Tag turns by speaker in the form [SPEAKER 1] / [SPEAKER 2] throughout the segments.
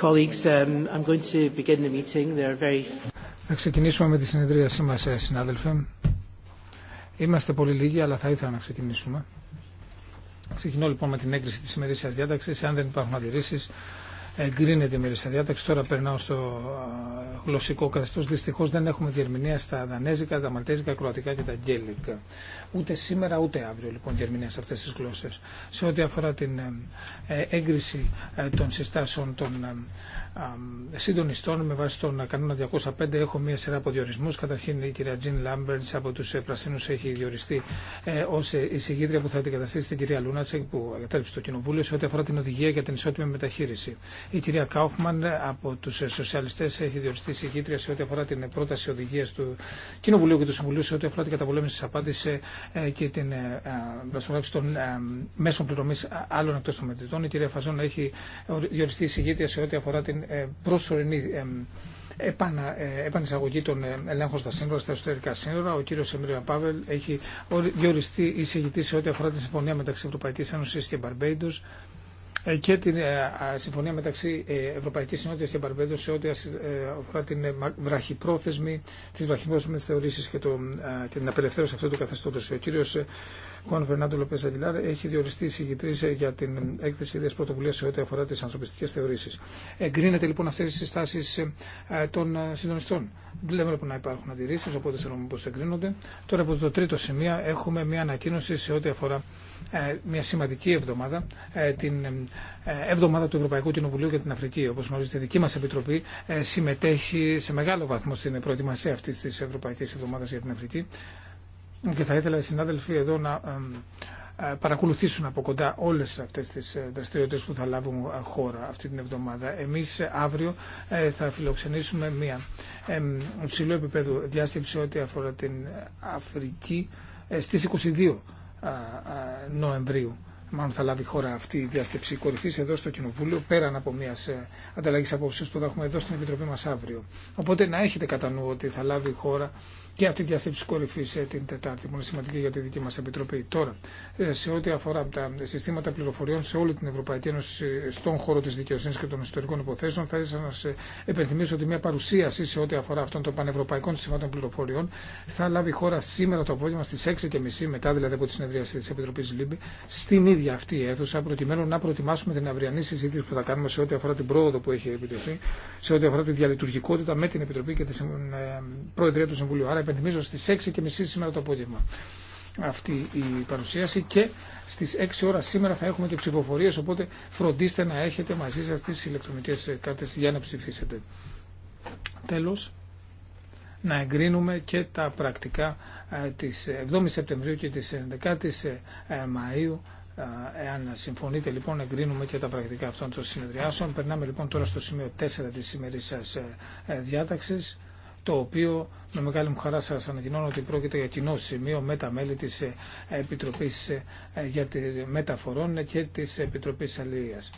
[SPEAKER 1] Θα
[SPEAKER 2] um, ξεκινήσουμε με τη συνεδρίασή μας, ε, συνάδελφε. Είμαστε πολύ λίγοι, αλλά θα ήθελα να ξεκινήσουμε. Ξεκινώ λοιπόν με την έγκριση της ημερήσιας διάταξη, Αν δεν υπάρχουν αντιρρήσει, εγκρίνεται η μερίστα διάταξη. Τώρα περνάω στο γλωσσικό καθεστώ. Δυστυχώ δεν έχουμε διερμηνία στα δανέζικα, τα μαλτέζικα, κροατικά και τα γκέλικα. Ούτε σήμερα ούτε αύριο λοιπόν διερμηνία σε αυτέ τι γλώσσε. Σε ό,τι αφορά την ε, έγκριση ε, των συστάσεων των συντονιστών με βάση τον κανόνα 205 έχω μία σειρά από διορισμού. Καταρχήν η κυρία Τζιν Λαμπερντ από του ε, Πρασίνου έχει διοριστεί ε, η ε, εισηγήτρια που θα αντικαταστήσει την κυρία Λούνατσεκ που εγκατέλειψε το Κοινοβούλιο σε ό,τι αφορά την οδηγία για την ισότιμη μεταχείριση. Η κυρία Κάουφμαν ε, από του σοσιαλιστέ έχει διοριστεί εισηγήτρια σε ό,τι αφορά την πρόταση οδηγία του Κοινοβουλίου και του Συμβουλίου σε ό,τι αφορά την καταπολέμηση τη ε, και την ε, των μέσων πληρωμή άλλων εκτό των μετρητών. Η κυρία Φαζόν έχει διοριστεί εισηγήτρια σε ό,τι αφορά την ε, προσωρινή ε, ε, επανεισαγωγή των ελέγχων στα σύνορα, στα εσωτερικά σύνορα. Ο κύριο Εμίρια Πάβελ έχει διοριστεί εισηγητή σε ό,τι αφορά τη συμφωνία μεταξύ Ευρωπαϊκή Ένωση και Μπαρμπέιντο και την συμφωνία μεταξύ Ευρωπαϊκής Συνότητας και Μπαρμπέντος σε ό,τι αφορά την βραχυπρόθεσμη, τις βραχυπρόθεσμες θεωρήσεις και, το, την απελευθέρωση αυτού του καθεστώτος. Ο κύριος Κον Φερνάντο Λοπέ Αγγιλάρ έχει διοριστεί συγκητρή ε, για την έκθεση ίδια πρωτοβουλία σε ό,τι αφορά τι ανθρωπιστικέ θεωρήσει. Εγκρίνεται λοιπόν αυτέ τι συστάσει ε, ε, των συντονιστών. Βλέπουμε λοιπόν να υπάρχουν αντιρρήσει, οπότε θεωρούμε πω εγκρίνονται. Τώρα από το τρίτο σημείο έχουμε μια ανακοίνωση σε ό,τι αφορά μια σημαντική εβδομάδα, την εβδομάδα του Ευρωπαϊκού Κοινοβουλίου για την Αφρική. Όπω γνωρίζετε, η δική μα Επιτροπή συμμετέχει σε μεγάλο βαθμό στην προετοιμασία αυτή τη Ευρωπαϊκή Εβδομάδα για την Αφρική και θα ήθελα οι συνάδελφοι εδώ να ε, παρακολουθήσουν από κοντά όλες αυτές τις ε, δραστηριότητες που θα λάβουν ε, χώρα αυτή την εβδομάδα. Εμείς αύριο θα φιλοξενήσουμε μια ψηλό επίπεδο διάσκεψη ό,τι αφορά την Αφρική στις 22 Νοεμβρίου. Μάλλον θα λάβει χώρα αυτή η διάσκεψη κορυφή εδώ στο Κοινοβούλιο, πέραν από μια ανταλλαγή απόψεω που θα έχουμε εδώ στην Επιτροπή μα αύριο. Οπότε να έχετε κατά νου ότι θα λάβει χώρα και αυτή η διαστήψη κορυφή ε, την Τετάρτη, που είναι σημαντική για τη δική μα Επιτροπή. Τώρα, ε, σε ό,τι αφορά τα συστήματα πληροφοριών σε όλη την Ευρωπαϊκή Ένωση, ε, στον χώρο τη δικαιοσύνη και των ιστορικών υποθέσεων, θα ήθελα να σα επενθυμίσω ότι μια παρουσίαση σε ό,τι αφορά αυτών των πανευρωπαϊκών συστημάτων πληροφοριών θα λάβει χώρα σήμερα το απόγευμα στι 6.30 μετά δηλαδή από τη συνεδρίαση τη Επιτροπή Λίμπη, στην ίδια αυτή η αίθουσα, προκειμένου να προετοιμάσουμε την αυριανή συζήτηση που θα κάνουμε σε ό,τι αφορά την πρόοδο που έχει επιτευχθεί, σε ό,τι αφορά τη διαλειτουργικότητα με την Επιτροπή και την Προεδρία του Συμβουλίου υπενθυμίζω, στι 6.30 σήμερα το απόγευμα αυτή η παρουσίαση και στις 6 ώρα σήμερα θα έχουμε και ψηφοφορίες οπότε φροντίστε να έχετε μαζί σας τις ηλεκτρονικές κάρτες για να ψηφίσετε. Τέλος, να εγκρίνουμε και τα πρακτικά ε, της 7 η Σεπτεμβρίου και της 11 η ε, ε, Μαΐου Εάν συμφωνείτε λοιπόν εγκρίνουμε και τα πρακτικά αυτών των συνεδριάσεων. Περνάμε λοιπόν τώρα στο σημείο 4 της σημερινής σας διάταξης το οποίο με μεγάλη μου χαρά σας ανακοινώνω ότι πρόκειται για κοινό σημείο με τα μέλη της ε, Επιτροπής ε, για τη Μεταφορών και της Επιτροπής Αλληλείας.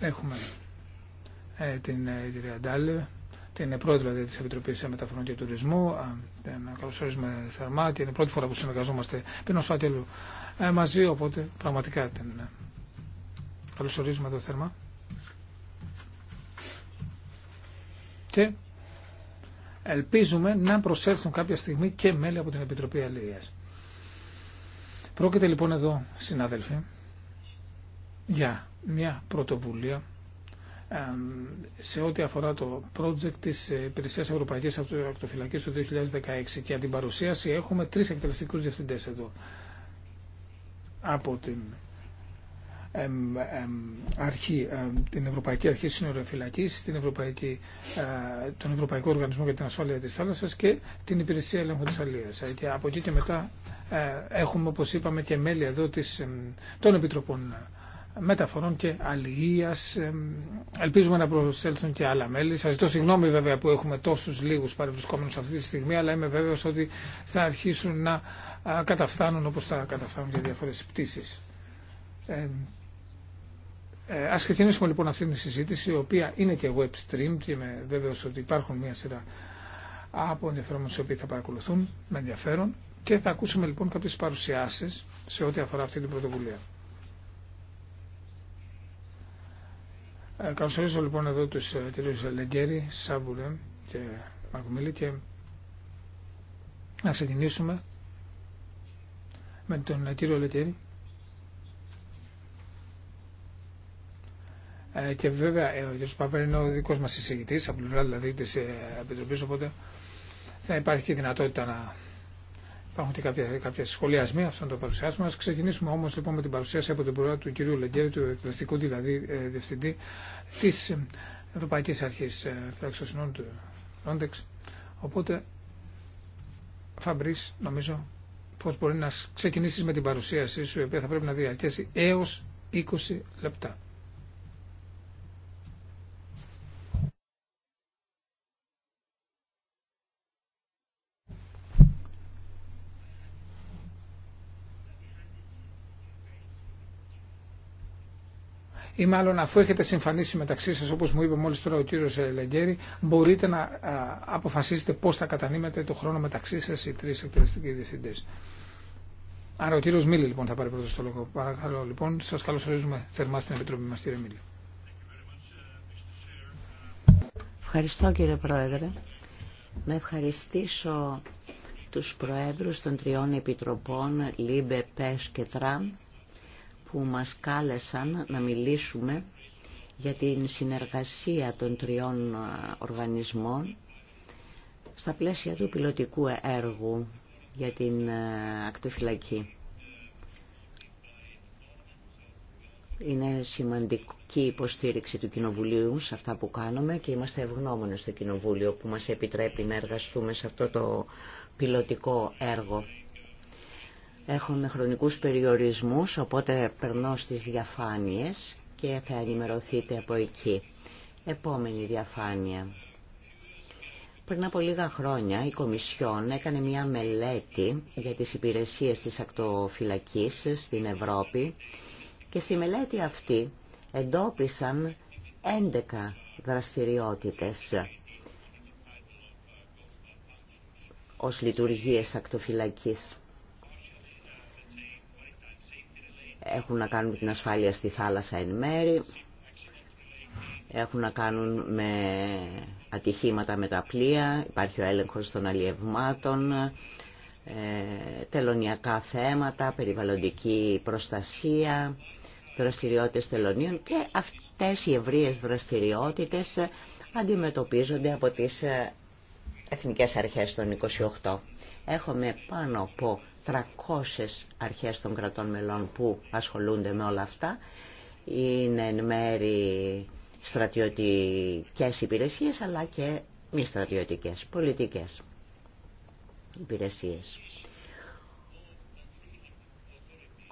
[SPEAKER 2] Έχουμε ε, την κυρία Ντάλε, την πρόεδρο δηλαδή, της Επιτροπής Μεταφορών και Τουρισμού. Να καλωσορίζουμε θερμά και είναι η πρώτη φορά που συνεργαζόμαστε πριν ως μαζί, οπότε πραγματικά την καλωσορίζουμε εδώ θερμά. και ελπίζουμε να προσέλθουν κάποια στιγμή και μέλη από την Επιτροπή Αλληλείας. Πρόκειται λοιπόν εδώ, συνάδελφοι, για μια πρωτοβουλία σε ό,τι αφορά το project της Υπηρεσίας Ευρωπαϊκής Ακτοφυλακής του 2016 και την παρουσίαση έχουμε τρεις εκτελεστικούς διευθυντές εδώ από την αρχή, την Ευρωπαϊκή Αρχή Συνοριοφυλακή, την ε, τον Ευρωπαϊκό Οργανισμό για την Ασφάλεια τη Θάλασσα και την Υπηρεσία Ελέγχου τη Αλία. Ε, και από εκεί και μετά ε, έχουμε, όπω είπαμε, και μέλη εδώ της, των Επιτροπών μεταφορών και αλληλείας. Ελπίζουμε να προσέλθουν και άλλα μέλη. Σα ζητώ συγγνώμη βέβαια που έχουμε τόσου λίγου παρευρισκόμενου αυτή τη στιγμή, αλλά είμαι βέβαιο ότι θα αρχίσουν να καταφθάνουν όπως θα καταφθάνουν και διάφορες πτήσεις. Ε, Α ξεκινήσουμε λοιπόν αυτή τη συζήτηση, η οποία είναι και web stream και είμαι βέβαιο ότι υπάρχουν μια σειρά από ενδιαφέροντε οι οποίοι θα παρακολουθούν με ενδιαφέρον και θα ακούσουμε λοιπόν κάποιε παρουσιάσει σε ό,τι αφορά αυτή την πρωτοβουλία. Ε, καλωσορίζω λοιπόν εδώ του ε, κυρίου Λεγκέρη, Σάμπουρε και Μαρκουμίλη και να ξεκινήσουμε με τον κύριο Λεγκέρη Ε, και βέβαια ε, ο κ. Παπέρ είναι ο δικό μα εισηγητή από πλευρά δηλαδή της ε, Επιτροπή. οπότε θα υπάρχει και δυνατότητα να υπάρχουν και κάποια, κάποια σχολιασμοί αυτών των παρουσιάσεων. Α ξεκινήσουμε όμω λοιπόν με την παρουσίαση από την πλευρά του κυρίου Λεγκέρη, του εκπαιδευτικού δηλαδή διευθυντή της Ευρωπαϊκής Αρχής Φυλαξιοσυνών του Ρόντεξ Οπότε, Φαμπρί, νομίζω πώ μπορεί να ξεκινήσει με την παρουσίασή σου, η οποία θα πρέπει να διαρκέσει έω 20 λεπτά. ή μάλλον αφού έχετε συμφανίσει μεταξύ σας, όπως μου είπε μόλις τώρα ο κύριος Λεγκέρη, μπορείτε να αποφασίσετε πώς θα κατανείμετε το χρόνο μεταξύ σας οι τρεις εκτελεστικοί διευθυντές. Άρα ο κύριος Μίλη λοιπόν θα πάρει πρώτο το λόγο. Παρακαλώ λοιπόν, σας καλωσορίζουμε θερμά στην Επιτροπή μας κύριε Μίλη.
[SPEAKER 3] Ευχαριστώ κύριε Πρόεδρε. Να ευχαριστήσω τους Προέδρους των τριών Επιτροπών, ΛΥΜΠΕ, ΠΕΣ και ΤΡΑΜ, που μας κάλεσαν να μιλήσουμε για την συνεργασία των τριών οργανισμών στα πλαίσια του πιλωτικού έργου για την ακτοφυλακή. Είναι σημαντική υποστήριξη του Κοινοβουλίου σε αυτά που κάνουμε και είμαστε ευγνώμονες στο Κοινοβούλιο που μας επιτρέπει να εργαστούμε σε αυτό το πιλωτικό έργο. Έχουν χρονικούς περιορισμούς, οπότε περνώ στις διαφάνειες και θα ενημερωθείτε από εκεί. Επόμενη διαφάνεια. Πριν από λίγα χρόνια η Κομισιόν έκανε μια μελέτη για τις υπηρεσίες της ακτοφυλακής στην Ευρώπη και στη μελέτη αυτή εντόπισαν 11 δραστηριότητες ως λειτουργίες ακτοφυλακής. έχουν να κάνουν με την ασφάλεια στη θάλασσα εν μέρη, έχουν να κάνουν με ατυχήματα με τα πλοία, υπάρχει ο έλεγχος των αλλιευμάτων, ε, τελωνιακά θέματα, περιβαλλοντική προστασία, δραστηριότητες τελωνίων και αυτές οι ευρείες δραστηριότητες αντιμετωπίζονται από τις ε, εθνικές αρχές των 28. Έχουμε πάνω από 300 αρχές των κρατών μελών που ασχολούνται με όλα αυτά. Είναι εν μέρη στρατιωτικές υπηρεσίες αλλά και μη στρατιωτικές, πολιτικές υπηρεσίες.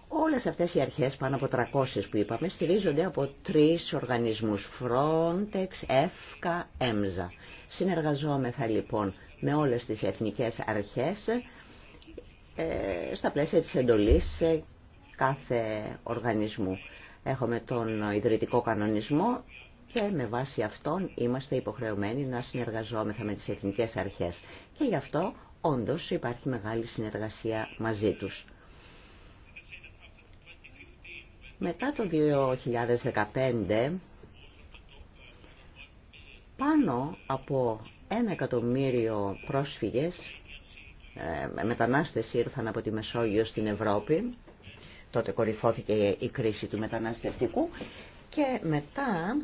[SPEAKER 3] Όλες αυτές οι αρχές, πάνω από 300 που είπαμε, στηρίζονται από τρεις οργανισμούς, Frontex, EFCA, EMSA. Συνεργαζόμεθα λοιπόν με όλες τις εθνικές αρχές ε, στα πλαίσια της εντολής κάθε οργανισμού. Έχουμε τον ιδρυτικό κανονισμό και με βάση αυτόν είμαστε υποχρεωμένοι να συνεργαζόμεθα με τις εθνικές αρχές. Και γι' αυτό όντως υπάρχει μεγάλη συνεργασία μαζί τους. Μετά το 2015, πάνω από ένα εκατομμύριο πρόσφυγες ε, μετανάστες ήρθαν από τη Μεσόγειο στην Ευρώπη. Τότε κορυφώθηκε η κρίση του μεταναστευτικού. Και μετά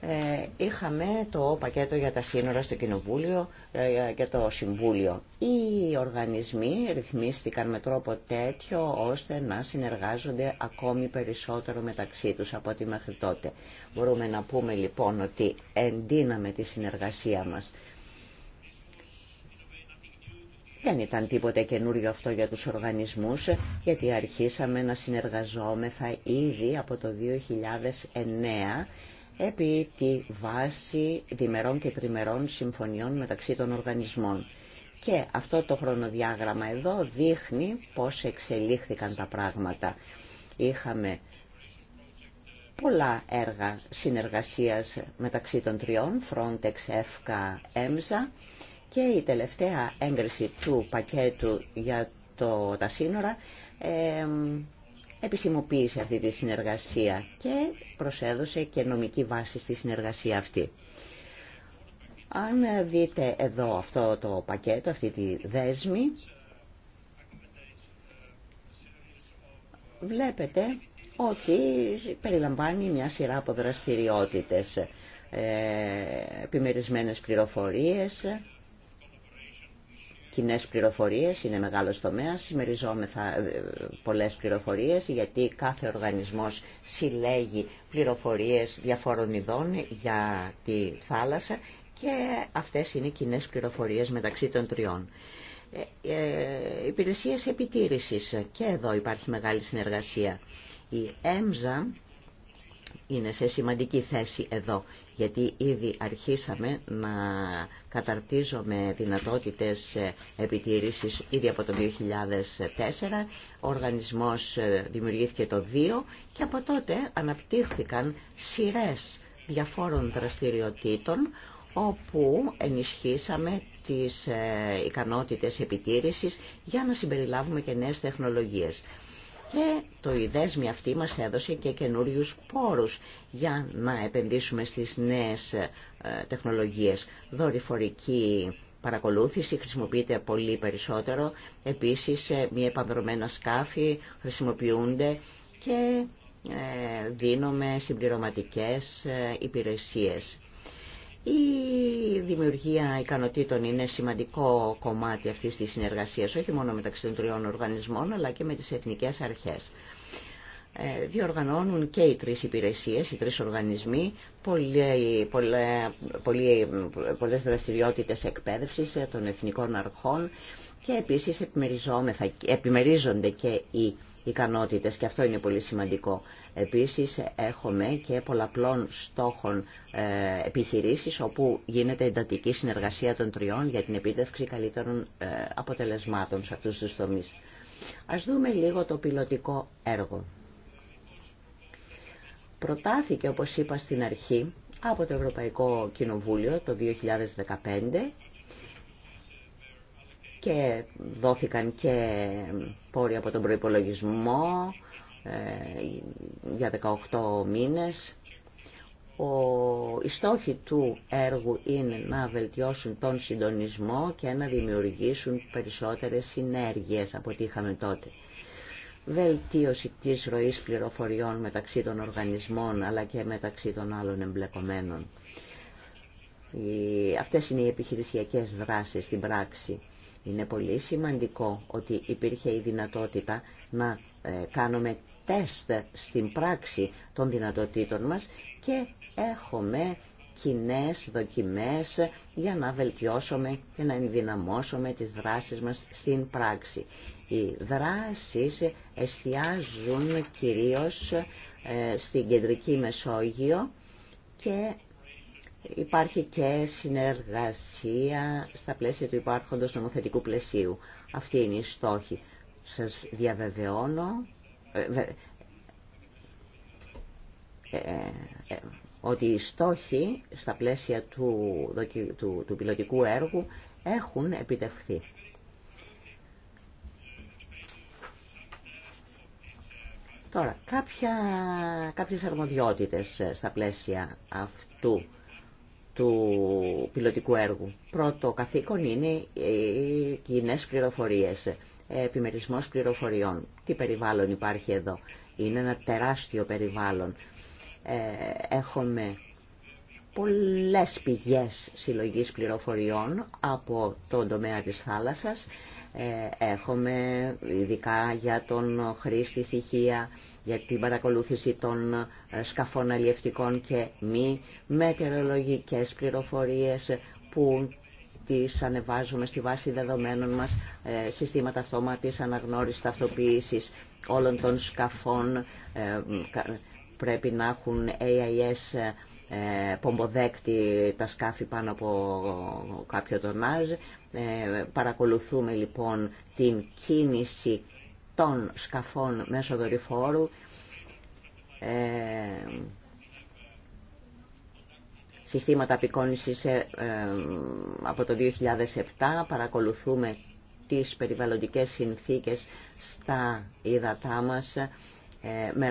[SPEAKER 3] ε, είχαμε το πακέτο για τα σύνορα στο Κοινοβούλιο ε, και το Συμβούλιο. Οι οργανισμοί ρυθμίστηκαν με τρόπο τέτοιο ώστε να συνεργάζονται ακόμη περισσότερο μεταξύ τους από ό,τι μέχρι τότε. Μπορούμε να πούμε λοιπόν ότι εντείναμε τη συνεργασία μας δεν ήταν τίποτε καινούριο αυτό για τους οργανισμούς, γιατί αρχίσαμε να συνεργαζόμεθα ήδη από το 2009 επί τη βάση διμερών και τριμερών συμφωνιών μεταξύ των οργανισμών. Και αυτό το χρονοδιάγραμμα εδώ δείχνει πώς εξελίχθηκαν τα πράγματα. Είχαμε πολλά έργα συνεργασίας μεταξύ των τριών, Frontex, EFCA, EMSA και η τελευταία έγκριση του πακέτου για το, τα σύνορα ε, επισημοποίησε αυτή τη συνεργασία και προσέδωσε και νομική βάση στη συνεργασία αυτή. Αν δείτε εδώ αυτό το πακέτο, αυτή τη δέσμη, βλέπετε ότι περιλαμβάνει μια σειρά από δραστηριότητες, ε, επιμερισμένες πληροφορίες, κοινέ πληροφορίε, είναι μεγάλο τομέα. συμμεριζόμεθα ε, πολλές πληροφορίε, γιατί κάθε οργανισμός συλλέγει πληροφορίε διαφόρων ειδών για τη θάλασσα και αυτές είναι κοινέ πληροφορίε μεταξύ των τριών. Ε, ε, υπηρεσίες επιτήρησης, και εδώ υπάρχει μεγάλη συνεργασία. Η ΕΜΖΑ είναι σε σημαντική θέση εδώ γιατί ήδη αρχίσαμε να καταρτίζουμε δυνατότητες επιτήρησης ήδη από το 2004. Ο οργανισμός ε, δημιουργήθηκε το 2 και από τότε αναπτύχθηκαν σειρές διαφόρων δραστηριοτήτων όπου ενισχύσαμε τις ε, ικανότητες επιτήρησης για να συμπεριλάβουμε και νέες τεχνολογίες. Και το ΙΔΕΣΜΙ αυτή μας έδωσε και καινούριους πόρους για να επενδύσουμε στις νέες ε, τεχνολογίες. Δορυφορική παρακολούθηση χρησιμοποιείται πολύ περισσότερο. Επίσης, μη επανδρομένα σκάφη χρησιμοποιούνται και ε, δίνουμε συμπληρωματικές ε, υπηρεσίες. Η δημιουργία ικανοτήτων είναι σημαντικό κομμάτι αυτής της συνεργασίας, όχι μόνο μεταξύ των τριών οργανισμών, αλλά και με τις εθνικές αρχές. Ε, διοργανώνουν και οι τρεις υπηρεσίες, οι τρεις οργανισμοί, πολλέ, δραστηριότητε πολλές δραστηριότητες εκπαίδευσης ε, των εθνικών αρχών και επίσης επιμερίζονται και οι ικανότητες και αυτό είναι πολύ σημαντικό. Επίσης έχουμε και πολλαπλών στόχων ε, επιχειρήσεις όπου γίνεται εντατική συνεργασία των τριών για την επίτευξη καλύτερων ε, αποτελεσμάτων σε αυτούς τους τομείς. Ας δούμε λίγο το πιλωτικό έργο. Προτάθηκε, όπως είπα στην αρχή, από το Ευρωπαϊκό Κοινοβούλιο το 2015 και δόθηκαν και πόροι από τον προϋπολογισμό ε, για 18 μήνες. Ο, οι στόχοι του έργου είναι να βελτιώσουν τον συντονισμό και να δημιουργήσουν περισσότερες συνέργειες από ό,τι είχαμε τότε. Βελτίωση της ροής πληροφοριών μεταξύ των οργανισμών αλλά και μεταξύ των άλλων εμπλεκομένων. Οι, αυτές είναι οι επιχειρησιακές δράσεις στην πράξη. Είναι πολύ σημαντικό ότι υπήρχε η δυνατότητα να ε, κάνουμε τεστ στην πράξη των δυνατοτήτων μας και έχουμε κοινέ δοκιμές για να βελτιώσουμε και να ενδυναμώσουμε τις δράσεις μας στην πράξη. Οι δράσεις εστιάζουν κυρίως ε, στην κεντρική Μεσόγειο και υπάρχει και συνεργασία στα πλαίσια του υπάρχοντος νομοθετικού πλαισίου. Αυτή είναι η στόχη. Σας διαβεβαιώνω ε, ε, ε, ότι οι στόχοι στα πλαίσια του, του, πιλωτικού έργου έχουν επιτευχθεί. Τώρα, κάποια, κάποιες αρμοδιότητες στα πλαίσια αυτού του πιλωτικού έργου. Πρώτο καθήκον είναι οι κοινέ πληροφορίε, επιμερισμό πληροφοριών. Τι περιβάλλον υπάρχει εδώ. Είναι ένα τεράστιο περιβάλλον. Ε, έχουμε πολλές πηγές συλλογής πληροφοριών από τον τομέα της θάλασσας ε, έχουμε ειδικά για τον χρήστη στοιχεία, για την παρακολούθηση των ε, σκαφών αλλιευτικών και μη μετεωρολογικές πληροφορίες που τις ανεβάζουμε στη βάση δεδομένων μας, ε, συστήματα αυτόματης αναγνώρισης ταυτοποίησης όλων των σκαφών πρέπει να έχουν AIS πομποδέκτη τα σκάφη πάνω από κάποιο τονάζ ε, παρακολουθούμε λοιπόν την κίνηση των σκαφών μέσω δορυφόρου ε, συστήματα απεικόνησης ε, από το 2007 παρακολουθούμε τις περιβαλλοντικές συνθήκες στα ύδατά μας με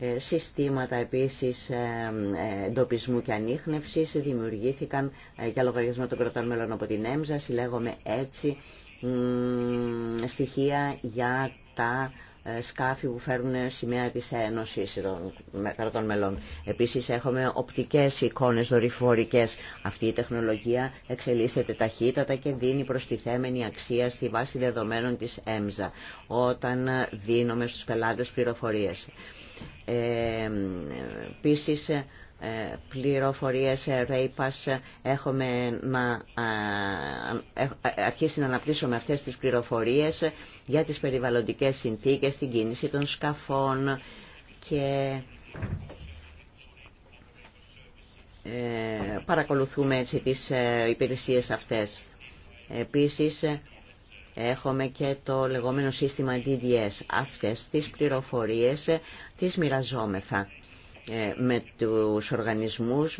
[SPEAKER 3] ε, συστήματα επίσης ε, ε, εντοπισμού και ανείχνευσης δημιουργήθηκαν για λογαριασμό των κρατών μελών από την ΕΜΖΑ συλλέγουμε έτσι στοιχεία για τα ε, σκάφη που φέρουν σημαία της Ένωσης των κρατών μελών. Επίσης έχουμε οπτικές εικόνες δορυφορικές. Αυτή η τεχνολογία εξελίσσεται ταχύτατα και δίνει προστιθέμενη αξία στη βάση δεδομένων της ΕΜΖΑ όταν δίνουμε στους πελάτες πληροφορίες. Ε, ε επίσης, ε, πληροφορίες RAPAS ε, ε, έχουμε να, αρχίσει να αναπτύσσουμε αυτές τις πληροφορίες για τις περιβαλλοντικές συνθήκες, την κίνηση των σκαφών και παρακολουθούμε έτσι τις υπηρεσίες αυτές. Επίσης έχουμε και το λεγόμενο σύστημα DDS. Αυτές τις πληροφορίες τις μοιραζόμεθα ε, με τους οργανισμούς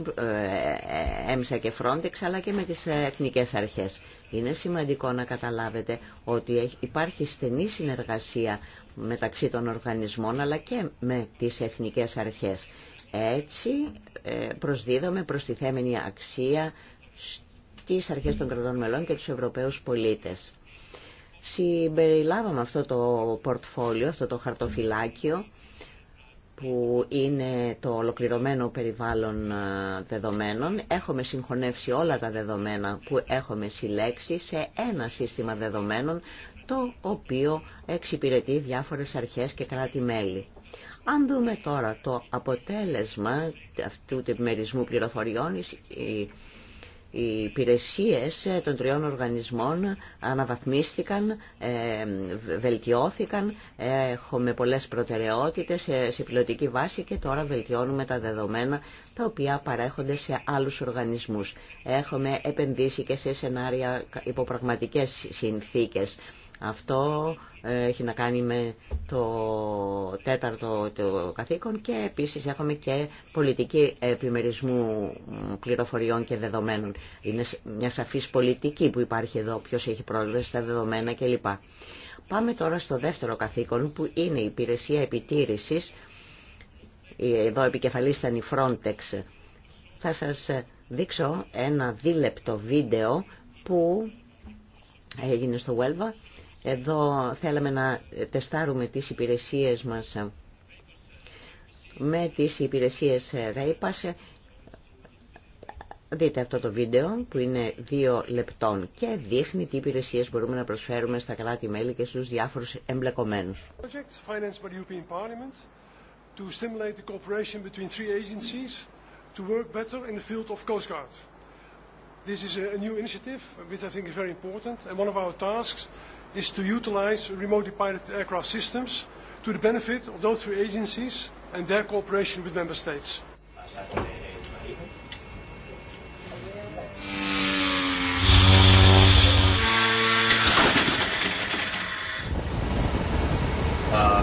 [SPEAKER 3] ΕΜΣΑ και Frontex αλλά και με τις εθνικές αρχές. Είναι σημαντικό να καταλάβετε ότι υπάρχει στενή συνεργασία μεταξύ των οργανισμών αλλά και με τις εθνικές αρχές. Έτσι ε, προσδίδαμε θέμενη αξία στις αρχές των κρατών μελών και τους Ευρωπαίους πολίτες. Συμπεριλάβαμε αυτό το πορτφόλιο, αυτό το χαρτοφυλάκιο που είναι το ολοκληρωμένο περιβάλλον ε, δεδομένων. Έχουμε συγχωνεύσει όλα τα δεδομένα που έχουμε συλλέξει σε ένα σύστημα δεδομένων, το οποίο εξυπηρετεί διάφορες αρχές και κράτη-μέλη. Αν δούμε τώρα το αποτέλεσμα αυτού του επιμερισμού πληροφοριών, οι υπηρεσίες ε, των τριών οργανισμών αναβαθμίστηκαν, ε, βελτιώθηκαν, έχουμε πολλές προτεραιότητες ε, σε πιλωτική βάση και τώρα βελτιώνουμε τα δεδομένα τα οποία παρέχονται σε άλλους οργανισμούς. Έχουμε επενδύσει και σε σενάρια υποπραγματικές συνθήκες. Αυτό έχει να κάνει με το τέταρτο το καθήκον και επίσης έχουμε και πολιτική επιμερισμού πληροφοριών και δεδομένων. Είναι μια σαφής πολιτική που υπάρχει εδώ, ποιος έχει πρόσβαση στα δεδομένα κλπ. Πάμε τώρα στο δεύτερο καθήκον που είναι η υπηρεσία επιτήρησης. Εδώ επικεφαλής ήταν η Frontex. Θα σας δείξω ένα δίλεπτο βίντεο που έγινε στο Βέλβα εδώ θέλαμε να τεστάρουμε τις υπηρεσίες μας με τις υπηρεσίες Ρέιπας. Δείτε αυτό το βίντεο που είναι δύο λεπτών και δείχνει τι υπηρεσίες μπορούμε να προσφέρουμε στα κράτη-μέλη και στους διάφορους εμπλεκομένους.
[SPEAKER 2] to stimulate the cooperation between three agencies to work better in the field of Coast Guard. This is a new initiative which I think is very important and one of our tasks is to utilize remotely piloted aircraft systems to the benefit of those three agencies and their cooperation with member states.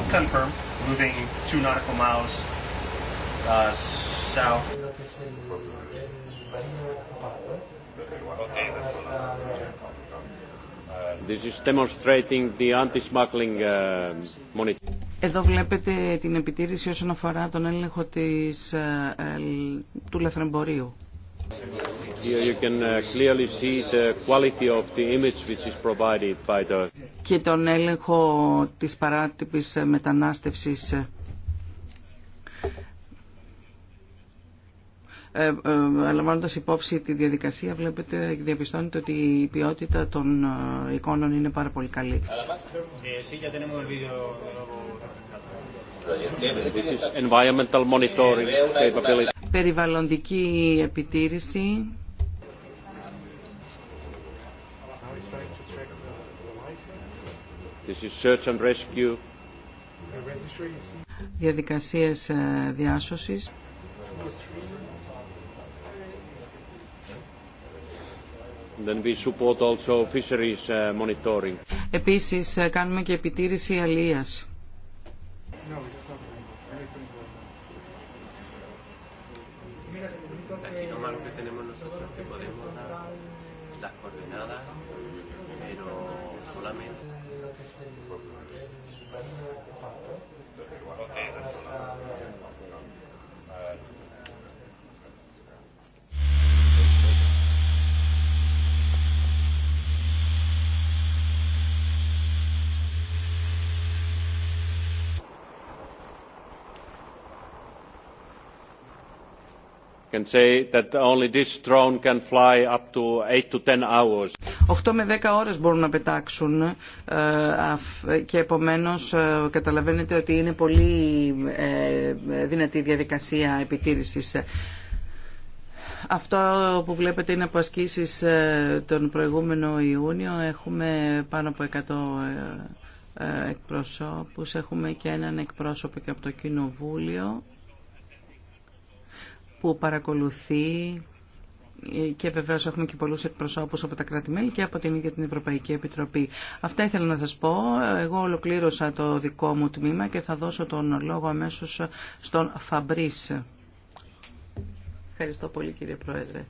[SPEAKER 4] Confirm. Moving two nautical miles uh south. Uh,
[SPEAKER 1] Εδώ βλέπετε την επιτήρηση όσον αφορά τον έλεγχο της, ε, ε, του λαθρεμπορίου. Και τον έλεγχο της παράτυπης μετανάστευσης. ε, υπόψη τη διαδικασία βλέπετε, διαπιστώνετε ότι η ποιότητα των εικόνων είναι πάρα πολύ καλή. Περιβαλλοντική επιτήρηση. This is search and rescue. Διαδικασίες διάσωσης. Uh, Επίσης ε, κάνουμε και επιτήρηση αλίας.
[SPEAKER 4] can say that only this drone can fly up to 8 to 10 hours.
[SPEAKER 1] 8 με 10 ώρες μπορούν να πετάξουν ε, και επομένως ε, καταλαβαίνετε ότι είναι πολύ ε, δυνατή διαδικασία επιτήρησης. Αυτό που βλέπετε είναι από ασκήσεις τον προηγούμενο Ιούνιο. Έχουμε πάνω από 100 εκπροσώπους. Έχουμε και έναν εκπρόσωπο και από το Κοινοβούλιο που παρακολουθεί ε, και βεβαίω έχουμε και πολλού εκπροσώπου από τα κράτη-μέλη και από την ίδια την Ευρωπαϊκή Επιτροπή. Αυτά ήθελα να σα πω. Εγώ ολοκλήρωσα το δικό μου τμήμα και θα δώσω τον λόγο αμέσω στον Φαμπρίς. Ευχαριστώ πολύ κύριε Πρόεδρε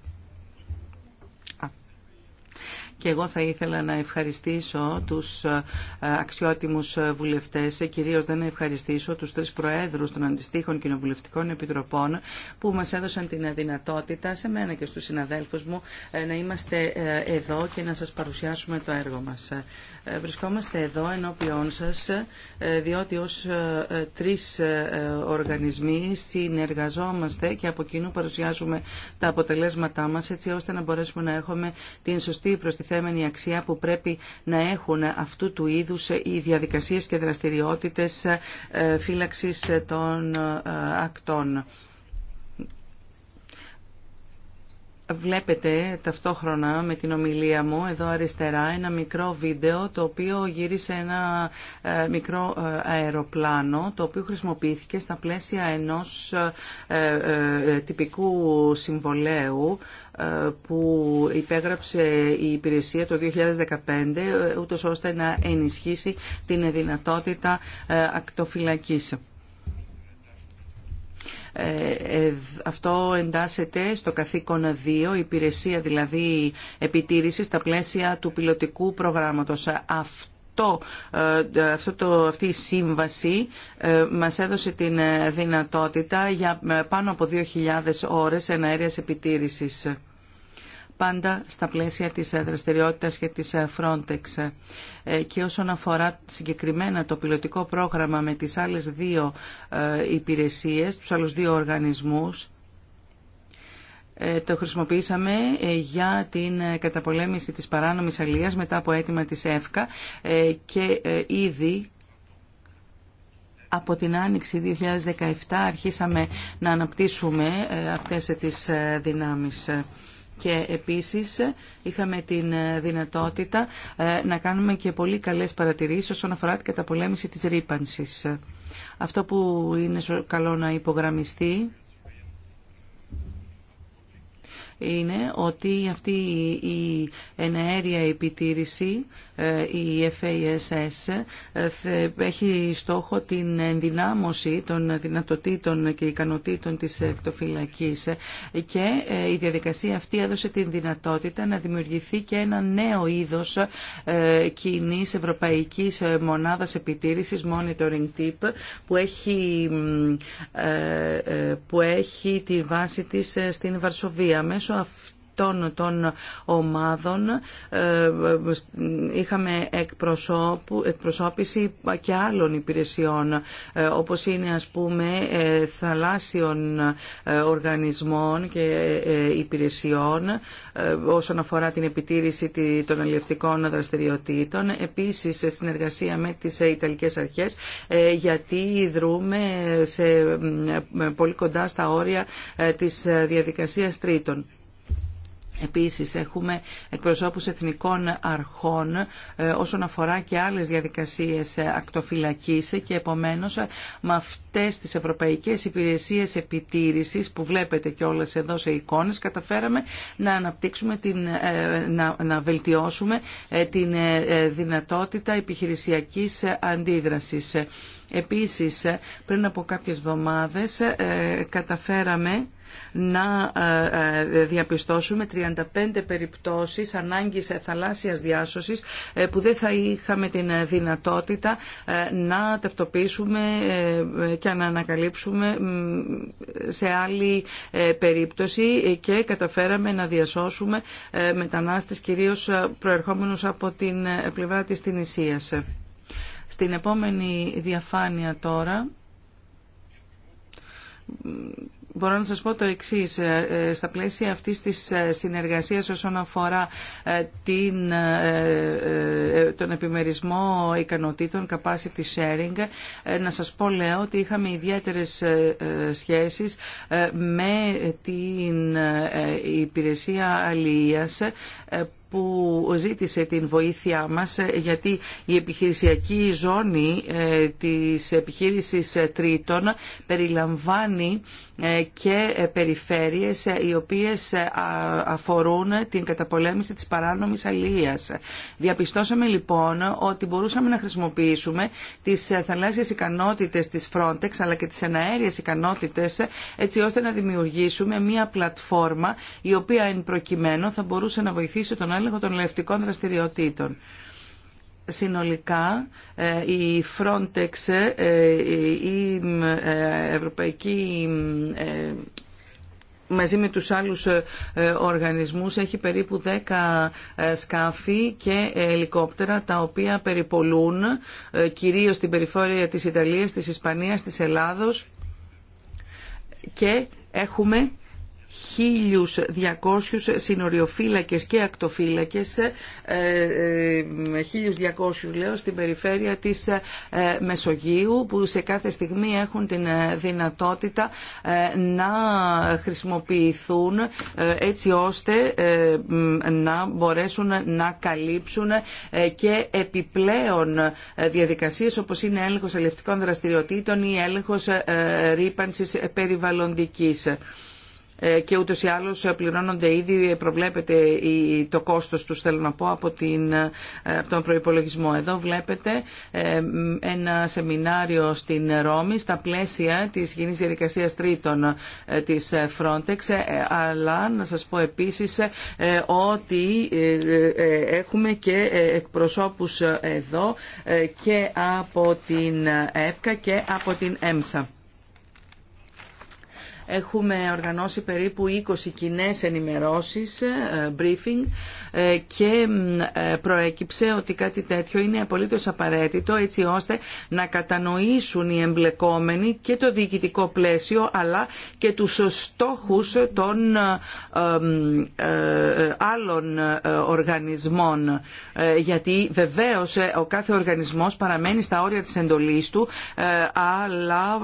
[SPEAKER 1] και εγώ θα ήθελα να ευχαριστήσω τους ε, αξιότιμους ε, βουλευτές, ε, κυρίως δεν ευχαριστήσω τους τρεις προέδρους των αντιστοίχων κοινοβουλευτικών επιτροπών που μας έδωσαν την δυνατότητα σε μένα και στους συναδέλφους μου να είμαστε εδώ και να σας παρουσιάσουμε το έργο μας. Βρισκόμαστε εδώ ενώπιόν σας διότι ως τρεις οργανισμοί συνεργαζόμαστε και από κοινού παρουσιάζουμε τα αποτελέσματά μας έτσι ώστε να μπορέσουμε να έχουμε την σωστή προστιθέμενη αξία που πρέπει να έχουν αυτού του είδους οι διαδικασίες και δραστηριότητες ε, φύλαξης των ε, ακτών. Βλέπετε ταυτόχρονα με την ομιλία μου εδώ αριστερά ένα μικρό βίντεο το οποίο γύρισε ένα ε, μικρό ε, αεροπλάνο το οποίο χρησιμοποιήθηκε στα πλαίσια ενός ε, τυπικού συμβολέου που υπέγραψε η υπηρεσία το 2015 ούτως ώστε να ενισχύσει την δυνατότητα ακτοφυλακής. Ε, ε, αυτό εντάσσεται στο καθήκον 2, υπηρεσία δηλαδή επιτήρηση στα πλαίσια του πιλωτικού προγράμματος. Αυτό ε, αυτό το, αυτή η σύμβαση μας έδωσε την δυνατότητα για πάνω από 2.000 ώρες εναέρειας επιτήρησης πάντα στα πλαίσια της ε, δραστηριότητα και της ε, Frontex. Ε, και όσον αφορά συγκεκριμένα το πιλωτικό πρόγραμμα με τις άλλες δύο υπηρεσίες, τους άλλους δύο οργανισμούς, το χρησιμοποιήσαμε για την καταπολέμηση της παράνομης αλίας μετά από αίτημα της ΕΦΚΑ και ήδη από την Άνοιξη 2017 αρχίσαμε να αναπτύσσουμε αυτές τις δυνάμεις και επίσης είχαμε την ε, δυνατότητα ε, να κάνουμε και πολύ καλές παρατηρήσεις όσον αφορά την καταπολέμηση της ρήπανσης. Αυτό που είναι καλό να υπογραμμιστεί είναι ότι αυτή η εναέρια επιτήρηση, ε, η FASS, ε, έχει στόχο την ενδυνάμωση των δυνατοτήτων και ικανοτήτων της εκτοφυλακής και ε, η διαδικασία αυτή έδωσε την δυνατότητα να δημιουργηθεί και ένα νέο είδος κοινή ευρωπαϊκής μονάδας επιτήρησης, monitoring tip, που έχει, που έχει τη βάση της στην Βαρσοβία μέσω αυτού Τών των ομάδων ε, είχαμε εκπώση και άλλων υπηρεσιών, ε, όπω είναι α πούμε ε, θαλάσιων οργανισμών και υπηρεσιών, όσον αφορά την επιτήρηση των ομάδων είχαμε εκπροσώπηση και άλλων υπηρεσιών όπως είναι ας πούμε θαλάσσιων οργανισμών και υπηρεσιών όσον αφορά την επιτήρηση των αλληλευτικών δραστηριοτήτων επίσης σε συνεργασία με τις Ιταλικές Αρχές γιατί δρούμε σε, πολύ κοντά στα όρια της διαδικασίας τρίτων. Επίσης έχουμε εκπροσώπους εθνικών αρχών ε, όσον αφορά και άλλες διαδικασίες ε, ακτοφυλακής και επομένως ε, με αυτές τις ευρωπαϊκές υπηρεσίες επιτήρησης που βλέπετε και όλες εδώ σε εικόνες καταφέραμε να αναπτύξουμε, την, να, να βελτιώσουμε την δυνατότητα επιχειρησιακής αντίδρασης. Επίσης πριν από κάποιες εβδομάδες καταφέραμε να ε, ε, διαπιστώσουμε 35 περιπτώσεις ανάγκης θαλάσσιας διάσωσης ε, που δεν θα είχαμε την δυνατότητα να ταυτοποιήσουμε και να ανακαλύψουμε σε άλλη περίπτωση και καταφέραμε να διασώσουμε μετανάστες κυρίως προερχόμενους από την πλευρά της Τινησίας. Στην επόμενη διαφάνεια τώρα Μπορώ να σας πω το εξής. Ε, ε, στα πλαίσια αυτής της ε, συνεργασίας όσον αφορά την, τον επιμερισμό ικανοτήτων, capacity sharing, να σας πω λέω ότι είχαμε ιδιαίτερες σχέσεις με την υπηρεσία αλληλείας που ζήτησε την βοήθειά μας γιατί η επιχειρησιακή ζώνη ε, της επιχείρησης τρίτων περιλαμβάνει ε, και περιφέρειες ε, οι οποίες αφορούν την καταπολέμηση της παράνομης αλληλείας. Διαπιστώσαμε λοιπόν ότι μπορούσαμε να χρησιμοποιήσουμε τις θαλάσσιες ικανότητες της Frontex αλλά και τις εναέριες ικανότητες έτσι ώστε να δημιουργήσουμε μια πλατφόρμα η οποία εν προκειμένου θα μπορούσε να βοηθήσει τον έλεγχο των λευτικών δραστηριοτήτων. Συνολικά ε, η Frontex, ε, η ε, Ευρωπαϊκή μαζί με τους άλλους οργανισμούς έχει περίπου 10 σκάφη και ελικόπτερα τα οποία περιπολούν κυρίως στην περιφόρεια της Ιταλίας, της Ισπανίας, της Ελλάδος και έχουμε 1.200 συνοριοφύλακες και ακτοφύλακες, 1.200 ε, ε, λέω, στην περιφέρεια της ε, Μεσογείου, που σε κάθε στιγμή έχουν την δυνατότητα να χρησιμοποιηθούν έτσι ώστε να μπορέσουν να καλύψουν και επιπλέον διαδικασίες όπως είναι έλεγχος ελευτικών δραστηριοτήτων ή έλεγχος ρήπανσης περιβαλλοντικής. Ε, και ούτως ή άλλως πληρώνονται ήδη, προβλέπεται το κόστος τους θέλω να πω από, την, ε, από τον προϋπολογισμό. Εδώ βλέπετε ε, ένα σεμινάριο στην Ρώμη στα πλαίσια της κοινής διαδικασίας τρίτων της Frontex αλλά να σας πω επίσης ότι έχουμε και εκπροσώπους εδώ και από την ΕΠΚΑ και από την ΕΜΣΑ. Έχουμε οργανώσει περίπου 20 κοινέ ενημερώσεις, ε, briefing ε, και ε, προέκυψε ότι κάτι τέτοιο είναι απολύτως απαραίτητο έτσι ώστε να κατανοήσουν οι εμπλεκόμενοι και το διοικητικό πλαίσιο αλλά και τους στόχους των άλλων οργανισμών γιατί βεβαίως ο κάθε οργανισμός παραμένει στα όρια της εντολής του αλλά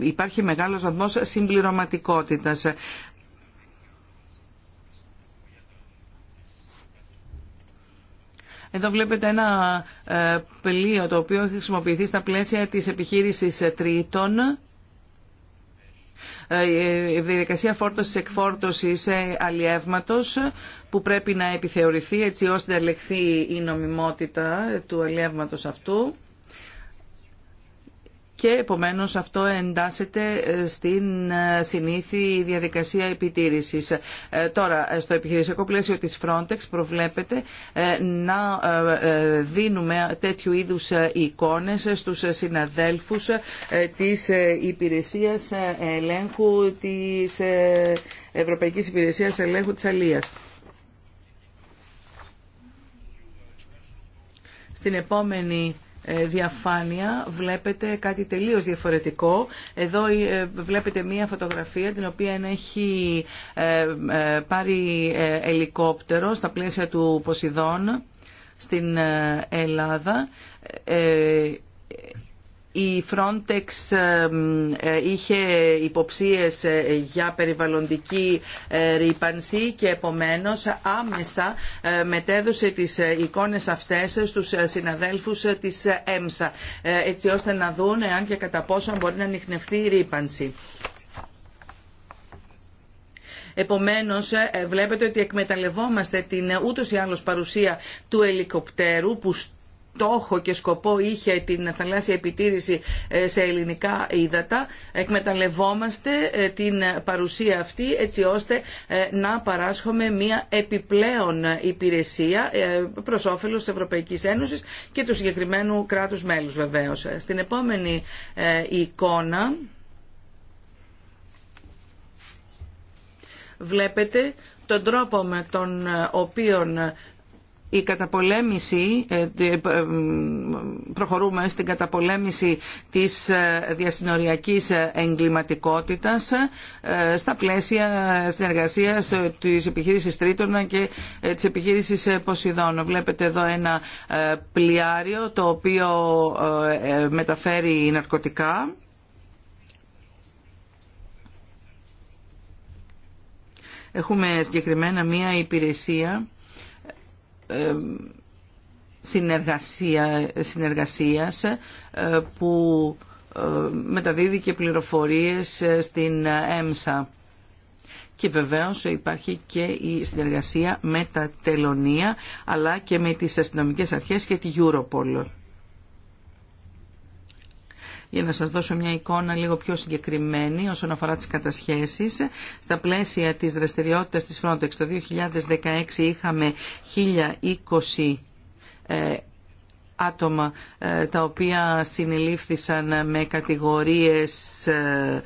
[SPEAKER 1] υπάρχει μεγάλος βαθμός συμπληρωματικότητας. Εδώ βλέπετε ένα ε, πελίο το οποίο έχει χρησιμοποιηθεί στα πλαίσια της επιχείρησης ε, τρίτων ε, η διαδικασία φόρτωσης εκφόρτωσης αλλιεύματος που πρέπει να επιθεωρηθεί έτσι ώστε να ελεγχθεί η νομιμότητα του αλλιεύματος αυτού και επομένως αυτό εντάσσεται ε, στην ε, συνήθη διαδικασία επιτήρησης. Ε, τώρα, στο επιχειρησιακό πλαίσιο της Frontex προβλέπεται να δίνουμε τέτοιου είδους εικόνες στους συναδέλφους της υπηρεσίας ελέγχου της Ευρωπαϊκής Υπηρεσίας Ελέγχου της Αλίας. Στην επόμενη ε, διαφάνεια βλέπετε κάτι τελείως διαφορετικό. Εδώ ε, βλέπετε μία φωτογραφία την οποία έχει ε, πάρει ελικόπτερο στα πλαίσια του Ποσειδών στην Ελλάδα η Frontex ε, ε, είχε υποψίες ε, για περιβαλλοντική ρήπανση και επομένως άμεσα μετέδωσε τις εικόνες αυτές στους συναδέλφους της ΕΜΣΑ έτσι ώστε να δουν αν και κατά πόσο μπορεί να ανοιχνευτεί η ρήπανση. Επομένως βλέπετε ότι εκμεταλλευόμαστε την ούτως ή άλλως παρουσία του ελικοπτέρου που τόχο και σκοπό είχε την θαλάσσια επιτήρηση ε, σε ελληνικά ύδατα. Εκμεταλλευόμαστε ε, την παρουσία αυτή έτσι ώστε ε, να παράσχουμε μια επιπλέον υπηρεσία προς όφελος της Ευρωπαϊκής Ένωσης και του συγκεκριμένου κράτους μέλους βεβαίως. Στην επόμενη εικόνα βλέπετε τον τρόπο με τον οποίο η καταπολέμηση, ε, ε, ε, προχωρούμε στην καταπολέμηση της διασυνοριακής εγκληματικότητας στα πλαίσια συνεργασίας της επιχείρησης Τρίτονα και της επιχείρησης Ποσειδών. Βλέπετε εδώ ένα πλοιάριο το οποίο μεταφέρει ναρκωτικά. Έχουμε συγκεκριμένα μία υπηρεσία συνεργασία, συνεργασίας ε, που ε, μεταδίδει και πληροφορίες ε, στην ΕΜΣΑ. Και βεβαίως υπάρχει και η συνεργασία με τα τελωνία αλλά και με τις αστυνομικές αρχές και τη Europol για να σας δώσω μια εικόνα λίγο πιο συγκεκριμένη όσον αφορά τις κατασχέσεις. Στα πλαίσια της δραστηριότητας της Frontex το 2016 είχαμε 1020 ε, άτομα ε, τα οποία συνελήφθησαν με κατηγορίες ε,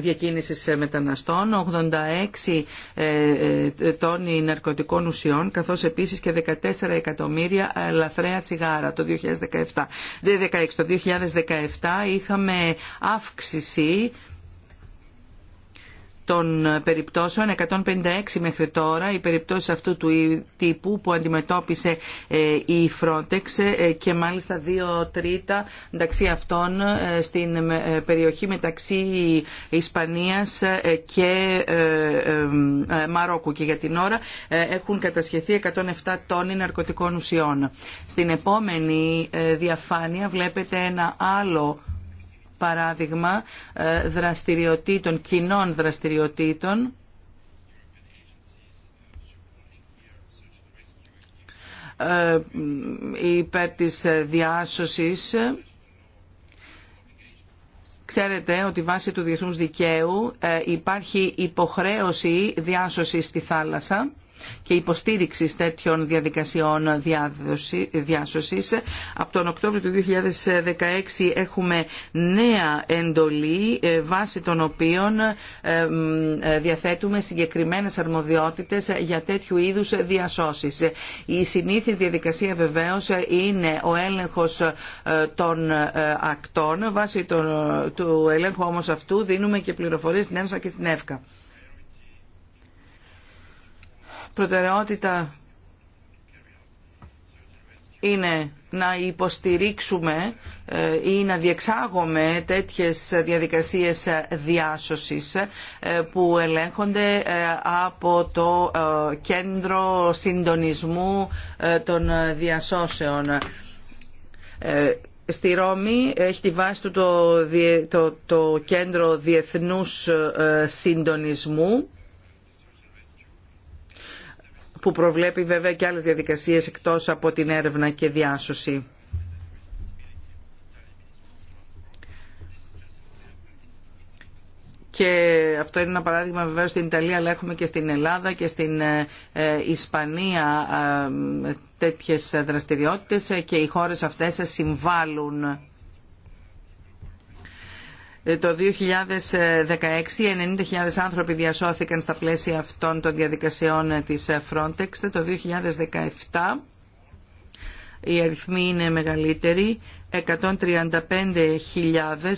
[SPEAKER 1] διακίνησης μεταναστών, 86 ε, ε, τόνοι ναρκωτικών ουσιών, καθώς επίσης και 14 εκατομμύρια ε, λαθρέα τσιγάρα το 2017. το 2017 είχαμε αύξηση των περιπτώσεων, 156 μέχρι τώρα, οι περιπτώσεις αυτού του τύπου που αντιμετώπισε ε, η Frontex ε, και μάλιστα δύο τρίτα μεταξύ αυτών ε, στην περιοχή μεταξύ Ισπανίας και Μαρόκου. Και για την ώρα έχουν κατασχεθεί 107 τόνοι ναρκωτικών ουσιών. Στην επόμενη διαφάνεια βλέπετε ένα άλλο παράδειγμα ε, δραστηριοτήτων, κοινών δραστηριοτήτων, ε, υπέρ της διάσωσης. Ξέρετε ότι βάσει του διεθνούς δικαίου ε, υπάρχει υποχρέωση διάσωσης στη θάλασσα και υποστήριξη τέτοιων διαδικασιών διάσωση. Από τον Οκτώβριο του 2016 έχουμε νέα εντολή ε, βάσει των οποίων ε, ε, διαθέτουμε συγκεκριμένες αρμοδιότητες για τέτοιου είδους διασώσει. Η συνήθι διαδικασία βεβαίω είναι ο έλεγχο των ακτών. Βάσει του ελέγχου όμως αυτού δίνουμε και πληροφορίες στην Ένωση και στην ΕΦΚΑ προτεραιότητα είναι να υποστηρίξουμε ε, ή να διεξάγουμε τέτοιες διαδικασίες διάσωσης ε, που ελέγχονται ε, από το Κέντρο Συντονισμού των Διασώσεων. Στη Ρώμη έχει τη βάση του το, το, Κέντρο Διεθνούς Συντονισμού που προβλέπει βέβαια και άλλες διαδικασίες εκτός από την έρευνα και διάσωση. και αυτό είναι ένα παράδειγμα βεβαίως στην Ιταλία αλλά έχουμε και στην Ελλάδα και στην ε, ε, Ισπανία ε, τέτοιες δραστηριότητες και οι χώρες αυτές συμβάλλουν το 2016 90.000 άνθρωποι διασώθηκαν στα πλαίσια αυτών των διαδικασιών της Frontex. Το 2017 οι αριθμοί είναι μεγαλύτεροι. 135.000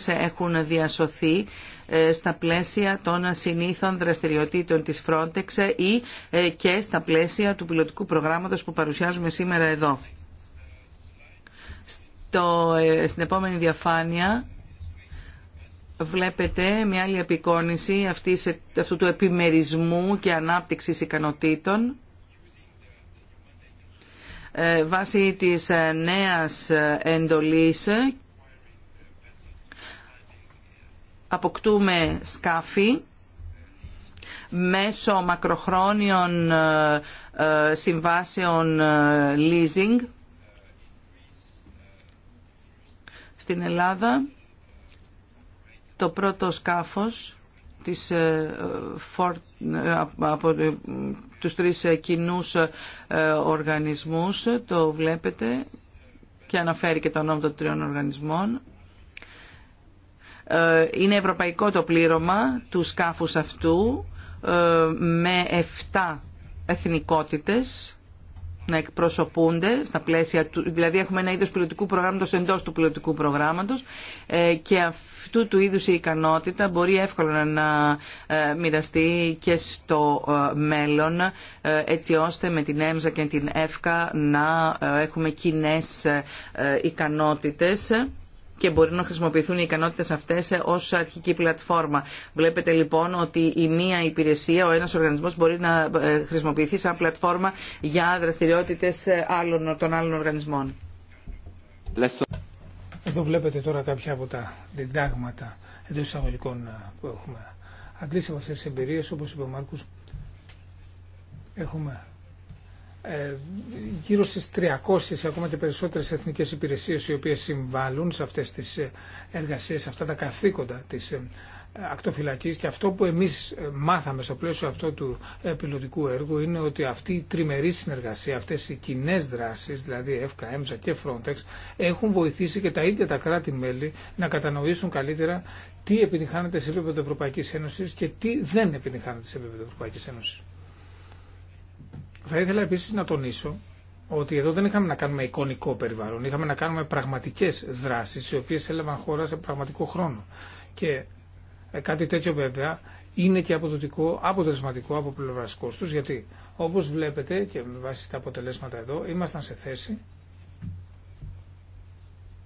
[SPEAKER 1] έχουν διασωθεί ε, στα πλαίσια των συνήθων δραστηριοτήτων της Frontex ε, ή ε, και στα πλαίσια του πιλωτικού προγράμματος που παρουσιάζουμε σήμερα εδώ. στην επόμενη διαφάνεια βλέπετε μια άλλη απεικόνηση αυτής, αυτού του επιμερισμού και ανάπτυξης ικανοτήτων ε, βάσει της ε, νέας ε, εντολής αποκτούμε σκάφη μέσω μακροχρόνιων συμβάσεων leasing στην Ελλάδα το πρώτο σκάφος της, ε, ε, από ε, τους τρεις κοινού οργανισμούς, το βλέπετε και αναφέρει και το όνομα των τριών οργανισμών. Είναι ευρωπαϊκό το πλήρωμα του σκάφους αυτού με 7 εθνικότητες να εκπροσωπούνται στα πλαίσια του, δηλαδή έχουμε ένα είδος πιλωτικού προγράμματος εντός του πιλωτικού προγράμματος ε, και αυτού του είδους η ικανότητα μπορεί εύκολα να ε, μοιραστεί και στο ε, μέλλον έτσι ώστε με την ΕΜΖΑ και την ΕΦΚΑ να έχουμε κοινέ ικανότητες και μπορεί να χρησιμοποιηθούν οι ικανότητες αυτές ως αρχική πλατφόρμα. Βλέπετε λοιπόν ότι η μία υπηρεσία, ο ένας οργανισμός μπορεί να ε, χρησιμοποιηθεί σαν πλατφόρμα για δραστηριότητες
[SPEAKER 2] ε, άλλων, των άλλων οργανισμών. Εδώ βλέπετε τώρα κάποια από τα διδάγματα εντό εισαγωγικών ε, που έχουμε. Αντλήσει από αυτέ τι εμπειρίε, όπω είπε ο Μάρκο, έχουμε ε, γύρω στις 300 ακόμα και περισσότερες εθνικές υπηρεσίες οι οποίες συμβάλλουν σε αυτές τις ε, εργασίες, σε αυτά τα καθήκοντα της ε, ακτοφυλακής και αυτό που εμείς μάθαμε στο πλαίσιο αυτό του πιλωτικού έργου είναι ότι αυτή η τριμερή συνεργασία, αυτές οι κοινέ δράσεις, δηλαδή ΕΦΚΑ, ΕΜΖΑ και Frontex έχουν βοηθήσει και τα ίδια τα κράτη-μέλη να κατανοήσουν καλύτερα τι επιτυχάνεται σε επίπεδο Ευρωπαϊκής Ένωσης και τι δεν επιτυχάνεται σε επίπεδο Ευρωπαϊκής Ένωσης. Θα ήθελα επίση να τονίσω ότι εδώ δεν είχαμε να κάνουμε εικονικό περιβάλλον, είχαμε να κάνουμε πραγματικέ δράσει, οι οποίε έλαβαν χώρα σε πραγματικό χρόνο. Και ε, κάτι τέτοιο βέβαια είναι και αποδοτικό, αποτελεσματικό από πλευρά κόστου, γιατί όπω βλέπετε και με βάση τα αποτελέσματα εδώ, ήμασταν σε θέση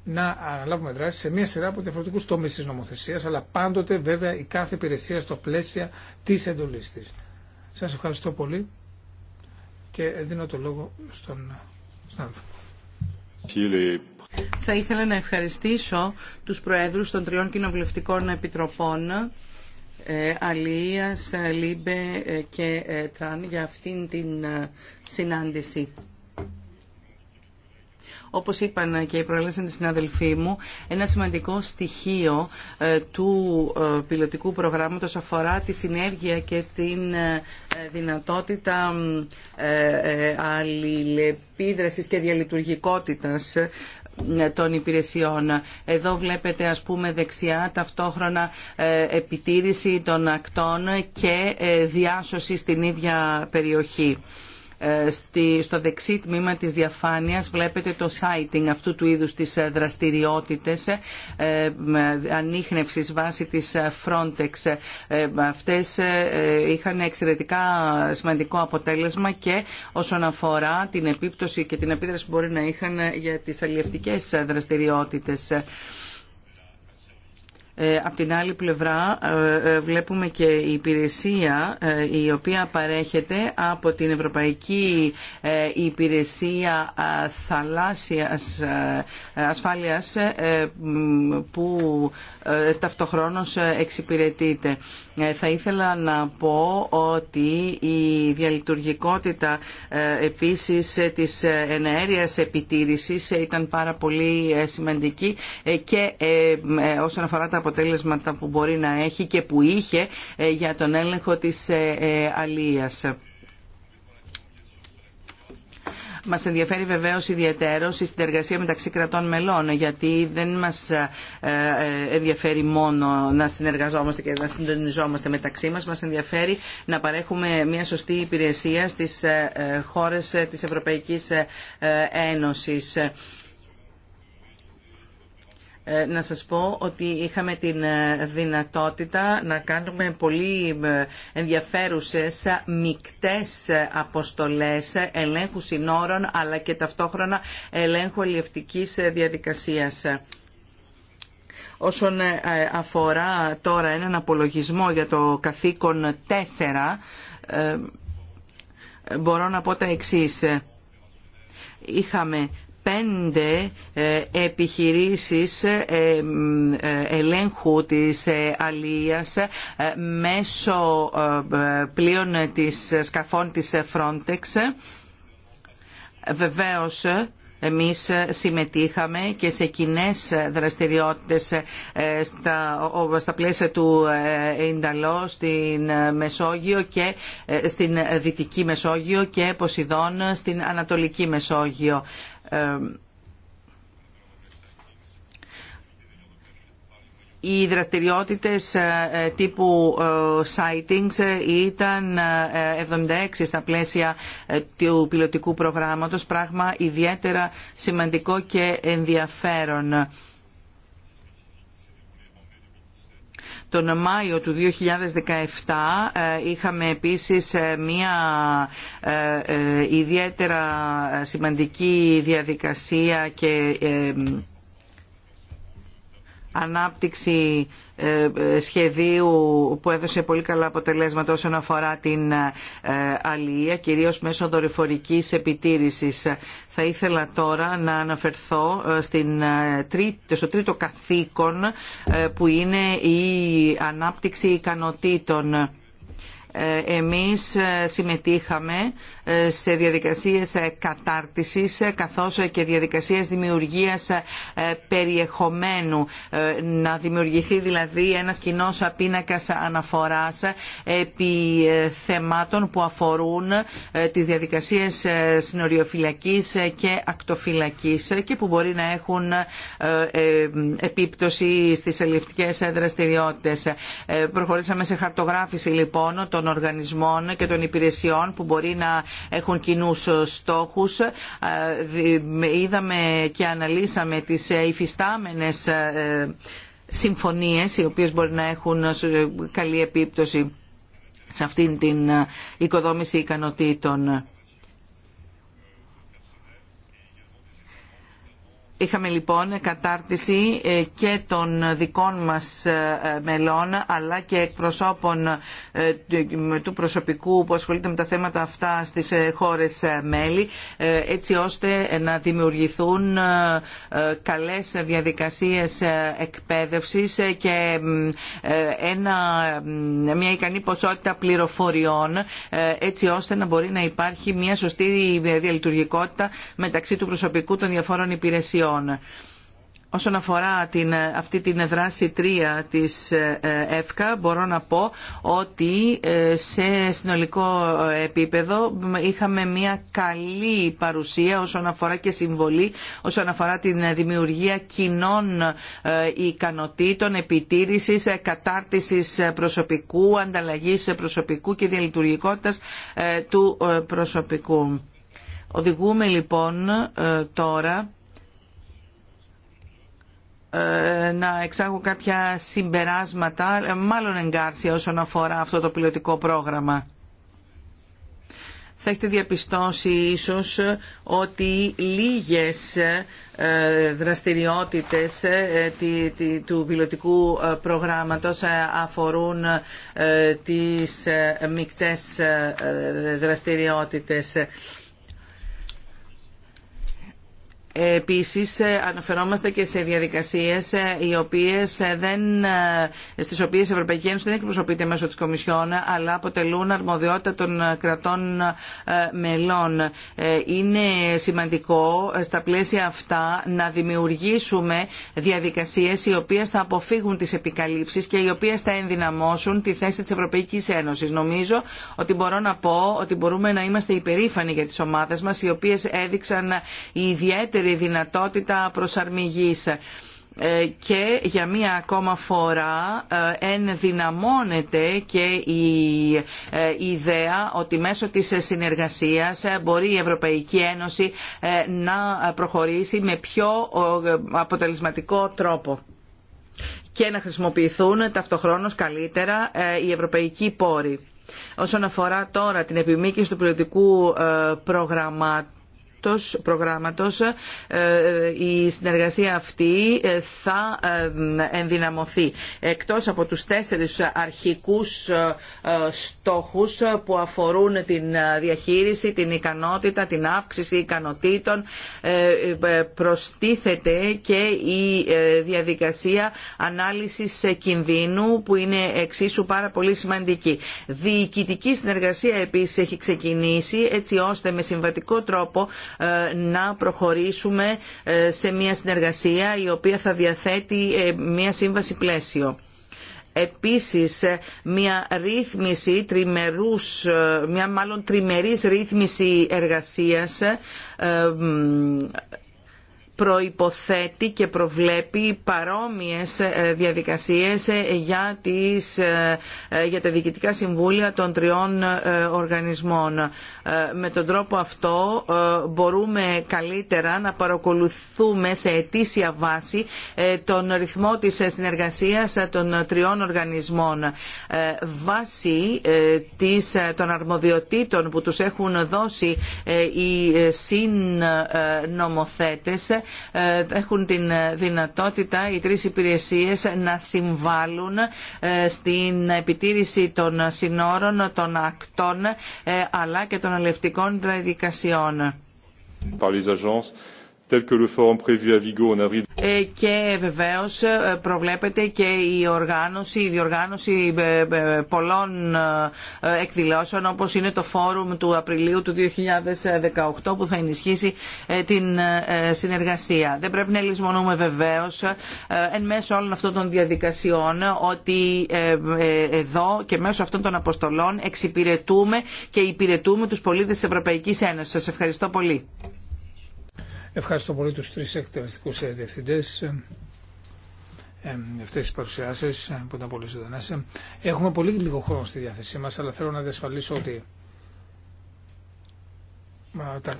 [SPEAKER 2] να αναλάβουμε δράση σε μια σειρά από διαφορετικού τομεί τη νομοθεσία, αλλά πάντοτε βέβαια η κάθε υπηρεσία στο πλαίσιο τη εντολή τη. Σα ευχαριστώ πολύ και δίνω το λόγο στον συνάδελφο. Θα ήθελα να ευχαριστήσω τους
[SPEAKER 1] Προέδρους των τριών κοινοβουλευτικών επιτροπών ε, Αλίας, Λίμπε ε, και ε, Τραν για αυτήν την συνάντηση. Όπως είπαν και οι τη συναδελφοί μου, ένα σημαντικό στοιχείο ε, του ε, πιλωτικού προγράμματος αφορά τη συνέργεια και την ε, δυνατότητα αλληλεπίδρασης και διαλειτουργικότητας των υπηρεσιών. Εδώ βλέπετε ας πούμε δεξιά ταυτόχρονα επιτήρηση των ακτών και διάσωση στην ίδια περιοχή. Ε, στο δεξί τμήμα της διαφάνειας βλέπετε το sighting αυτού του είδους ε, ε, της δραστηριότητες ανείχνευσης βάσει της Frontex. Αυτές είχαν εξαιρετικά σημαντικό αποτέλεσμα και όσον αφορά την επίπτωση και την επίδραση που μπορεί να είχαν για τις αλλιευτικές δραστηριότητες. Ε, απ' την άλλη πλευρά ε, ε, βλέπουμε και η υπηρεσία η οποία παρέχεται από την Ευρωπαϊκή Υπηρεσία Θαλάσσιας Ασφάλειας που ε, ταυτοχρόνως εξυπηρετείται. Ε, θα ήθελα να πω ότι η διαλειτουργικότητα ε, επίσης της εναέριας επιτήρησης ήταν πάρα πολύ σημαντική και όσον αφορά τα αποτέλεσματα που μπορεί να έχει και που είχε για τον έλεγχο της αλίας. Μας ενδιαφέρει βεβαίως ιδιαίτερω η συνεργασία μεταξύ κρατών μελών, γιατί δεν μας ε, ε, ενδιαφέρει μόνο να συνεργαζόμαστε και να συντονιζόμαστε μεταξύ μας, μας ενδιαφέρει να παρέχουμε μια σωστή υπηρεσία στις ε, χώρες της Ευρωπαϊκής Ένωσης. Ε, να σας πω ότι είχαμε την ε, δυνατότητα να κάνουμε πολύ ε, ενδιαφέρουσες μικτές αποστολές ελέγχου συνόρων αλλά και ταυτόχρονα ελέγχου αλληλευτικής διαδικασίας. Όσον αφορά τώρα έναν απολογισμό για το καθήκον 4, μπορώ να πω τα εξής. Είχαμε πέντε ε, επιχειρήσεις ε, ε, ελέγχου της αλίας μέσω πλοίων της σκαφών της Frontex. Βεβαίως εμείς συμμετείχαμε και σε κοινέ δραστηριότητες στα, πλαίσια του Ινταλό στην Μεσόγειο και στην Δυτική Μεσόγειο και Ποσειδών στην Ανατολική Μεσόγειο οι δραστηριότητες ε, ε, τύπου ε, sightings ήταν 76 στα πλαίσια του πιλωτικού προγράμματος, πράγμα ιδιαίτερα σημαντικό και ενδιαφέρον. Τον Μάιο του 2017 ε, είχαμε επίσης ε, μια ε, ιδιαίτερα σημαντική διαδικασία και ανάπτυξη ε, σχεδίου που έδωσε πολύ καλά αποτελέσματα όσον αφορά την ε, αλληλεία, κυρίως μέσω δορυφορικής επιτήρησης. Θα ήθελα τώρα να αναφερθώ ε, στην, στο τρίτο καθήκον που είναι η ανάπτυξη ικανοτήτων εμείς ε, συμμετείχαμε ε, σε διαδικασίες ε, κατάρτισης καθώς και διαδικασίες δημιουργίας περιεχομένου. Να δημιουργηθεί δηλαδή ένας κοινό πίνακας αναφοράς επί θεμάτων που αφορούν τις διαδικασίες συνοριοφυλακής και ακτοφυλακής και που μπορεί να έχουν επίπτωση στις ελληνικές δραστηριότητες. Προχωρήσαμε σε χαρτογράφηση λοιπόν οργανισμών και των υπηρεσιών που μπορεί να έχουν κοινού στόχους. Ε, είδαμε και αναλύσαμε τις υφιστάμενες ε, συμφωνίες οι οποίες μπορεί να έχουν ε, καλή επίπτωση σε αυτήν την οικοδόμηση ικανοτήτων. Είχαμε λοιπόν κατάρτιση ε, και των δικών μας ε, μελών αλλά και εκπροσώπων ε, του προσωπικού που ασχολείται με τα θέματα αυτά στις χώρες μέλη έτσι ώστε να δημιουργηθούν καλές διαδικασίες εκπαίδευσης και ένα, μια ικανή ποσότητα πληροφοριών έτσι ώστε να μπορεί να υπάρχει μια σωστή διαλειτουργικότητα μεταξύ του προσωπικού των διαφόρων υπηρεσιών Όσον αφορά την, αυτή την δράση 3 της ε, ΕΦΚΑ, μπορώ να πω ότι ε, σε συνολικό ε, επίπεδο είχαμε μια καλή παρουσία όσον αφορά και συμβολή, όσον αφορά την δημιουργία κοινών ικανοτήτων, επιτήρησης, κατάρτισης προσωπικού, ανταλλαγής προσωπικού και διαλειτουργικότητας του προσωπικού. Οδηγούμε λοιπόν τώρα ε, να εξάγω κάποια συμπεράσματα, μάλλον εγκάρσια όσον αφορά αυτό το πιλωτικό πρόγραμμα. Θα έχετε διαπιστώσει ίσως ότι λίγες ε, δραστηριότητες ε, του πιλωτικού προγράμματος αφορούν τις μικτές δραστηριότητες. Επίση, ε, αναφερόμαστε και σε διαδικασίε ε, οι οποίε ε, στις οποίες η Ευρωπαϊκή Ένωση δεν εκπροσωπείται μέσω τη Κομισιόν αλλά αποτελούν αρμοδιότητα των κρατών μελών. Είναι σημαντικό στα πλαίσια αυτά να δημιουργήσουμε διαδικασίε οι οποίε θα αποφύγουν τι επικαλύψει και οι οποίε θα ενδυναμώσουν τη θέση τη Ευρωπαϊκή Ένωση. Νομίζω ότι μπορώ να πω ότι μπορούμε να είμαστε υπερήφανοι για τι ομάδε μα, οι οποίε έδειξαν ιδιαίτερη μεγαλύτερη δυνατότητα προσαρμογής ε, και για μία ακόμα φορά ε, ενδυναμώνεται και η ε, ιδέα ότι μέσω της συνεργασίας μπορεί η Ευρωπαϊκή Ένωση να προχωρήσει με πιο αποτελεσματικό τρόπο και να χρησιμοποιηθούν ταυτοχρόνως καλύτερα οι ευρωπαϊκοί πόροι. Όσον αφορά τώρα την επιμήκυνση του πολιτικού προγραμμάτου προγράμματος ε, ε, η συνεργασία αυτή ε, θα ενδυναμωθεί. Εκτός από τους τέσσερις αρχικούς στόχους που αφορούν την διαχείριση, την ικανότητα, την αύξηση ικανοτήτων προστίθεται και η διαδικασία ανάλυσης κινδύνου που είναι εξίσου πάρα πολύ σημαντική. Διοικητική συνεργασία επίσης έχει ξεκινήσει έτσι ώστε με συμβατικό τρόπο ε, να προχωρήσουμε ε, σε μια συνεργασία η οποία θα διαθέτει ε, μια σύμβαση πλαίσιο επίσης μια ρύθμιση τριμερούς, μια μάλλον τριμερής ρύθμιση εργασίας προϋποθέτει και προβλέπει παρόμοιες ε, διαδικασίες ε, ε, για, τα διοικητικά συμβούλια των τριών οργανισμών. Με τον τρόπο αυτό μπορούμε καλύτερα να παρακολουθούμε σε ετήσια βάση τον ρυθμό της συνεργασίας των τριών οργανισμών. Βάσει των αρμοδιοτήτων που τους έχουν δώσει οι συνομοθέτες ε, έχουν την δυνατότητα οι τρεις υπηρεσίες να συμβάλλουν ε, στην επιτήρηση των συνόρων, των ακτών ε, αλλά και των αλευτικών διαδικασιών και βεβαίω ε, προβλέπεται και η οργάνωση, η διοργάνωση ε, ε, πολλών εκδηλώσεων όπω είναι το φόρουμ του Απριλίου του 2018 που θα ενισχύσει την συνεργασία. Δεν πρέπει να λησμονούμε βεβαίω εν μέσω όλων αυτών των διαδικασιών ότι εδώ και μέσω αυτών των αποστολών εξυπηρετούμε και υπηρετούμε του πολίτε τη Ευρωπαϊκή Ένωση. Σα ευχαριστώ πολύ.
[SPEAKER 2] Ευχαριστώ πολύ τους τρεις εκτελεστικούς διευθυντές ε, ε, αυτές τις παρουσιάσεις ε, που ήταν πολύ ζωντανές. Έχουμε πολύ λίγο χρόνο στη διάθεσή μας, αλλά θέλω να διασφαλίσω ότι τα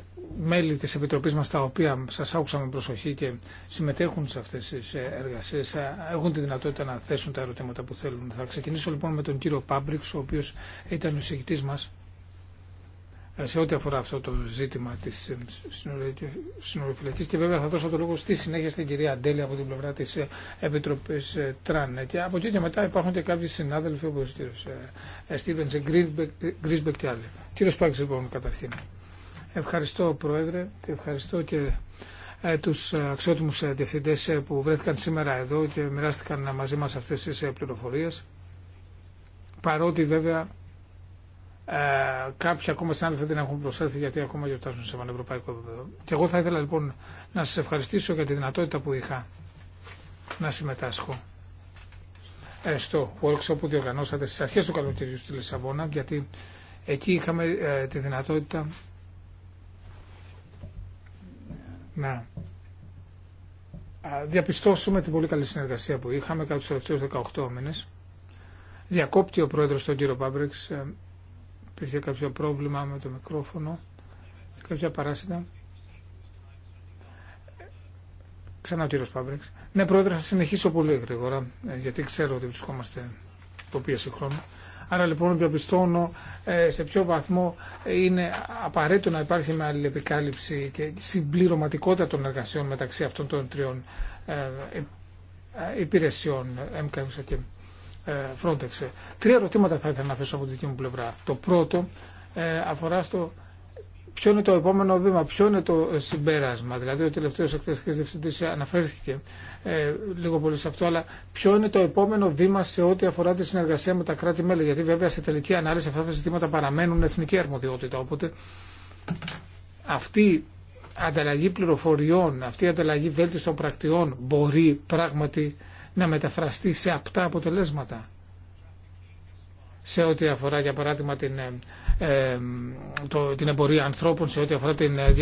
[SPEAKER 2] μέλη της Επιτροπής μας τα οποία σας άκουσα με προσοχή και συμμετέχουν σε αυτές τις εργασίες έχουν τη δυνατότητα να θέσουν τα ερωτήματα που θέλουν. Θα ξεκινήσω λοιπόν με τον κύριο Πάμπριξ ο οποίος ήταν ο εισηγητής μας ε, σε ό,τι αφορά αυτό το ζήτημα τη ε, συνολοφυλακής και βέβαια θα δώσω το λόγο στη συνέχεια στην κυρία Αντέλη από την πλευρά τη ε, Επιτροπής Τραν και από εκεί και μετά υπάρχουν και κάποιοι συνάδελφοι όπω ο κύριο Στίβενς Γκρίσμπεκ και άλλοι. Κύριο Πάξης λοιπόν καταρχήν. Ευχαριστώ Πρόεδρε και ευχαριστώ και τους αξιότιμους διευθυντές που βρέθηκαν σήμερα εδώ και μοιράστηκαν μαζί μας αυτές τις πληροφορίε, παρότι βέβαια ε, κάποιοι ακόμα συνάδελφοι δεν έχουν προσέλθει γιατί ακόμα γιορτάζουν σε πανευρωπαϊκό επίπεδο. Και εγώ θα ήθελα λοιπόν να σα ευχαριστήσω για τη δυνατότητα που είχα να συμμετάσχω ε, στο workshop που διοργανώσατε στι αρχέ του καλοκαιριού στη Λισαβόνα γιατί εκεί είχαμε ε, τη δυνατότητα να διαπιστώσουμε την πολύ καλή συνεργασία που είχαμε κατά τους τελευταίους 18 μήνες. Διακόπτει ο πρόεδρος τον κύριο Πάμπρεξ υπήρχε κάποιο πρόβλημα με το μικρόφωνο, κάποια παράσιτα. Ξανά ο κύριο Παύρεξ. Ναι, πρόεδρε, θα συνεχίσω πολύ γρήγορα, ε, γιατί ξέρω ότι βρισκόμαστε το πίεση χρόνο. Άρα λοιπόν διαπιστώνω ε, σε ποιο βαθμό είναι απαραίτητο να υπάρχει μια αλληλεπικάλυψη και συμπληρωματικότητα των εργασιών μεταξύ αυτών των τριών ε, υπηρεσιών ε, Frontex. Τρία ερωτήματα θα ήθελα να θέσω από τη δική μου πλευρά. Το πρώτο ε, αφορά στο ποιο είναι το επόμενο βήμα, ποιο είναι το συμπέρασμα. Δηλαδή, ο τελευταίο εκτελεστική διευθυντής αναφέρθηκε ε, λίγο πολύ σε αυτό, αλλά ποιο είναι το επόμενο βήμα σε ό,τι αφορά τη συνεργασία με τα κράτη-μέλη. Γιατί, βέβαια, σε τελική ανάλυση αυτά τα ζητήματα παραμένουν εθνική αρμοδιότητα. Οπότε, αυτή η ανταλλαγή πληροφοριών, αυτή η ανταλλαγή βέλτιστων πρακτιών μπορεί πράγματι να μεταφραστεί σε απτά αποτελέσματα σε ό,τι αφορά για παράδειγμα την, ε, ε, το, την εμπορία ανθρώπων, σε ό,τι αφορά την ε,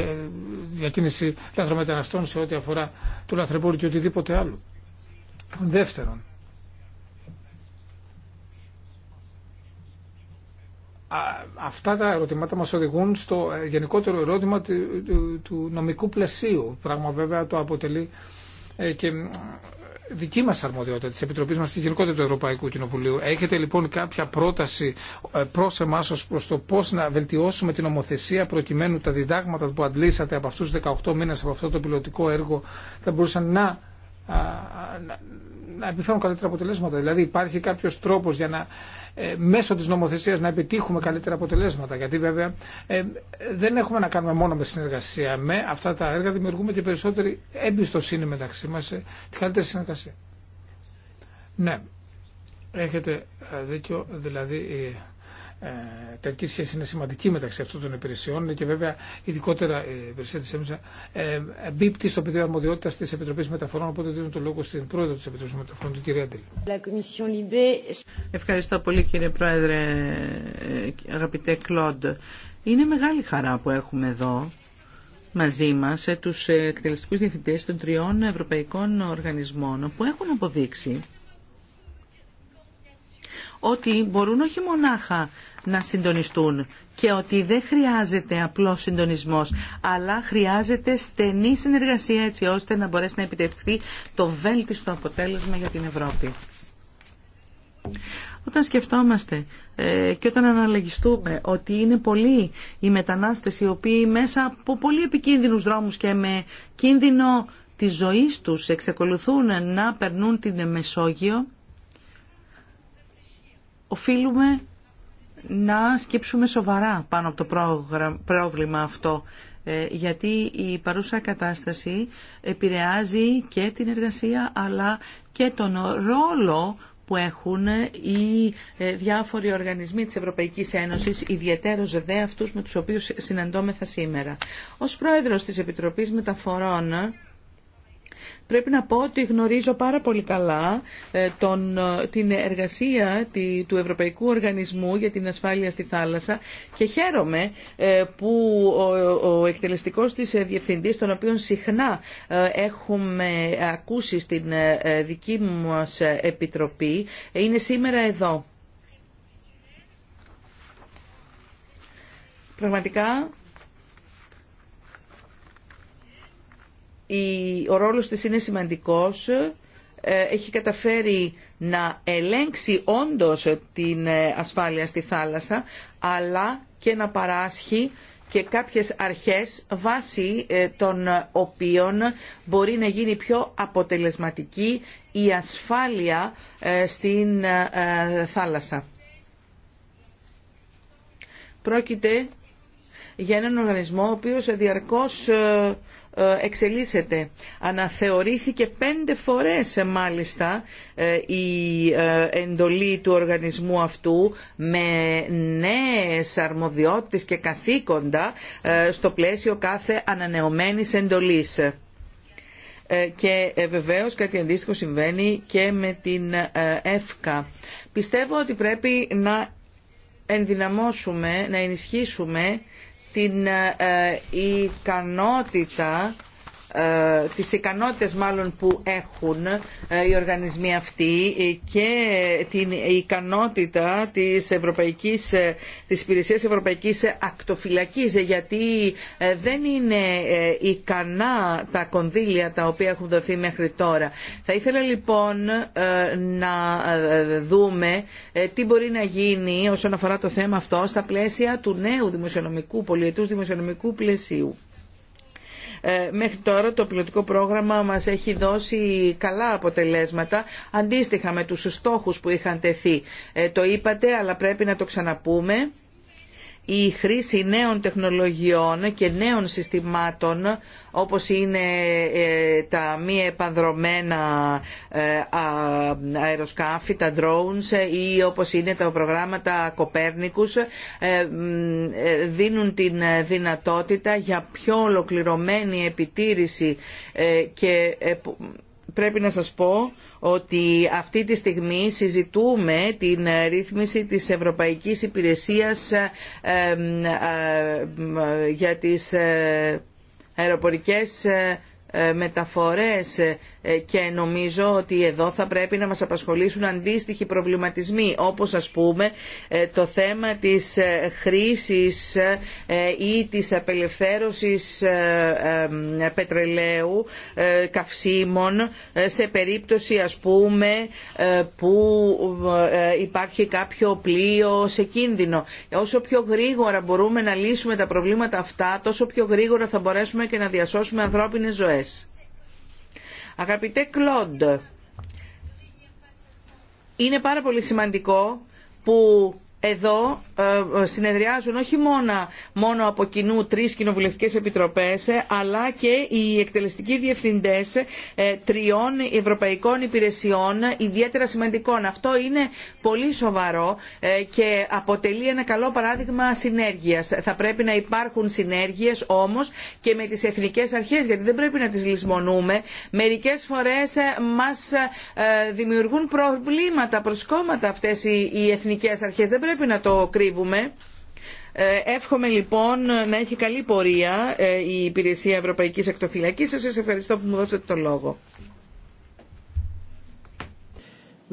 [SPEAKER 2] διακίνηση λαθρομεταναστών, σε ό,τι αφορά το λαθρεμπόριο και οτιδήποτε άλλο. Δεύτερον, α, αυτά τα ερωτημάτα μας οδηγούν στο γενικότερο ερώτημα του, του, νομικού πλαισίου, πράγμα βέβαια το αποτελεί ε, και δική μας αρμοδιότητα, της Επιτροπής μας και γενικότητα του Ευρωπαϊκού Κοινοβουλίου. Έχετε λοιπόν κάποια πρόταση ε, προς εμάς ως προς το πώς να βελτιώσουμε την ομοθεσία προκειμένου τα διδάγματα που αντλήσατε από αυτούς τους 18 μήνες από αυτό το πιλωτικό έργο θα μπορούσαν να να, επιφέρουν καλύτερα αποτελέσματα. Δηλαδή υπάρχει κάποιος τρόπος για να ε, μέσω της νομοθεσίας να επιτύχουμε καλύτερα αποτελέσματα. Γιατί βέβαια ε, δεν έχουμε να κάνουμε μόνο με συνεργασία. Με αυτά τα έργα δημιουργούμε και περισσότερη εμπιστοσύνη μεταξύ μας, ε, τη καλύτερη συνεργασία. Ναι, έχετε δίκιο, δηλαδή ε, τα σχέση είναι σημαντική μεταξύ αυτών των υπηρεσιών και βέβαια ειδικότερα ε, η υπηρεσία τη ΕΜΣΑ ε, μπίπτει στο πεδίο αρμοδιότητα τη Επιτροπή Μεταφορών. Οπότε δίνω το λόγο στην πρόεδρο τη Επιτροπή Μεταφορών, την κυρία
[SPEAKER 1] Ντέλη. Ευχαριστώ πολύ κύριε Πρόεδρε, αγαπητέ Κλοντ. Είναι μεγάλη χαρά που έχουμε εδώ μαζί μας τους εκτελεστικούς διευθυντές των τριών ευρωπαϊκών οργανισμών που έχουν αποδείξει ότι μπορούν όχι μονάχα να συντονιστούν και ότι δεν χρειάζεται απλό συντονισμός, αλλά χρειάζεται στενή συνεργασία έτσι ώστε να μπορέσει να επιτευχθεί το βέλτιστο αποτέλεσμα για την Ευρώπη. Όταν σκεφτόμαστε ε, και όταν αναλογιστούμε ότι είναι πολλοί οι μετανάστες οι οποίοι μέσα από πολύ επικίνδυνους δρόμους και με κίνδυνο της ζωής τους εξεκολουθούν να περνούν την Μεσόγειο, οφείλουμε να σκύψουμε σοβαρά πάνω από το πρόβλημα αυτό ε, γιατί η παρούσα κατάσταση επηρεάζει και την εργασία αλλά και τον ρόλο που έχουν ε, οι ε, διάφοροι οργανισμοί της Ευρωπαϊκής Ένωσης, ιδιαίτερος δε αυτούς με τους οποίους συναντώμεθα σήμερα. Ως πρόεδρος της Επιτροπής Μεταφορών Πρέπει να πω ότι γνωρίζω πάρα πολύ καλά ε, τον, ε, την εργασία τη, του Ευρωπαϊκού Οργανισμού για την Ασφάλεια στη Θάλασσα και χαίρομαι ε, που ο, εκτελεστικός της διευθυντής, τον οποίο συχνά έχουμε ακούσει στην δική μας επιτροπή, είναι σήμερα εδώ. Πραγματικά ο ρόλος της είναι σημαντικός. Ε, έχει καταφέρει να ελέγξει όντως την ε, ασφάλεια στη θάλασσα, αλλά και να παράσχει και κάποιες αρχές βάσει ε, των οποίων μπορεί να γίνει πιο αποτελεσματική η ασφάλεια στην θάλασσα. Πρόκειται για έναν οργανισμό ο οποίος διαρκώς ε, εξελίσσεται. Αναθεωρήθηκε πέντε φορές ε, μάλιστα ε, η εντολή του οργανισμού αυτού με νέες αρμοδιότητες και καθήκοντα στο πλαίσιο κάθε ανανεωμένης εντολής και βεβαίως κάτι αντίστοιχο συμβαίνει και με την ΕΦΚΑ. Πιστεύω ότι πρέπει να ενδυναμώσουμε, να ενισχύσουμε την ε, ε, ικανότητα ε, τις ικανότητες μάλλον που έχουν ε, οι οργανισμοί αυτοί και την ικανότητα της, Ευρωπαϊκής, ε, της Υπηρεσίας Ευρωπαϊκής Ακτοφυλακής γιατί δεν είναι ικανά τα κονδύλια τα οποία έχουν δοθεί μέχρι τώρα. Θα ήθελα λοιπόν να δούμε τι μπορεί να γίνει όσον αφορά το θέμα αυτό στα πλαίσια του νέου δημοσιονομικού, πολιετούς δημοσιονομικού πλαισίου. Ε, μέχρι τώρα το πιλωτικό πρόγραμμα μας έχει δώσει καλά αποτελέσματα, αντίστοιχα με τους στόχους που είχαν τεθεί. Ε, το είπατε, αλλά πρέπει να το ξαναπούμε η χρήση νέων τεχνολογιών και νέων συστημάτων όπως είναι ε, τα μη επανδρομένα ε, αεροσκάφη, τα drones ε, ή όπως είναι τα προγράμματα Κοπέρνικους δίνουν την δυνατότητα για πιο ολοκληρωμένη επιτήρηση και πρέπει να σας πω ότι αυτή τη στιγμή συζητούμε την ρύθμιση της Ευρωπαϊκής Υπηρεσίας ε, ε, ε, για τις αεροπορικές μεταφορές ε, και νομίζω ότι εδώ θα πρέπει να μας απασχολήσουν αντίστοιχοι προβληματισμοί όπως ας πούμε ε, το θέμα της ε, χρήσης ή της απελευθέρωσης πετρελαίου καυσίμων σε περίπτωση ας πούμε που υπάρχει κάποιο πλοίο σε κίνδυνο. Όσο πιο γρήγορα μπορούμε να λύσουμε τα προβλήματα αυτά τόσο πιο γρήγορα θα μπορέσουμε και να διασώσουμε ανθρώπινες ζωές. Αγαπητέ Κλοντ, είναι πάρα πολύ σημαντικό που εδώ ε, ε, συνεδριάζουν όχι μόνο, μόνο από κοινού τρεις κοινοβουλευτικές επιτροπές ε, αλλά και οι εκτελεστικοί διευθυντές τριών ευρωπαϊκών υπηρεσιών ιδιαίτερα σημαντικών. Αυτό είναι πολύ σοβαρό και αποτελεί ένα καλό παράδειγμα συνέργειας. Θα πρέπει να υπάρχουν συνέργειες όμως και με τις εθνικές αρχές γιατί δεν πρέπει να τις λησμονούμε. Μερικές φορές μας δημιουργούν προβλήματα, προσκόμματα αυτές οι εθνικές αρχές. Δεν πρέπει να το κρύβουμε. Ε, εύχομαι λοιπόν να έχει καλή πορεία ε, η Υπηρεσία Ευρωπαϊκής Εκτοφυλακής. Σας ευχαριστώ που μου δώσατε το λόγο.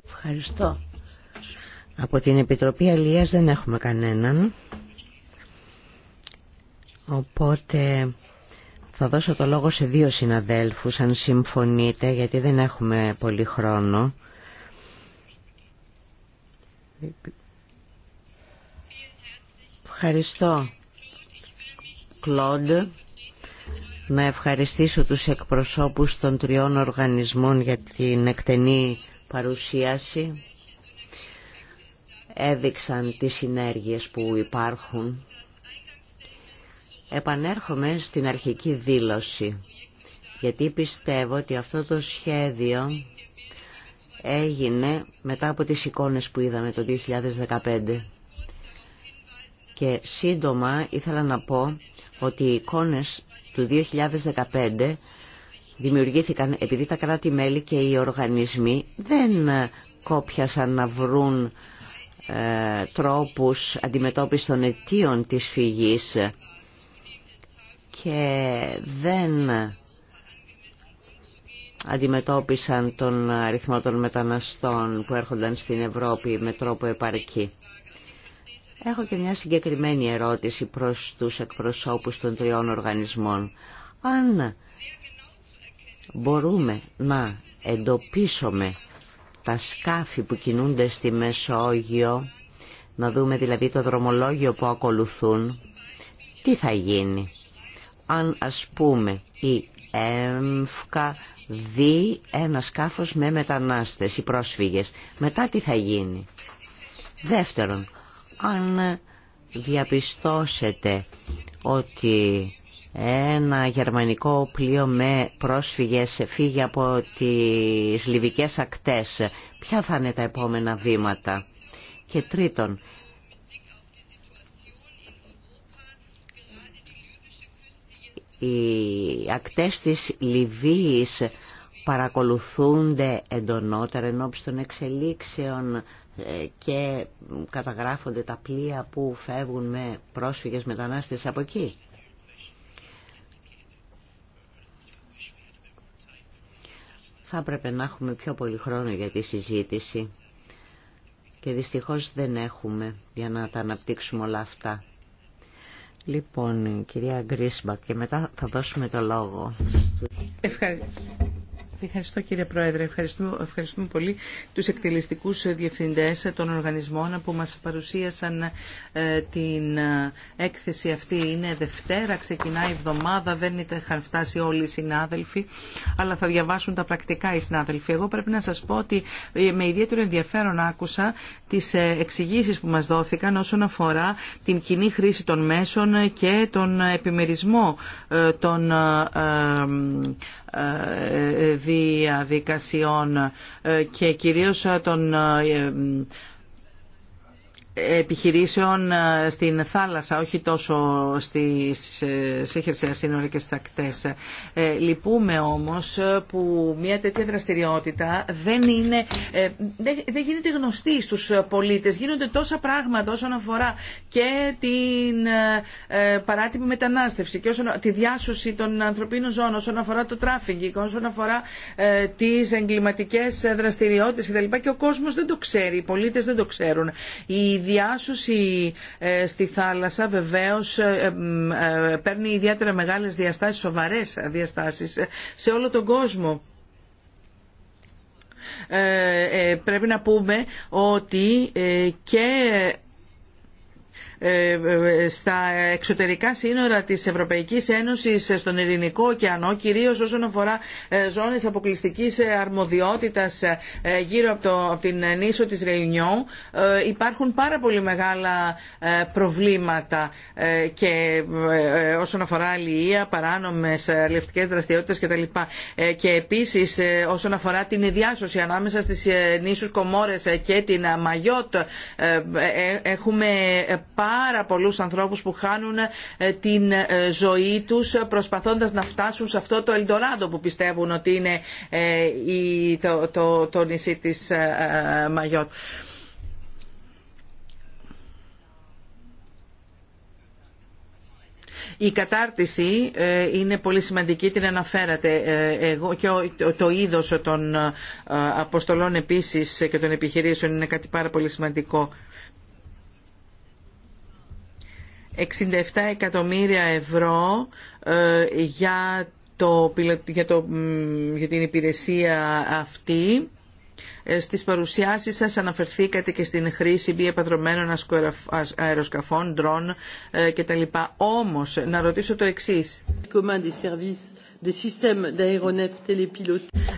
[SPEAKER 3] Ευχαριστώ. Από την Επιτροπή Αλίας δεν έχουμε κανέναν. Οπότε θα δώσω το λόγο σε δύο συναδέλφους αν συμφωνείτε γιατί δεν έχουμε πολύ χρόνο. Ευχαριστώ, Κλοντ. Να ευχαριστήσω τους εκπροσώπους των τριών οργανισμών για την εκτενή παρουσίαση. Έδειξαν τις συνέργειες που υπάρχουν. Επανέρχομαι στην αρχική δήλωση, γιατί πιστεύω ότι αυτό το σχέδιο έγινε μετά από τις εικόνες που είδαμε το 2015. Και σύντομα ήθελα να πω ότι οι εικόνες του 2015 δημιουργήθηκαν επειδή τα κράτη-μέλη και οι οργανισμοί δεν κόπιασαν να βρουν ε, τρόπους αντιμετώπισης των αιτίων της φυγής και δεν αντιμετώπισαν τον αριθμό των μεταναστών που έρχονταν στην Ευρώπη με τρόπο επαρκή. Έχω και μια συγκεκριμένη ερώτηση προς τους εκπροσώπους των τριών οργανισμών. Αν μπορούμε να εντοπίσουμε τα σκάφη που κινούνται στη Μεσόγειο, να δούμε δηλαδή το δρομολόγιο που ακολουθούν, τι θα γίνει. Αν ας πούμε η ΕΜΦΚΑ δει ένα σκάφος με μετανάστες ή πρόσφυγες, μετά τι θα γίνει. Δεύτερον, αν διαπιστώσετε ότι ένα γερμανικό πλοίο με πρόσφυγες φύγει από τις λιβικές ακτές, ποια θα είναι τα επόμενα βήματα. Και τρίτον, οι ακτές της Λιβύης παρακολουθούνται εντονότερα ενώπιση των εξελίξεων ε, και καταγράφονται τα πλοία που φεύγουν με πρόσφυγες μετανάστες από εκεί. Θα έπρεπε να έχουμε πιο πολύ χρόνο για τη συζήτηση και δυστυχώς δεν έχουμε για να τα αναπτύξουμε όλα αυτά. Λοιπόν, κυρία Γκρίσμπα, και μετά θα δώσουμε το λόγο.
[SPEAKER 1] Ευχαριστώ. Ευχαριστώ κύριε Πρόεδρε. Ευχαριστούμε, ευχαριστούμε πολύ τους εκτελεστικούς διευθυντές των οργανισμών που μας παρουσίασαν ε, την ε, έκθεση αυτή. Είναι Δευτέρα, ξεκινάει η εβδομάδα, δεν είχαν φτάσει όλοι οι συνάδελφοι, αλλά θα διαβάσουν τα πρακτικά οι συνάδελφοι. Εγώ πρέπει να σας πω ότι ε, με ιδιαίτερο ενδιαφέρον άκουσα τις εξηγήσεις που μας δόθηκαν όσον αφορά την κοινή χρήση των μέσων και τον επιμερισμό των διαδικασιών ε, και κυρίως ε, των ε, επιχειρήσεων ε, στην θάλασσα, όχι τόσο στις, ε, σε χερσαία σύνορα και στις ακτές. Ε, λυπούμε όμως που μια τέτοια δραστηριότητα δεν, είναι, δεν, γίνεται γνωστή στους πολίτες. Γίνονται τόσα πράγματα όσον αφορά και την παράτιμη μετανάστευση και όσον, τη διάσωση των ανθρωπίνων ζώων, όσον αφορά το και όσον αφορά τις εγκληματικές δραστηριότητες κτλ. Και ο κόσμος δεν το ξέρει, οι πολίτες δεν το ξέρουν διάσωση ε, στη θάλασσα βεβαίως ε, ε, παίρνει ιδιαίτερα μεγάλες διαστάσεις, σοβαρές διαστάσεις σε όλο τον κόσμο. Ε, πρέπει να πούμε ότι και ε, ε, στα εξωτερικά σύνορα της Ευρωπαϊκής Ένωσης στον Ειρηνικό ωκεανό, κυρίως όσον αφορά ε, ζώνες αποκλειστικής αρμοδιότητας γύρω από, την νήσο της Ρεϊνιό, υπάρχουν πάρα πολύ μεγάλα προβλήματα και όσον αφορά αλληλεία, παράνομες αλληλευτικές δραστηριότητες κτλ. Και επίσης όσον αφορά την διάσωση ανάμεσα στις νήσους Κομόρες και την Μαγιότ έχουμε πάρα πολλούς ανθρώπους που χάνουν ε, την ε, ζωή τους ε, προσπαθώντας να φτάσουν σε αυτό το Ελντοράντο που πιστεύουν ότι είναι το, το, το νησί της Μαγιότ. Η κατάρτιση είναι πολύ σημαντική, την αναφέρατε. Εγώ και το είδος των αποστολών επίσης και των επιχειρήσεων είναι κάτι πάρα πολύ σημαντικό. 67 εκατομμύρια ευρώ ε, για, το, για, το, για την υπηρεσία αυτή. Ε, στις παρουσιάσεις σας αναφερθήκατε και στην χρήση μη επαδρομένων αεροσκαφών, ντρόν ε, κτλ. Όμως, να ρωτήσω το εξής.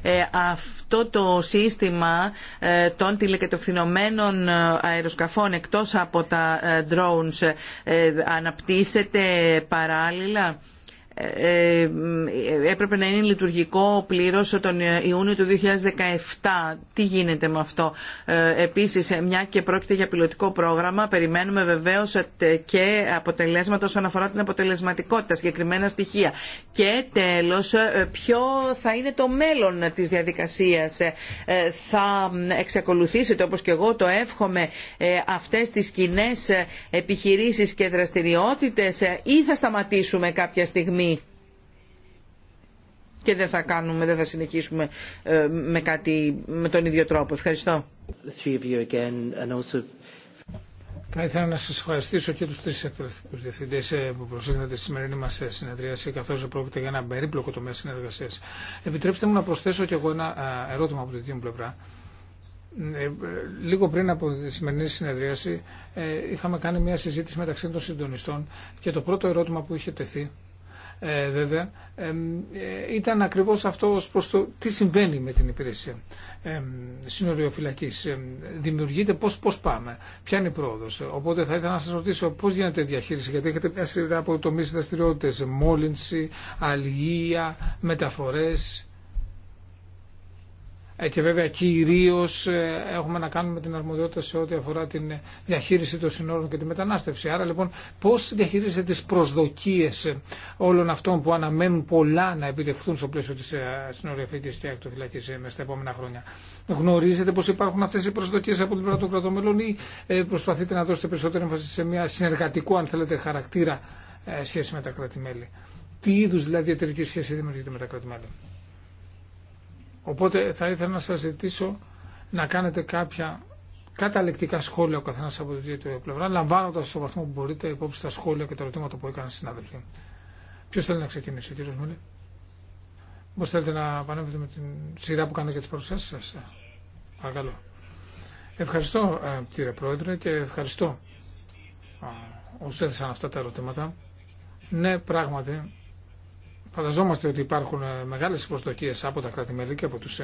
[SPEAKER 1] Ε, αυτό το σύστημα ε, των τηλεκατευθυνωμένων ε, αεροσκαφών εκτός από τα drones αναπτύσσεται παράλληλα ε, ε, έπρεπε να είναι λειτουργικό πλήρω τον Ιούνιο του 2017. Τι γίνεται με αυτό. Ε, επίσης, μια και πρόκειται για πιλωτικό πρόγραμμα, περιμένουμε βεβαίω και αποτελέσματα όσον αφορά την αποτελεσματικότητα, συγκεκριμένα στοιχεία. Και τέλος, ποιο θα είναι το μέλλον της διαδικασίας. Θα εξακολουθήσετε, όπω και εγώ το εύχομαι, αυτέ τι κοινέ επιχειρήσει και δραστηριότητε ή θα σταματήσουμε κάποια στιγμή και δεν θα κάνουμε, δεν θα συνεχίσουμε ε, με κάτι με τον ίδιο τρόπο. Ευχαριστώ.
[SPEAKER 2] Θα ήθελα να σας ευχαριστήσω και τους τρεις εκτελεστικούς διευθυντές ε, που προσήλθατε στη σημερινή μας ε, συνεδρίαση καθώς πρόκειται για ένα περίπλοκο τομέα συνεργασίας. Επιτρέψτε μου να προσθέσω κι εγώ ένα ερώτημα από τη δική μου πλευρά. Λίγο πριν από τη σημερινή συνεδρίαση είχαμε κάνει μια συζήτηση μεταξύ των συντονιστών και το πρώτο ερώτημα που είχε τεθεί ε, βέβαια ε, ήταν ακριβώς αυτό ως το τι συμβαίνει με την υπηρεσία ε, συνοριοφυλακής. δημιουργείται πώς, πώς πάμε, ποια είναι η πρόοδος. Οπότε θα ήθελα να σας ρωτήσω πώς γίνεται η διαχείριση, γιατί έχετε μια σειρά από τομείς δραστηριότητες, μόλυνση, αλληλεία, μεταφορές ε, και βέβαια κυρίω ε, έχουμε να κάνουμε την αρμοδιότητα σε ό,τι αφορά την διαχείριση των συνόρων και τη μετανάστευση. Άρα λοιπόν πώ διαχειρίζεται τι προσδοκίε ε, όλων αυτών που αναμένουν πολλά να επιτευχθούν στο πλαίσιο τη συνοριακή και ακτοφυλακή μέσα στα επόμενα χρόνια. Γνωρίζετε πω υπάρχουν αυτέ οι προσδοκίε από την πλευρά των κρατομελών ή προσπαθείτε να δώσετε περισσότερη έμφαση σε μια συνεργατικό αν θέλετε χαρακτήρα σχέση με τα κράτη-μέλη. Τι είδου δηλαδή εταιρική σχέση δημιουργείται με τα κράτη-μέλη. Οπότε θα ήθελα να σας ζητήσω να κάνετε κάποια καταληκτικά σχόλια ο καθένα από τη δύο πλευρά, λαμβάνοντα στο βαθμό που μπορείτε υπόψη τα σχόλια και τα ερωτήματα που έκαναν οι συνάδελφοι. Ποιο θέλει να ξεκινήσει, ο κύριο Μούλη. Μπορείτε θέλετε να επανέλθετε με την σειρά που κάνετε για τι παρουσιάσει σα, ε, παρακαλώ. Ευχαριστώ, ε, κύριε Πρόεδρε, και ευχαριστώ όσου έθεσαν αυτά τα ερωτήματα. Ναι, πράγματι, Φανταζόμαστε ότι υπάρχουν ε, μεγάλες προσδοκίες από τα κράτη-μέλη και από τους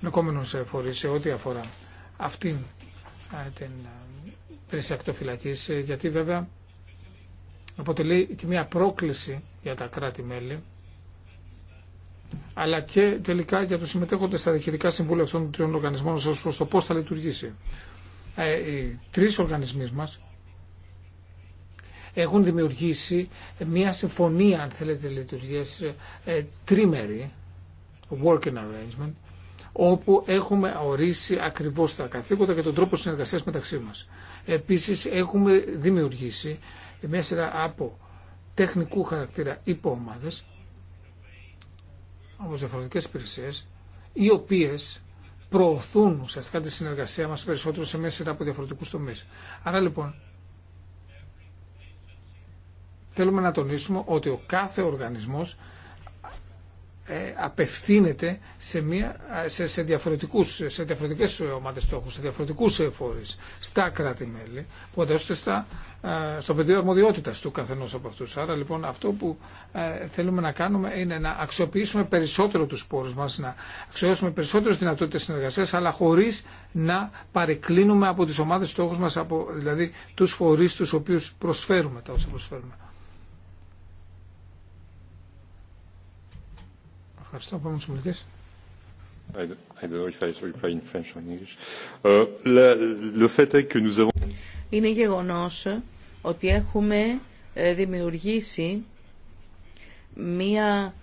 [SPEAKER 2] νοικόμενους ε, ε, φορείς σε ό,τι αφορά αυτήν την ακτοφυλακής γιατί βέβαια αποτελεί και μια πρόκληση για τα κράτη-μέλη, αλλά και τελικά για τους συμμετέχοντες στα διοικητικά συμβούλια αυτών των τριών οργανισμών ως προς το πώς θα λειτουργήσει. οι τρεις οργανισμοί μας έχουν δημιουργήσει μια συμφωνία, αν θέλετε, λειτουργίες ε, τρίμερη, working arrangement, όπου έχουμε ορίσει ακριβώς τα καθήκοντα και τον τρόπο συνεργασίας μεταξύ μας. Επίσης έχουμε δημιουργήσει μια σειρά από τεχνικού χαρακτήρα υποομάδες, από διαφορετικές υπηρεσίες, οι οποίες προωθούν ουσιαστικά τη συνεργασία μας περισσότερο σε μια σειρά από διαφορετικούς τομείς. Άρα λοιπόν θέλουμε να τονίσουμε ότι ο κάθε οργανισμός ε, απευθύνεται σε, μια, σε, σε, διαφορετικούς, σε διαφορετικές ομάδες στόχους, σε διαφορετικούς φορείς, στα κράτη-μέλη, που στα, ε, στο πεδίο αρμοδιότητας του καθενός από αυτούς. Άρα λοιπόν αυτό που ε, θέλουμε να κάνουμε είναι να αξιοποιήσουμε περισσότερο τους πόρους μας, να αξιοποιήσουμε περισσότερες δυνατότητες συνεργασίας, αλλά χωρίς να παρεκκλίνουμε από τις ομάδες στόχους μας, από, δηλαδή τους φορείς τους οποίους προσφέρουμε τα όσα προσφέρουμε.
[SPEAKER 1] Είναι γεγονός ότι έχουμε ε, δημιουργήσει μία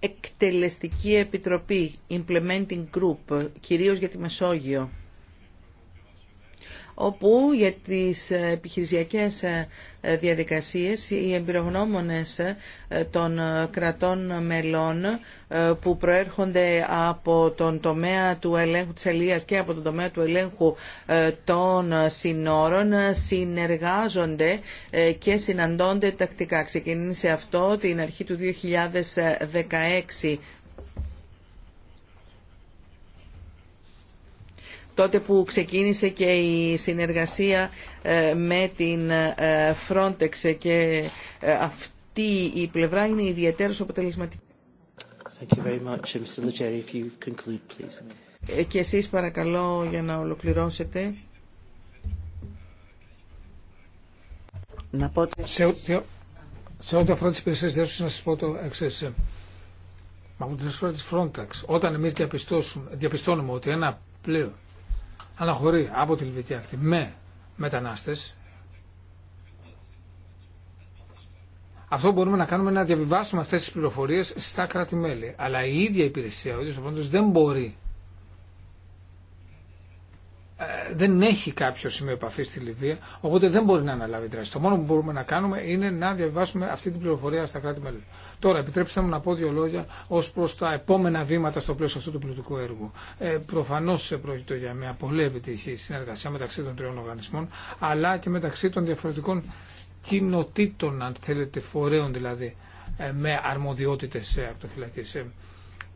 [SPEAKER 1] εκτελεστική επιτροπή, implementing group, κυρίως για τη Μεσόγειο όπου για τις επιχειρησιακές ε, διαδικασίες οι εμπειρογνώμονες ε, των ε, κρατών μελών που προέρχονται από τον τομέα του ελέγχου της Ελίας και από τον τομέα του ελέγχου των συνόρων συνεργάζονται και συναντώνται τακτικά. Ξεκίνησε αυτό την αρχή του 2016 τότε που ξεκίνησε και η συνεργασία ε, με την ε, Frontex και ε, αυτή η πλευρά είναι ιδιαίτερως αποτελεσματική.
[SPEAKER 4] Thank very much. Uh, Mr. if you conclude, please.
[SPEAKER 1] Και εσείς παρακαλώ για να
[SPEAKER 2] ολοκληρώσετε. Να πω... Σε, σε ό,τι αφορά τις υπηρεσίες διάσωσης να σας πω το εξής. Μα από αφορά της Frontex, όταν εμείς διαπιστώσουμε, διαπιστώνουμε ότι ένα πλοίο αναχωρεί από τη Λιβική Ακτή με μετανάστες, αυτό μπορούμε να κάνουμε να διαβιβάσουμε αυτές τις πληροφορίες στα κράτη-μέλη. Αλλά η ίδια υπηρεσία, ο ίδιος ο δεν μπορεί ε, δεν έχει κάποιο σημείο επαφή στη Λιβύη, οπότε δεν μπορεί να αναλάβει δράση. Το μόνο που μπορούμε να κάνουμε είναι να διαβάσουμε αυτή την πληροφορία στα κράτη-μέλη. Τώρα, επιτρέψτε μου να πω δύο λόγια ω προ τα επόμενα βήματα στο πλαίσιο αυτού του πολιτικού έργου. Ε, Προφανώ πρόκειται για μια πολύ επιτυχή συνεργασία μεταξύ των τριών οργανισμών, αλλά και μεταξύ των διαφορετικών κοινοτήτων, αν θέλετε, φορέων δηλαδή, ε, με αρμοδιότητε Ε,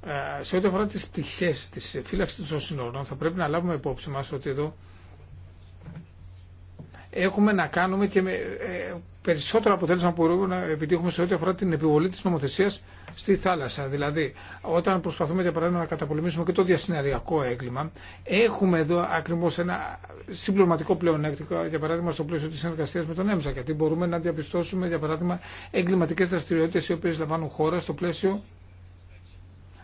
[SPEAKER 2] ε, σε ό,τι αφορά τις πτυχές της φύλαξης των συνόρων θα πρέπει να λάβουμε υπόψη μας ότι εδώ έχουμε να κάνουμε και με ε, περισσότερο αποτέλεσμα που μπορούμε να επιτύχουμε σε ό,τι αφορά την επιβολή της νομοθεσίας στη θάλασσα. Δηλαδή, όταν προσπαθούμε για παράδειγμα να καταπολεμήσουμε και το διασυναριακό έγκλημα, έχουμε εδώ ακριβώς ένα συμπληρωματικό πλεονέκτημα, για παράδειγμα στο πλαίσιο της συνεργασίας με τον ΕΜΣΑ, γιατί μπορούμε να διαπιστώσουμε, για παράδειγμα, εγκληματικές δραστηριότητες οι οποίες λαμβάνουν χώρα στο πλαίσιο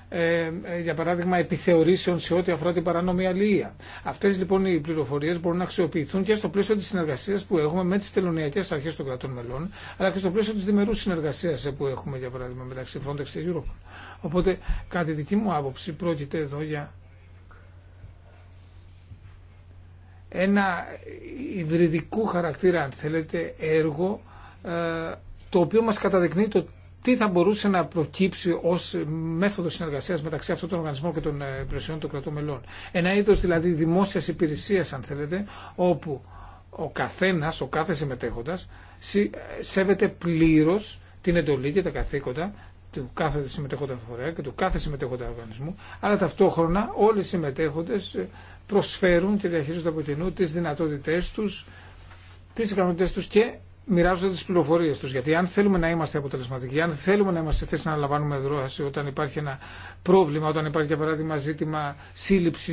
[SPEAKER 2] ε, ε, για παράδειγμα επιθεωρήσεων σε ό,τι αφορά την παράνομη αλληλεία. Αυτές λοιπόν οι πληροφορίες μπορούν να αξιοποιηθούν και στο πλαίσιο της συνεργασίας που έχουμε με τις τελωνιακές αρχές των κρατών μελών, αλλά και στο πλαίσιο της διμερούς συνεργασίας ε, που έχουμε για παράδειγμα μεταξύ Frontex και Europe. Οπότε κατά τη δική μου άποψη πρόκειται εδώ για ένα υβριδικού χαρακτήρα αν θέλετε έργο το οποίο μας καταδεικνύει το τι θα μπορούσε να προκύψει ω μέθοδο συνεργασία μεταξύ αυτών των οργανισμών και των ε, υπηρεσιών των κρατών μελών. Ένα είδο δηλαδή δημόσια υπηρεσία, αν θέλετε, όπου ο καθένα, ο κάθε συμμετέχοντα, ε, σέβεται πλήρω την εντολή και τα καθήκοντα του κάθε συμμετέχοντα φορέα και του κάθε συμμετέχοντα οργανισμού, αλλά ταυτόχρονα όλοι οι συμμετέχοντε ε, προσφέρουν και διαχειρίζονται από κοινού τι δυνατότητε του, τι ικανότητες του και μοιράζονται τι πληροφορίε του. Γιατί αν θέλουμε να είμαστε αποτελεσματικοί, αν θέλουμε να είμαστε σε θέση να λαμβάνουμε δρόση όταν υπάρχει ένα πρόβλημα, όταν υπάρχει για παράδειγμα ζήτημα σύλληψη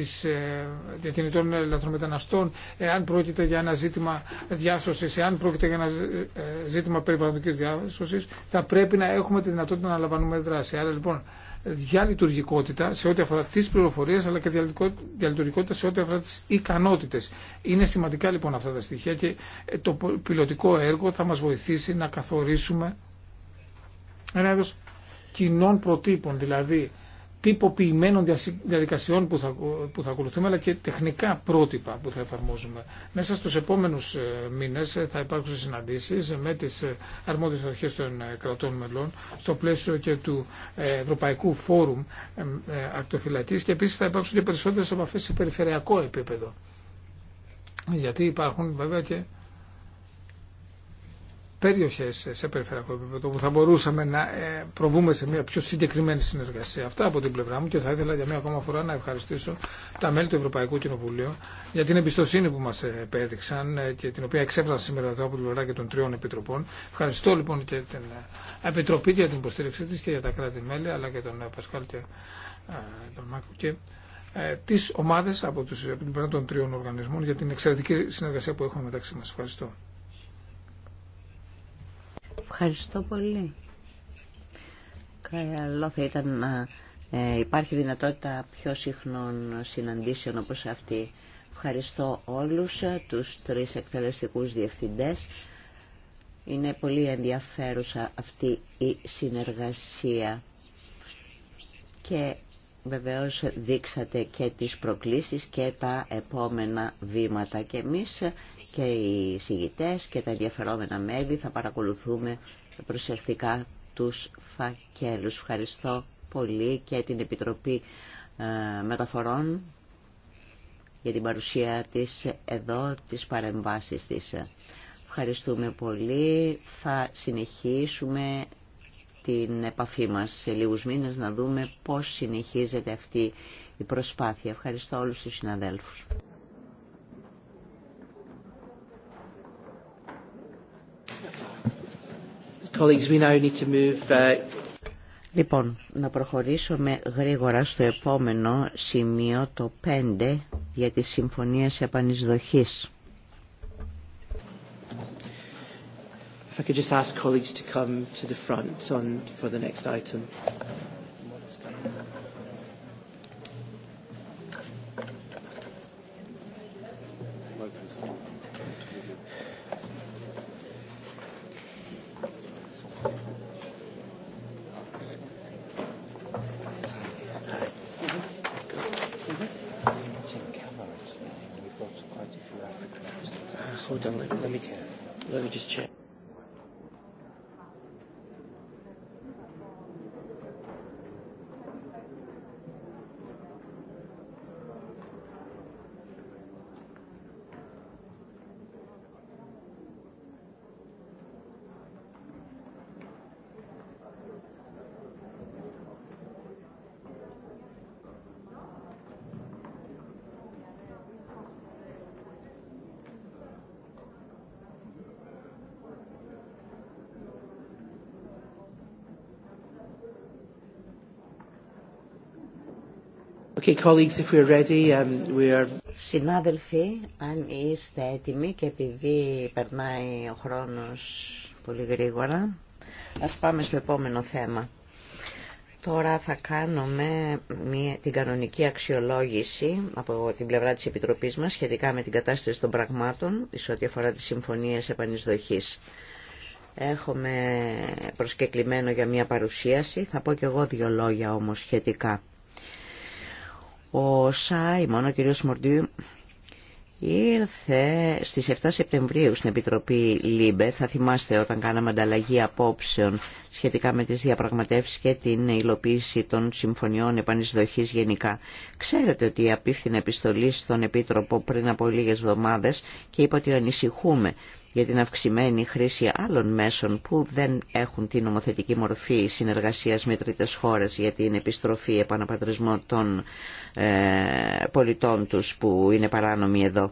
[SPEAKER 2] ε, διακινητών ελαφρομεταναστών, εάν πρόκειται για ένα ζήτημα διάσωση, εάν πρόκειται για ένα ε, ε, ζήτημα περιβαλλοντική διάσωση, θα πρέπει να έχουμε τη δυνατότητα να αναλαμβάνουμε δράση. Άρα λοιπόν διαλειτουργικότητα σε ό,τι αφορά τις πληροφορίες αλλά και διαλειτουργικότητα σε ό,τι αφορά τις ικανότητες. Είναι σημαντικά λοιπόν αυτά τα στοιχεία και ε, το πιλωτικό έργο θα μας βοηθήσει να καθορίσουμε ένα είδος κοινών προτύπων, δηλαδή τυποποιημένων διαδικασιών που θα, που θα ακολουθούμε αλλά και τεχνικά πρότυπα που θα εφαρμόζουμε. Μέσα στους επόμενους ε, μήνες ε, θα υπάρξουν συναντήσεις ε, με τις αρμόδιες αρχές των κρατών μελών στο πλαίσιο και του Ευρωπαϊκού Φόρουμ Ακτοφυλακής και επίσης θα υπάρξουν και περισσότερες επαφές σε περιφερειακό επίπεδο. Γιατί υπάρχουν βέβαια και περιοχές σε περιφερειακό επίπεδο που θα μπορούσαμε να ε, προβούμε σε μια πιο συγκεκριμένη συνεργασία. Αυτά από την πλευρά μου και θα ήθελα για μια ακόμα φορά να ευχαριστήσω τα μέλη του Ευρωπαϊκού Κοινοβουλίου για την εμπιστοσύνη που μα επέδειξαν ε, και την οποία εξέφρασα σήμερα εδώ από την πλευρά και των τριών επιτροπών. Ευχαριστώ λοιπόν και την ε, Επιτροπή για την υποστήριξή τη και για τα κράτη-μέλη αλλά και τον Πασχάλ και τον Μάκο και τι ομάδε από, τους, από την πλευρά των τριών οργανισμών για την εξαιρετική συνεργασία που έχουμε μεταξύ μα. Ευχαριστώ.
[SPEAKER 3] Ευχαριστώ πολύ. Καλό θα ήταν να ε, υπάρχει δυνατότητα πιο συχνών συναντήσεων όπως αυτή. Ευχαριστώ όλους ε, τους τρεις εκτελεστικούς διευθυντές. Είναι πολύ ενδιαφέρουσα αυτή η συνεργασία και βεβαίως δείξατε και τις προκλήσεις και τα επόμενα βήματα και εμείς ε, και οι συγητές και τα ενδιαφερόμενα μέλη θα παρακολουθούμε προσεκτικά τους φακέλους. Ευχαριστώ πολύ και την Επιτροπή ε, Μεταφορών για την παρουσία της εδώ, τις παρεμβάσεις της. Ευχαριστούμε πολύ. Θα συνεχίσουμε την επαφή μας σε λίγους μήνες να δούμε πώς συνεχίζεται αυτή η προσπάθεια. Ευχαριστώ όλους τους συναδέλφους.
[SPEAKER 1] Uh,
[SPEAKER 3] λοιπόν, να προχωρήσουμε γρήγορα στο επόμενο σημείο, το 5, για τις συμφωνίες επανεισδοχής. If
[SPEAKER 1] to come to the for the Okay, um,
[SPEAKER 3] Συνάδελφοι, αν είστε έτοιμοι και επειδή περνάει ο χρόνος πολύ γρήγορα, ας πάμε στο επόμενο θέμα. Τώρα θα κάνουμε μια, την κανονική αξιολόγηση από την πλευρά της Επιτροπής μας σχετικά με την κατάσταση των πραγμάτων σε ό,τι αφορά τις συμφωνίες επανεισδοχής. Έχουμε προσκεκλημένο για μια παρουσίαση, θα πω κι εγώ δύο λόγια όμως σχετικά. Ο Σάιμον, ο κύριος Μορντιού, ήρθε στις 7 Σεπτεμβρίου στην Επιτροπή ΛΥΜΠΕ. Θα θυμάστε όταν κάναμε ανταλλαγή απόψεων σχετικά με τις διαπραγματεύσεις και την υλοποίηση των συμφωνιών επανεισδοχής γενικά. Ξέρετε ότι απίφθηνε επιστολή στον Επίτροπο πριν από λίγες εβδομάδες και είπε ότι ανησυχούμε για την αυξημένη χρήση άλλων μέσων που δεν έχουν την νομοθετική μορφή συνεργασίας με τρίτες χώρες για την επιστροφή επαναπατρισμό των ε, πολιτών τους που είναι παράνομοι εδώ.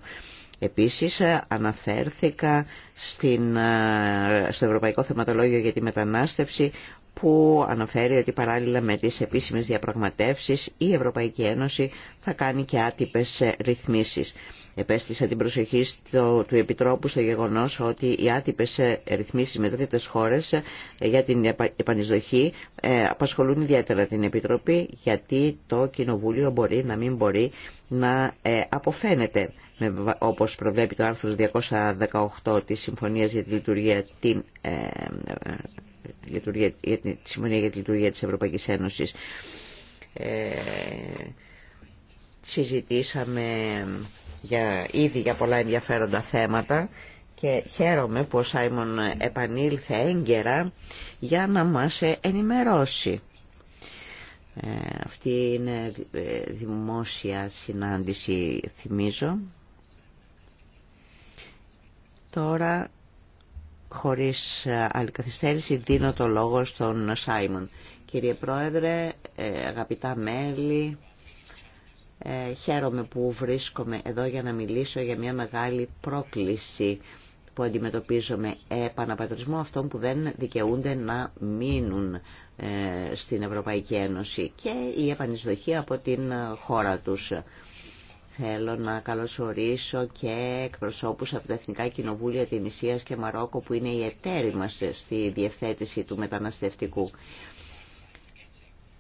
[SPEAKER 3] Επίσης ε, αναφέρθηκα στην, ε, στο Ευρωπαϊκό Θεματολόγιο για τη Μετανάστευση που αναφέρει ότι παράλληλα με τις επίσημες διαπραγματεύσεις η Ευρωπαϊκή Ένωση θα κάνει και άτυπες ρυθμίσεις. Επέστησα την προσοχή του Επιτρόπου στο γεγονός ότι οι άτυπες ρυθμίσεις με τρίτες χώρες για την επανεισδοχή ε, απασχολούν ιδιαίτερα την Επιτροπή γιατί το Κοινοβούλιο μπορεί να μην μπορεί να ε, αποφαίνεται όπως προβλέπει το άρθρο 218 της Συμφωνίας για τη Λειτουργία την ε, για τη Συμφωνία για τη Λειτουργία της Ευρωπαϊκής Ένωσης. Ε, συζητήσαμε για, ήδη για πολλά ενδιαφέροντα θέματα και χαίρομαι που ο Σάιμον επανήλθε έγκαιρα για να μας ενημερώσει. Ε, αυτή είναι ε, δημόσια συνάντηση, θυμίζω. Τώρα Χωρίς ε, άλλη καθυστέρηση δίνω το λόγο στον Σάιμον. Κύριε Πρόεδρε, ε, αγαπητά μέλη, ε, χαίρομαι που βρίσκομαι εδώ για να μιλήσω για μια μεγάλη πρόκληση που αντιμετωπίζουμε επαναπατρισμό αυτών που δεν δικαιούνται να μείνουν στην Ευρωπαϊκή Ένωση και η επανεισδοχή από την χώρα τους. Θέλω να καλωσορίσω και εκπροσώπους από τα Εθνικά Κοινοβούλια Τινησίας και Μαρόκο που είναι οι εταίροι μας στη διευθέτηση του μεταναστευτικού.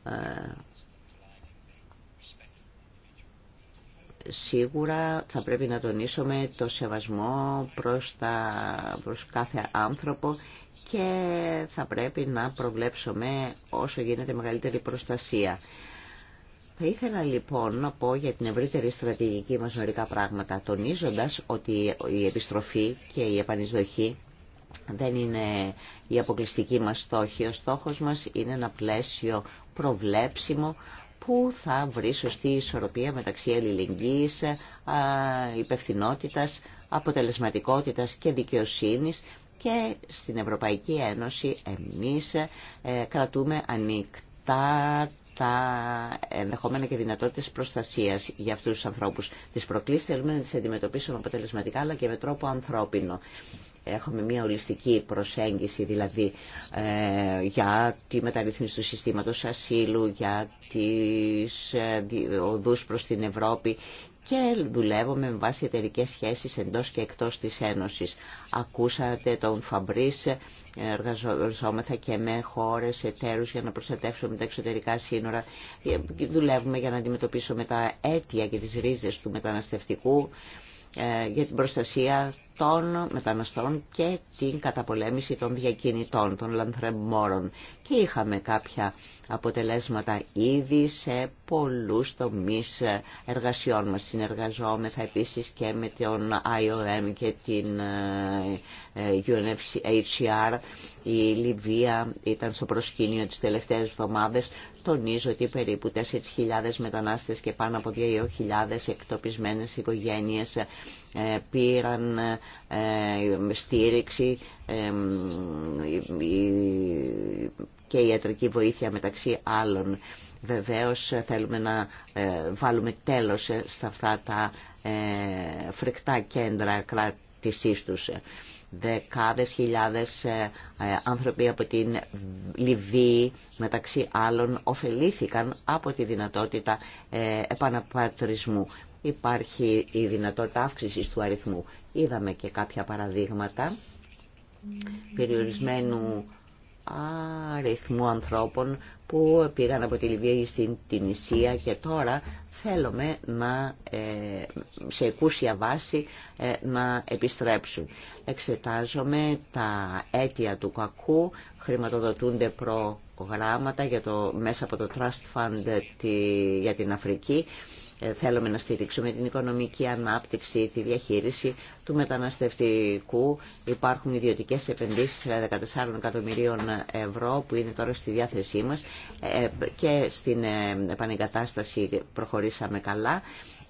[SPEAKER 3] Ε, σίγουρα θα πρέπει να τονίσουμε το σεβασμό προς, τα, προς κάθε άνθρωπο και θα πρέπει να προβλέψουμε όσο γίνεται μεγαλύτερη προστασία. Θα ήθελα λοιπόν να πω για την ευρύτερη στρατηγική μας μερικά πράγματα, τονίζοντας ότι η επιστροφή και η επανεισδοχή δεν είναι η αποκλειστική μας στόχη. Ο στόχος μας είναι ένα πλαίσιο προβλέψιμο που θα βρει σωστή ισορροπία μεταξύ ελληνικής υπευθυνότητας, αποτελεσματικότητας και δικαιοσύνης και στην Ευρωπαϊκή Ένωση εμείς ε, κρατούμε ανοιχτά τα ενδεχόμενα και δυνατότητε προστασίας για αυτού τους ανθρώπους. τι προκλήσεις θέλουμε να τι αντιμετωπίσουμε αποτελεσματικά αλλά και με τρόπο ανθρώπινο. Έχουμε μια ολιστική προσέγγιση δηλαδή ε, για τη μεταρρύθμιση του συστήματος ασύλου, για τις ε, οδούς προς την Ευρώπη, και δουλεύουμε με βάση εταιρικέ σχέσεις εντός και εκτός της Ένωσης. Ακούσατε τον Φαμπρίς, εργαζόμεθα και με χώρες εταίρους για να προστατεύσουμε τα εξωτερικά σύνορα. Ε, δουλεύουμε για να αντιμετωπίσουμε τα αίτια και τις ρίζες του μεταναστευτικού ε, για την προστασία των μεταναστών και την καταπολέμηση των διακινητών, των λανθρεμόρων. Και είχαμε κάποια αποτελέσματα ήδη σε πολλούς τομείς εργασιών μας. Συνεργαζόμεθα επίσης και με τον IOM και την UNHCR. Ε, ε, Η Λιβύα ήταν στο προσκήνιο τις τελευταίες εβδομάδες Τονίζω ότι περίπου 4.000 μετανάστες και πάνω από 2.000 εκτοπισμένες οικογένειες ε, πήραν ε, στήριξη ε, και ιατρική βοήθεια μεταξύ άλλων. Βεβαίως θέλουμε να βάλουμε τέλος στα αυτά τα φρικτά κέντρα κράτησής τους. Δεκάδες χιλιάδες ε, ε, άνθρωποι από την Λιβύη μεταξύ άλλων ωφελήθηκαν από τη δυνατότητα ε, επαναπατρισμού. Υπάρχει η δυνατότητα αύξησης του αριθμού. Είδαμε και κάποια παραδείγματα mm. περιορισμένου αριθμού ανθρώπων που πήγαν από τη Λιβύη στην Ισία και τώρα θέλουμε να, ε, σε εκούσια βάση ε, να επιστρέψουν. Εξετάζομαι τα αίτια του κακού, χρηματοδοτούνται προγράμματα για το, μέσα από το Trust Fund τη, για την Αφρική θέλουμε να στηρίξουμε την οικονομική ανάπτυξη, τη διαχείριση του μεταναστευτικού. Υπάρχουν ιδιωτικέ επενδύσει 14 ε, εκατομμυρίων ευρώ που είναι τώρα στη διάθεσή μα ε, και στην ε, επανεγκατάσταση προχωρήσαμε καλά.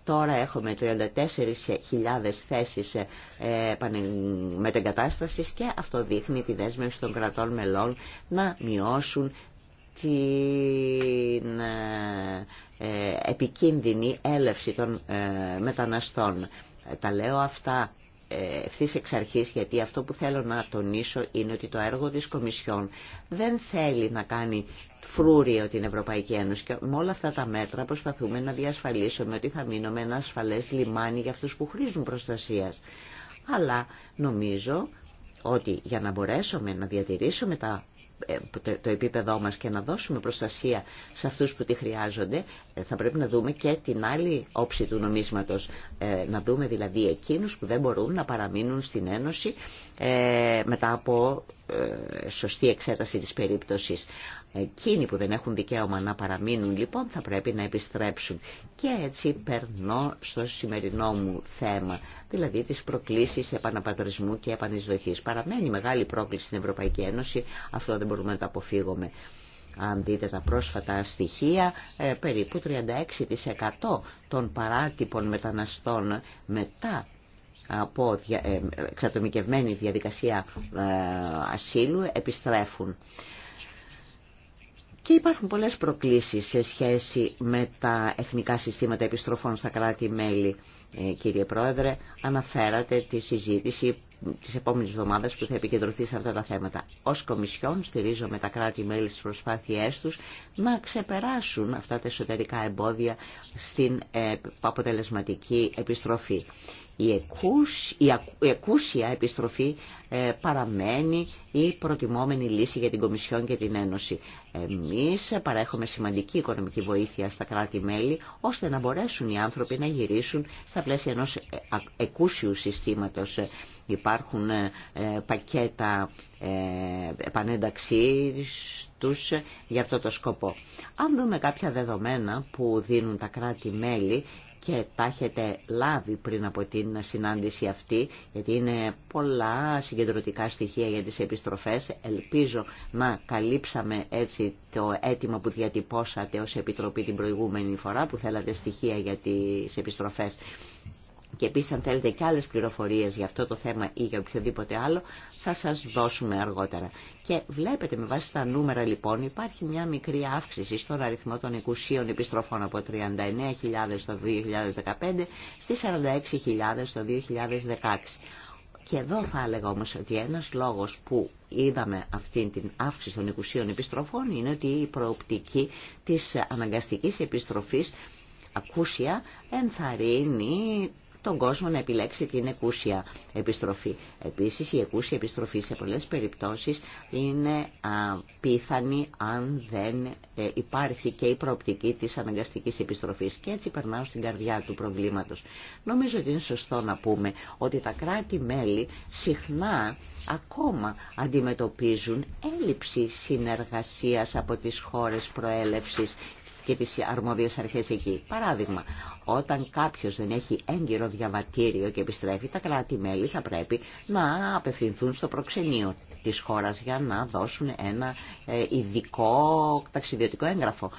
[SPEAKER 3] Τώρα έχουμε 34.000 θέσεις μετεγκατάστασης και αυτό δείχνει τη δέσμευση των κρατών μελών να μειώσουν την ε, επικίνδυνη έλευση των ε, μεταναστών. Τα λέω αυτά ε, ευθύ εξ αρχής γιατί αυτό που θέλω να τονίσω είναι ότι το έργο της Κομισιόν δεν θέλει να κάνει φρούριο την Ευρωπαϊκή Ένωση και με όλα αυτά τα μέτρα προσπαθούμε να διασφαλίσουμε ότι θα μείνουμε ένα ασφαλές λιμάνι για αυτούς που χρήζουν προστασίας. Αλλά νομίζω ότι για να μπορέσουμε να διατηρήσουμε τα ε, το επίπεδό μας και να δώσουμε προστασία σε αυτούς που τη χρειάζονται, ε, θα πρέπει να δούμε και την άλλη όψη του νομίσματος. Ε, να δούμε δηλαδή εκείνους που δεν μπορούν να παραμείνουν στην Ένωση μετά από σωστή εξέταση της περίπτωσης. Εκείνοι που δεν έχουν δικαίωμα να παραμείνουν λοιπόν θα πρέπει να επιστρέψουν. Και έτσι περνώ στο σημερινό μου θέμα, δηλαδή τις προκλήσεις επαναπατρισμού και επανεισδοχής. Παραμένει μεγάλη πρόκληση στην Ευρωπαϊκή Ένωση, αυτό δεν μπορούμε να το αποφύγουμε. Αν δείτε τα πρόσφατα στοιχεία, ε, περίπου 36% των παράτυπων μεταναστών μετά από ε, εξατομικευμένη διαδικασία ε, ασύλου επιστρέφουν. Και υπάρχουν πολλές προκλήσεις σε σχέση με τα εθνικά συστήματα επιστροφών στα κράτη-μέλη. Ε, κύριε Πρόεδρε, αναφέρατε τη συζήτηση της επόμενης εβδομάδας που θα επικεντρωθεί σε αυτά τα θέματα. Ως Κομισιόν στηρίζομαι τα κράτη-μέλη στις προσπάθειές τους να ξεπεράσουν αυτά τα εσωτερικά εμπόδια στην ε, αποτελεσματική επιστροφή. Η, εκούσια επιστροφή ε, παραμένει η προτιμόμενη λύση για την Κομισιόν και την Ένωση. Εμείς παρέχουμε σημαντική οικονομική βοήθεια στα κράτη-μέλη, ώστε να μπορέσουν οι άνθρωποι να γυρίσουν στα πλαίσια ενός ε, εκούσιου συστήματος. Υπάρχουν ε, πακέτα επανένταξή τους για αυτό το σκοπό. Αν δούμε κάποια δεδομένα που δίνουν τα κράτη-μέλη και τα έχετε λάβει πριν από την συνάντηση αυτή, γιατί είναι πολλά συγκεντρωτικά στοιχεία για τις επιστροφές. Ελπίζω να καλύψαμε έτσι το αίτημα που διατυπώσατε ως Επιτροπή την προηγούμενη φορά, που θέλατε στοιχεία για τις επιστροφές και επίση, αν θέλετε και άλλε πληροφορίε για αυτό το θέμα ή για οποιοδήποτε άλλο θα σα δώσουμε αργότερα. Και βλέπετε με βάση τα νούμερα λοιπόν υπάρχει μια μικρή αύξηση στον αριθμό των οικουσίων επιστροφών από 39.000 το 2015 στι 46.000 το 2016. Και εδώ θα έλεγα όμω ότι ένα λόγο που είδαμε αυτή την αύξηση των οικουσίων επιστροφών είναι ότι η προοπτική τη αναγκαστική επιστροφής ακούσια ενθαρρύνει τον κόσμο να επιλέξει την εκούσια επιστροφή. Επίσης η εκούσια επιστροφή σε πολλές περιπτώσεις είναι πιθανή αν δεν ε, υπάρχει και η προοπτική της αναγκαστικής επιστροφής και έτσι περνάω στην καρδιά του προβλήματος. Νομίζω ότι είναι σωστό να πούμε ότι τα κράτη-μέλη συχνά ακόμα αντιμετωπίζουν έλλειψη συνεργασίας από τις χώρες προέλευσης και τις αρμόδιες αρχές εκεί. Παράδειγμα, όταν κάποιος δεν έχει έγκυρο διαβατήριο και επιστρέφει, τα κράτη-μέλη θα πρέπει να απευθυνθούν στο προξενείο της χώρας για να δώσουν ένα ε, ειδικό ταξιδιωτικό έγγραφο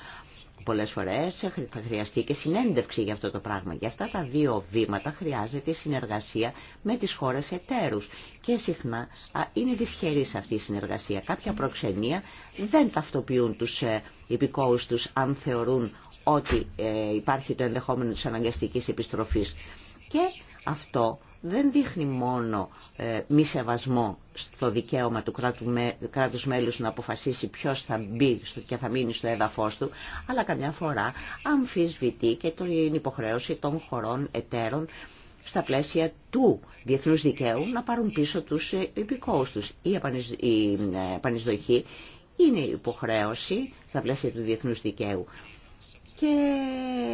[SPEAKER 3] πολλές φορές θα χρειαστεί και συνέντευξη για αυτό το πράγμα. Για αυτά τα δύο βήματα χρειάζεται συνεργασία με τις χώρες εταίρους. Και συχνά είναι δυσχερής αυτή η συνεργασία. Κάποια προξενία δεν ταυτοποιούν τους ε, υπηκόους τους αν θεωρούν ότι ε, υπάρχει το ενδεχόμενο της αναγκαστικής επιστροφής. Και αυτό δεν δείχνει μόνο ε, μη σεβασμό στο δικαίωμα του κράτου, με, κράτους μέλους να αποφασίσει ποιος θα μπει στο, και θα μείνει στο έδαφος του, αλλά καμιά φορά αμφισβητεί και την υποχρέωση των χωρών εταίρων στα πλαίσια του διεθνούς δικαίου να πάρουν πίσω τους ε, υπηκόους τους. Η, η ε, επανεισδοχή είναι υποχρέωση στα πλαίσια του διεθνούς δικαίου και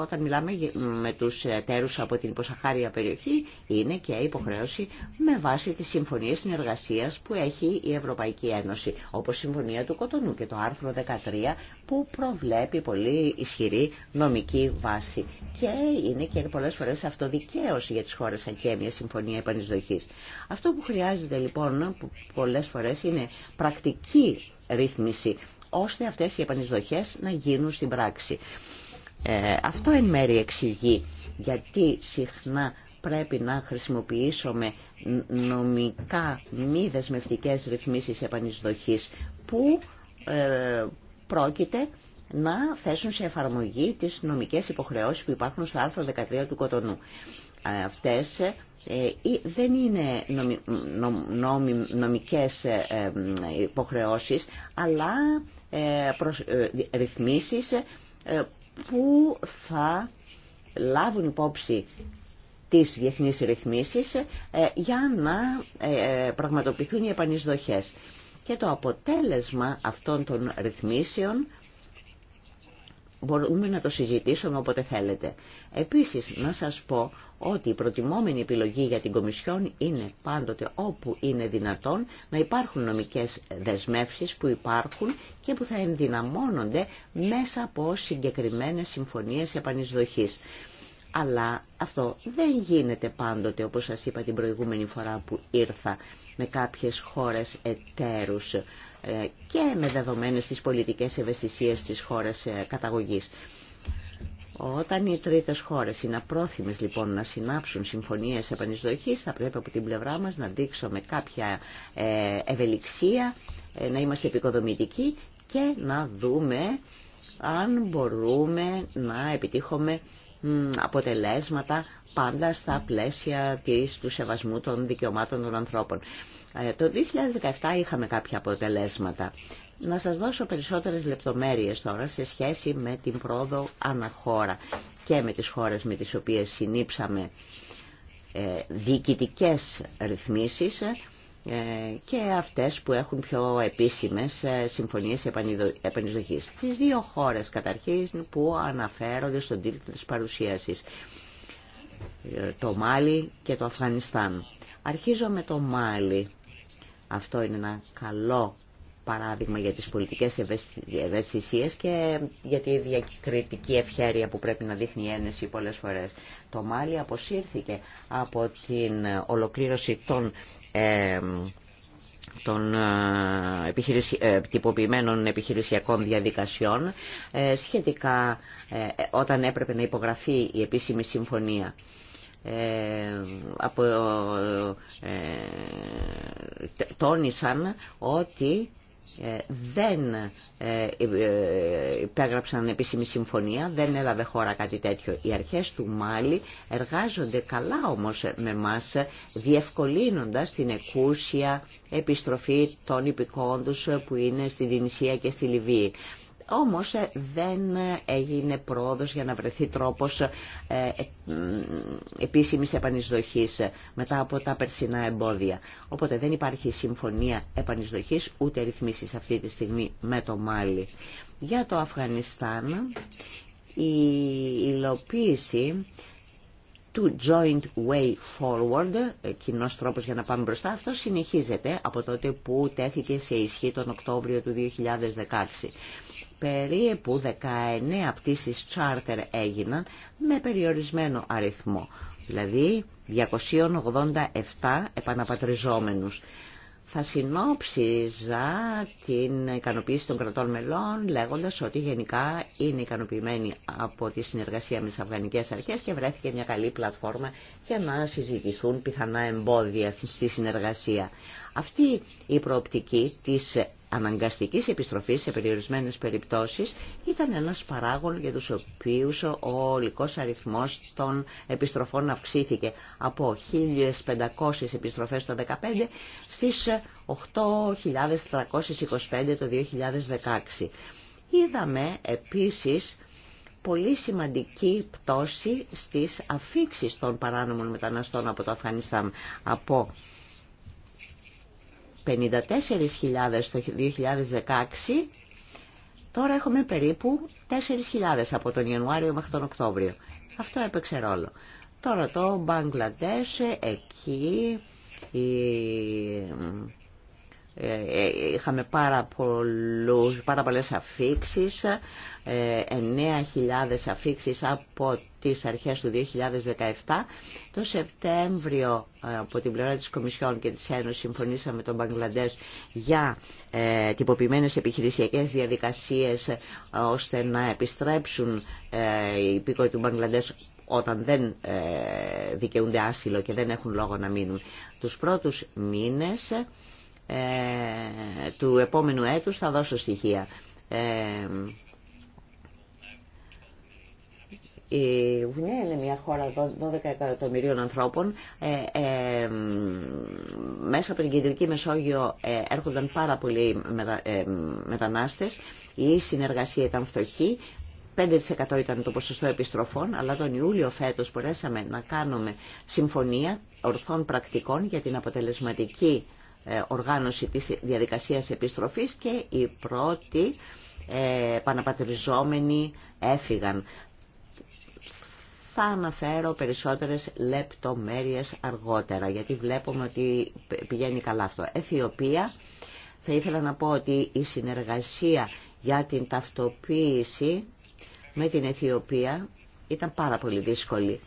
[SPEAKER 3] όταν μιλάμε με τους εταίρους από την υποσαχάρια περιοχή είναι και υποχρέωση με βάση τις συμφωνίες συνεργασίας που έχει η Ευρωπαϊκή Ένωση όπως η Συμφωνία του Κοτονού και το άρθρο 13 που προβλέπει πολύ ισχυρή νομική βάση και είναι και πολλές φορές αυτοδικαίωση για τις χώρες και μια συμφωνία επανεισδοχής. Αυτό που χρειάζεται λοιπόν πολλές φορές είναι πρακτική ρύθμιση ώστε αυτές οι επανεισδοχές να γίνουν στην πράξη. Ε, αυτό εν μέρει εξηγεί γιατί συχνά πρέπει να χρησιμοποιήσουμε νομικά μη δεσμευτικές ρυθμίσεις επανεισδοχής που ε, πρόκειται να θέσουν σε εφαρμογή τις νομικές υποχρεώσεις που υπάρχουν στο άρθρο 13 του Κοτονού. Ε, αυτές δεν είναι νομι, νομι, νομικές υποχρεώσεις, αλλά ε, ε, ρυθμίσεις ε, που θα λάβουν υπόψη τις διεθνείς ρυθμίσεις για να πραγματοποιηθούν οι επανεισδοχές. Και το αποτέλεσμα αυτών των ρυθμίσεων μπορούμε να το συζητήσουμε όποτε θέλετε. Επίσης, να σας πω ότι η προτιμόμενη επιλογή για την Κομισιόν είναι πάντοτε όπου είναι δυνατόν να υπάρχουν νομικές δεσμεύσεις που υπάρχουν και που θα ενδυναμώνονται μέσα από συγκεκριμένες συμφωνίες επανεισδοχής. Αλλά αυτό δεν γίνεται πάντοτε, όπως σας είπα την προηγούμενη φορά που ήρθα, με κάποιες χώρες εταίρους ε, και με δεδομένες τις πολιτικές ευαισθησίες της χώρας ε, καταγωγής. Όταν οι τρίτε χώρε είναι απρόθυμες λοιπόν να συνάψουν συμφωνίε επανεισδοχή, θα πρέπει από την πλευρά μα να δείξουμε κάποια ε, ευελιξία, ε, να είμαστε επικοδομητικοί και να δούμε αν μπορούμε να επιτύχουμε αποτελέσματα πάντα στα πλαίσια της, του σεβασμού των δικαιωμάτων των ανθρώπων. Ε, το 2017 είχαμε κάποια αποτελέσματα. Να σας δώσω περισσότερες λεπτομέρειες τώρα σε σχέση με την πρόοδο αναχώρα και με τις χώρες με τις οποίες συνήψαμε ε, διοικητικές ρυθμίσεις ε, και αυτές που έχουν πιο επίσημες ε, συμφωνίες επανειδοχής. Τις δύο χώρες καταρχήν που αναφέρονται στον τίτλο της παρουσίασης, το Μάλι και το Αφγανιστάν. Αρχίζω με το Μάλι. Αυτό είναι ένα καλό παράδειγμα για τις πολιτικές ευαισθησίες και για τη διακριτική ευχέρεια που πρέπει να δείχνει η Ένεση πολλές φορές. Το Μάλι αποσύρθηκε από την ολοκλήρωση των ε, των ε, τυποποιημένων επιχειρησιακών διαδικασιών ε, σχετικά ε, όταν έπρεπε να υπογραφεί η επίσημη συμφωνία. από, τόνισαν ότι ε, δεν ε, ε, υπέγραψαν επίσημη συμφωνία, δεν έλαβε χώρα κάτι τέτοιο. Οι αρχές του Μάλι εργάζονται καλά όμως με μας, διευκολύνοντας την εκούσια επιστροφή των υπηκόντους που είναι στη Δυνησία και στη Λιβύη. Όμως ε, δεν έγινε πρόοδος για να βρεθεί τρόπος ε, ε, επίσημης επανεισδοχής μετά από τα περσινά εμπόδια. Οπότε δεν υπάρχει συμφωνία επανεισδοχής ούτε ρυθμίσεις αυτή τη στιγμή με το Μάλι. Για το Αφγανιστάν η υλοποίηση του Joint Way Forward, κοινό τρόπος για να πάμε μπροστά, αυτό συνεχίζεται από τότε που τέθηκε σε ισχύ τον Οκτώβριο του 2016 περίπου 19 πτήσεις charter έγιναν με περιορισμένο αριθμό, δηλαδή 287 επαναπατριζόμενους. Θα συνόψιζα την ικανοποίηση των κρατών μελών λέγοντας ότι γενικά είναι ικανοποιημένοι από τη συνεργασία με τις αφγανικές αρχές και βρέθηκε μια καλή πλατφόρμα για να συζητηθούν πιθανά εμπόδια στη συνεργασία. Αυτή η προοπτική της αναγκαστικής επιστροφής σε περιορισμένες περιπτώσεις ήταν ένας παράγων για τους οποίους ο ολικός αριθμός των επιστροφών αυξήθηκε από 1.500 επιστροφές το 2015 στις 8.325 το 2016. Είδαμε επίσης πολύ σημαντική πτώση στις αφήξεις των παράνομων μεταναστών από το Αφγανιστάν από 54.000 το 2016, τώρα έχουμε περίπου 4.000 από τον Ιανουάριο μέχρι τον Οκτώβριο. Αυτό έπαιξε ρόλο. Τώρα το Μπαγκλαντές, εκεί ε, ε, είχαμε πάρα, πολλούς, πάρα πολλές αφήξεις, 9.000 ε, αφήξεις από τις αρχές του 2017. Το Σεπτέμβριο ε, από την πλευρά της Κομισιόν και της Ένωσης συμφωνήσαμε με τον Μπαγκλαντές για ε, τυποποιημένες επιχειρησιακές διαδικασίες ε, ώστε να επιστρέψουν ε, οι υπήκοοι του Μπαγκλαντές όταν δεν δικαιούνται άσυλο και δεν έχουν λόγο να μείνουν. Τους πρώτους μήνες του επόμενου έτους θα δώσω στοιχεία. Η Ουγγνία είναι μια χώρα 12 εκατομμυρίων ανθρώπων. Ε, ε, μέσα από την Κεντρική Μεσόγειο ε, έρχονταν πάρα πολλοί μετα, ε, μετανάστες. Η συνεργασία ήταν φτωχή. 5% ήταν το ποσοστό επιστροφών, αλλά τον Ιούλιο φέτος μπορέσαμε να κάνουμε συμφωνία ορθών πρακτικών για την αποτελεσματική ε, οργάνωση της διαδικασίας επιστροφής και οι πρώτοι ε, παναπατριζόμενοι έφυγαν. Θα αναφέρω περισσότερες λεπτομέρειες αργότερα, γιατί βλέπουμε ότι πηγαίνει καλά αυτό. Αιθιοπία, θα ήθελα να πω ότι η συνεργασία για την ταυτοποίηση με την Αιθιοπία ήταν πάρα πολύ δύσκολη.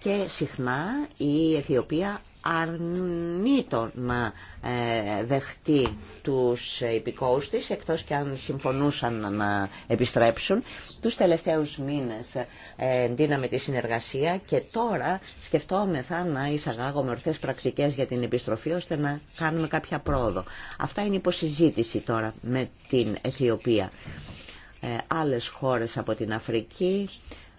[SPEAKER 3] Και συχνά η Αιθιοπία αρνεί να ε, δεχτεί τους υπηκόους της, εκτός και αν συμφωνούσαν να επιστρέψουν. Τους τελευταίους μήνες δίναμε ε, τη συνεργασία και τώρα σκεφτόμεθα να εισαγάγουμε ορθές πρακτικές για την επιστροφή, ώστε να κάνουμε κάποια πρόοδο. Αυτά είναι υποσυζήτηση τώρα με την Αιθιοπία. Ε, άλλες χώρες από την Αφρική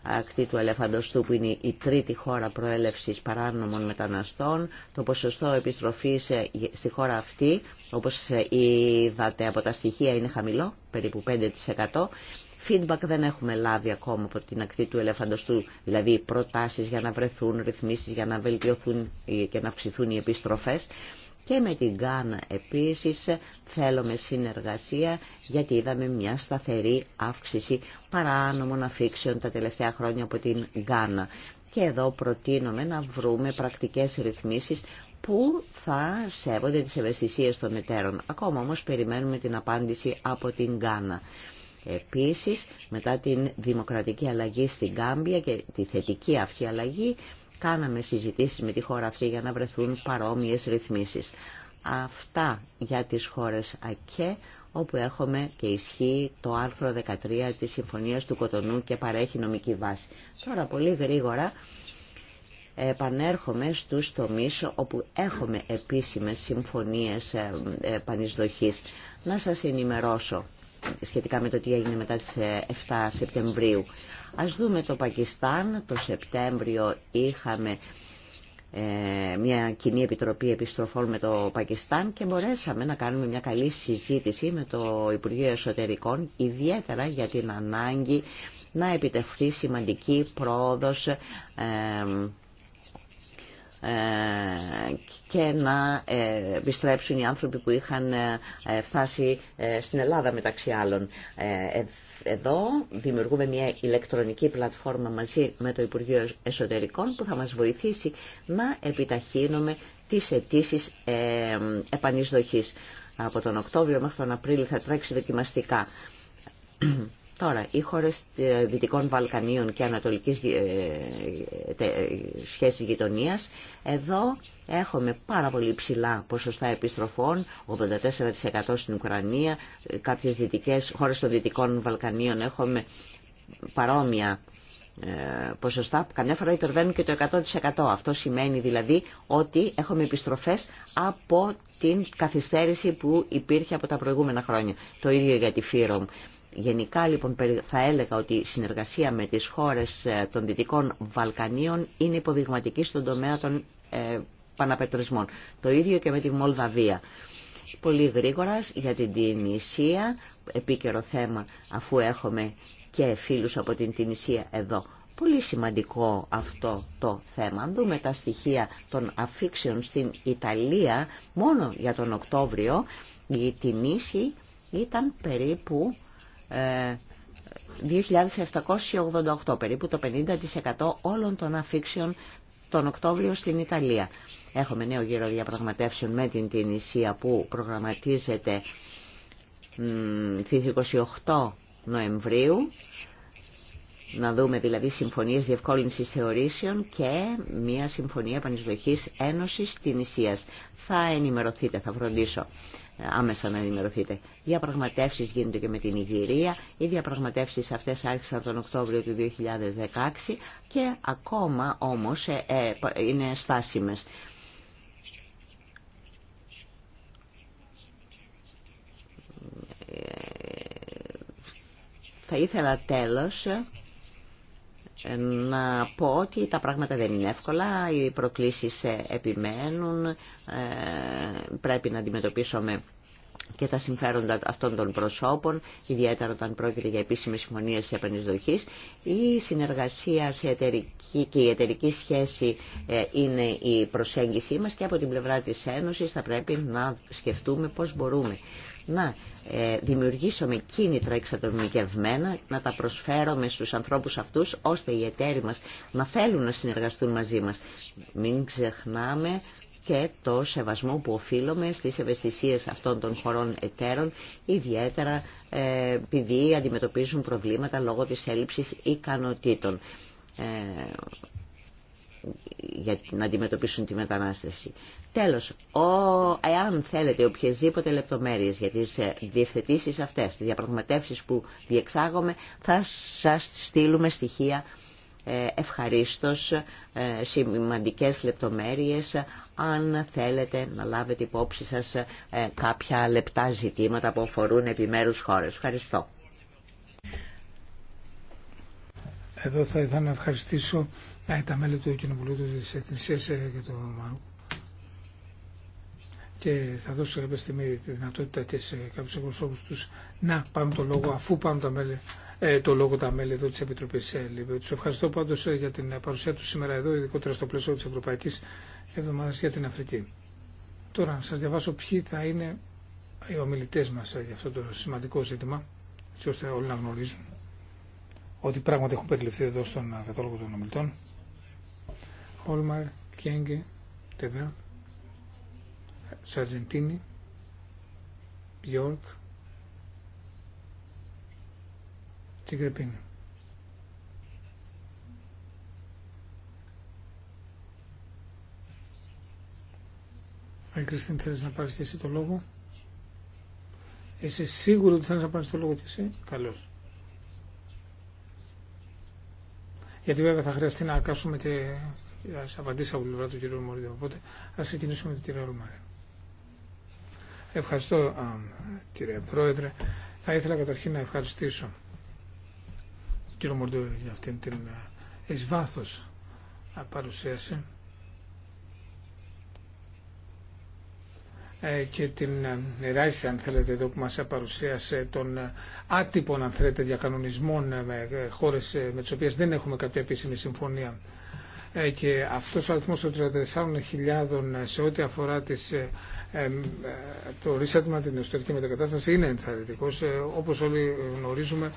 [SPEAKER 3] ακτή του Ελεφαντοστού που είναι η τρίτη χώρα προέλευσης παράνομων μεταναστών. Το ποσοστό επιστροφής ε, στη χώρα αυτή, όπως ε, είδατε από τα στοιχεία, είναι χαμηλό, περίπου 5%. Feedback δεν έχουμε λάβει ακόμα από την ακτή του ελεφαντοστού, δηλαδή προτάσεις για να βρεθούν, ρυθμίσεις για να βελτιωθούν ε, και να αυξηθούν οι επιστροφές και με την Γκάνα επίσης θέλουμε συνεργασία γιατί είδαμε μια σταθερή αύξηση παράνομων αφήξεων τα τελευταία χρόνια από την Γκάνα. Και εδώ προτείνουμε να βρούμε πρακτικές ρυθμίσεις που θα σέβονται τις ευαισθησίες των εταίρων. Ακόμα όμως περιμένουμε την απάντηση από την Γκάνα. Επίσης, μετά την δημοκρατική αλλαγή στην Γκάμπια και τη θετική αυτή αλλαγή, Κάναμε συζητήσεις με τη χώρα αυτή για να βρεθούν παρόμοιες ρυθμίσεις. Αυτά για τις χώρες ΑΚΕ, όπου έχουμε και ισχύει το άρθρο 13 της Συμφωνίας του Κοτονού και παρέχει νομική βάση. Τώρα πολύ γρήγορα επανέρχομαι στους τομείς όπου έχουμε επίσημες συμφωνίες ε, ε, πανισδοχής. Να σας ενημερώσω σχετικά με το τι έγινε μετά τις 7 ε, Σεπτεμβρίου. Ας δούμε το Πακιστάν. Το Σεπτέμβριο είχαμε ε, μια κοινή επιτροπή επιστροφών με το Πακιστάν και μπορέσαμε να κάνουμε μια καλή συζήτηση με το Υπουργείο Εσωτερικών ιδιαίτερα για την ανάγκη να επιτευχθεί σημαντική πρόοδος ε, ε, και να ε, επιστρέψουν οι άνθρωποι που είχαν ε, φτάσει στην Ελλάδα μεταξύ άλλων. Εδώ δημιουργούμε μια ηλεκτρονική πλατφόρμα μαζί με το Υπουργείο Εσωτερικών που θα μας βοηθήσει να επιταχύνουμε τις αιτήσει επανεισδοχής. Από τον Οκτώβριο μέχρι τον Απρίλιο θα τρέξει δοκιμαστικά Τώρα, οι χώρε ε, Δυτικών Βαλκανίων και Ανατολικής ε, σχέσης γειτονία, εδώ έχουμε πάρα πολύ ψηλά ποσοστά επιστροφών, 84% στην Ουκρανία, ε, κάποιες δυτικές, χώρες των Δυτικών Βαλκανίων έχουμε παρόμοια ποσοστά που καμιά φορά υπερβαίνουν και το 100%. Αυτό σημαίνει δηλαδή ότι έχουμε επιστροφές από την καθυστέρηση που υπήρχε από τα προηγούμενα χρόνια. Το ίδιο για τη ΦΥΡΟΜ. Γενικά λοιπόν θα έλεγα ότι η συνεργασία με τις χώρες ε, των Δυτικών Βαλκανίων είναι υποδειγματική στον τομέα των ε, παναπετρισμών. Το ίδιο και με τη Μολδαβία. Πολύ γρήγορα για την Τινησία, επίκαιρο θέμα αφού έχουμε και φίλους από την Τινησία εδώ. Πολύ σημαντικό αυτό το θέμα. Αν δούμε τα στοιχεία των αφήξεων στην Ιταλία, μόνο για τον Οκτώβριο η Τινήση ήταν περίπου 2.788, ε, ε, περίπου το 50% όλων των αφήξεων τον Οκτώβριο στην Ιταλία. Έχουμε νέο γύρο διαπραγματεύσεων με την Τινησία που προγραμματίζεται στις 28 Νοεμβρίου να δούμε δηλαδή συμφωνίες διευκόλυνσης θεωρήσεων και μια συμφωνία πανεισδοχής ένωσης Ισία. Θα ενημερωθείτε, θα φροντίσω άμεσα να ενημερωθείτε. Διαπραγματεύσεις γίνονται και με την Ιγυρία. Οι διαπραγματεύσεις αυτές άρχισαν τον Οκτώβριο του 2016 και ακόμα όμως ε, ε, είναι στάσιμες. Ε, θα ήθελα τέλος ε, να πω ότι τα πράγματα δεν είναι εύκολα, οι προκλήσεις ε, επιμένουν, ε, πρέπει να αντιμετωπίσουμε και τα συμφέροντα αυτών των προσώπων, ιδιαίτερα όταν πρόκειται για επίσημε συμφωνίε επανεισδοχή. Η συνεργασία σε και η εταιρική σχέση ε, είναι η προσέγγιση μα και από την πλευρά τη Ένωση θα πρέπει να σκεφτούμε πώ μπορούμε να ε, δημιουργήσουμε κίνητρα εξατομικευμένα, να τα προσφέρουμε στους ανθρώπου αυτούς, ώστε οι εταίροι μα να θέλουν να συνεργαστούν μαζί μα. Μην ξεχνάμε και το σεβασμό που οφείλουμε στις ευαισθησίες αυτών των χωρών εταίρων, ιδιαίτερα ε, επειδή αντιμετωπίζουν προβλήματα λόγω της έλλειψης ικανοτήτων ε, για να αντιμετωπίσουν τη μετανάστευση. Τέλος, ο, εάν θέλετε οποιασδήποτε λεπτομέρειες για τις ε, διευθετήσεις αυτές, τις διαπραγματεύσεις που διεξάγουμε, θα σας στείλουμε στοιχεία ε, ευχαρίστως ε, σημαντικές λεπτομέρειες αν θέλετε να λάβετε υπόψη σας ε, κάποια λεπτά ζητήματα που αφορούν επιμέρους χώρες. Ευχαριστώ.
[SPEAKER 2] Εδώ θα ήθελα να ευχαριστήσω τα μέλη του Κοινοβουλίου της Εθνικής και του Μαρού και θα δώσω κάποια στιγμή τη δυνατότητα και σε κάποιους εκπροσώπους τους να πάρουν το λόγο αφού πάρουν τα μέλη ε, το λόγο τα μέλη εδώ τη Επιτροπή ΕΛΙΒΕ. Του ευχαριστώ πάντω ε, για την ε, παρουσία του σήμερα εδώ, ειδικότερα στο πλαίσιο τη Ευρωπαϊκή Εβδομάδα για την Αφρική. Τώρα, να σα διαβάσω ποιοι θα είναι οι ομιλητέ μα για αυτό το σημαντικό ζήτημα, έτσι ώστε όλοι να γνωρίζουν ότι πράγματι έχουν περιληφθεί εδώ στον κατάλογο των ομιλητών. Όλμαρ, Κιέγκε, Τεβέα, Σαρτζεντίνη, Γιόρκ, την Κρεπίνη. Αν Κριστίν θέλεις να πάρεις και εσύ το λόγο. Είσαι σίγουρο ότι θέλεις να πάρεις το λόγο και εσύ. Καλώς. Γιατί βέβαια θα χρειαστεί να ακάσουμε και σε απαντήσει από πλευρά του κ. Μωρίδη. Οπότε ας ξεκινήσουμε με την κυρία Ρουμαρέ. Ευχαριστώ κύριε Πρόεδρε. Θα ήθελα καταρχήν να ευχαριστήσω κύριο Μορντού για αυτήν την ε, εις βάθος παρουσίαση ε, και την ε, ράση αν θέλετε εδώ που μας παρουσίασε των άτυπων αν θέλετε διακανονισμών με χώρες με τις οποίες δεν έχουμε κάποια επίσημη συμφωνία και αυτός ο αριθμός των 34.000 σε ό,τι αφορά τις, το resettlement την εσωτερική μετακατάσταση είναι ενθαρρυντικός όπως όλοι γνωρίζουμε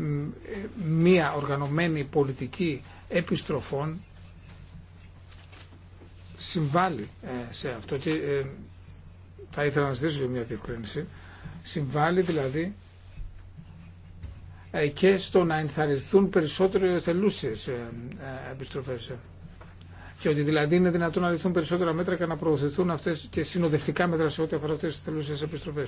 [SPEAKER 2] ε, μία οργανωμένη πολιτική επιστροφών συμβάλλει ε, σε αυτό και ε, θα ήθελα να ζητήσω μια διευκρίνηση συμβάλλει δηλαδή και στο να ενθαρρυνθούν περισσότερο οι εθελούσιες επιστροφές και ότι δηλαδή είναι δυνατόν να ληφθούν περισσότερα μέτρα και να προωθηθούν αυτέ και συνοδευτικά μέτρα σε ό,τι αφορά αυτέ τι θελούσε επιστροφέ.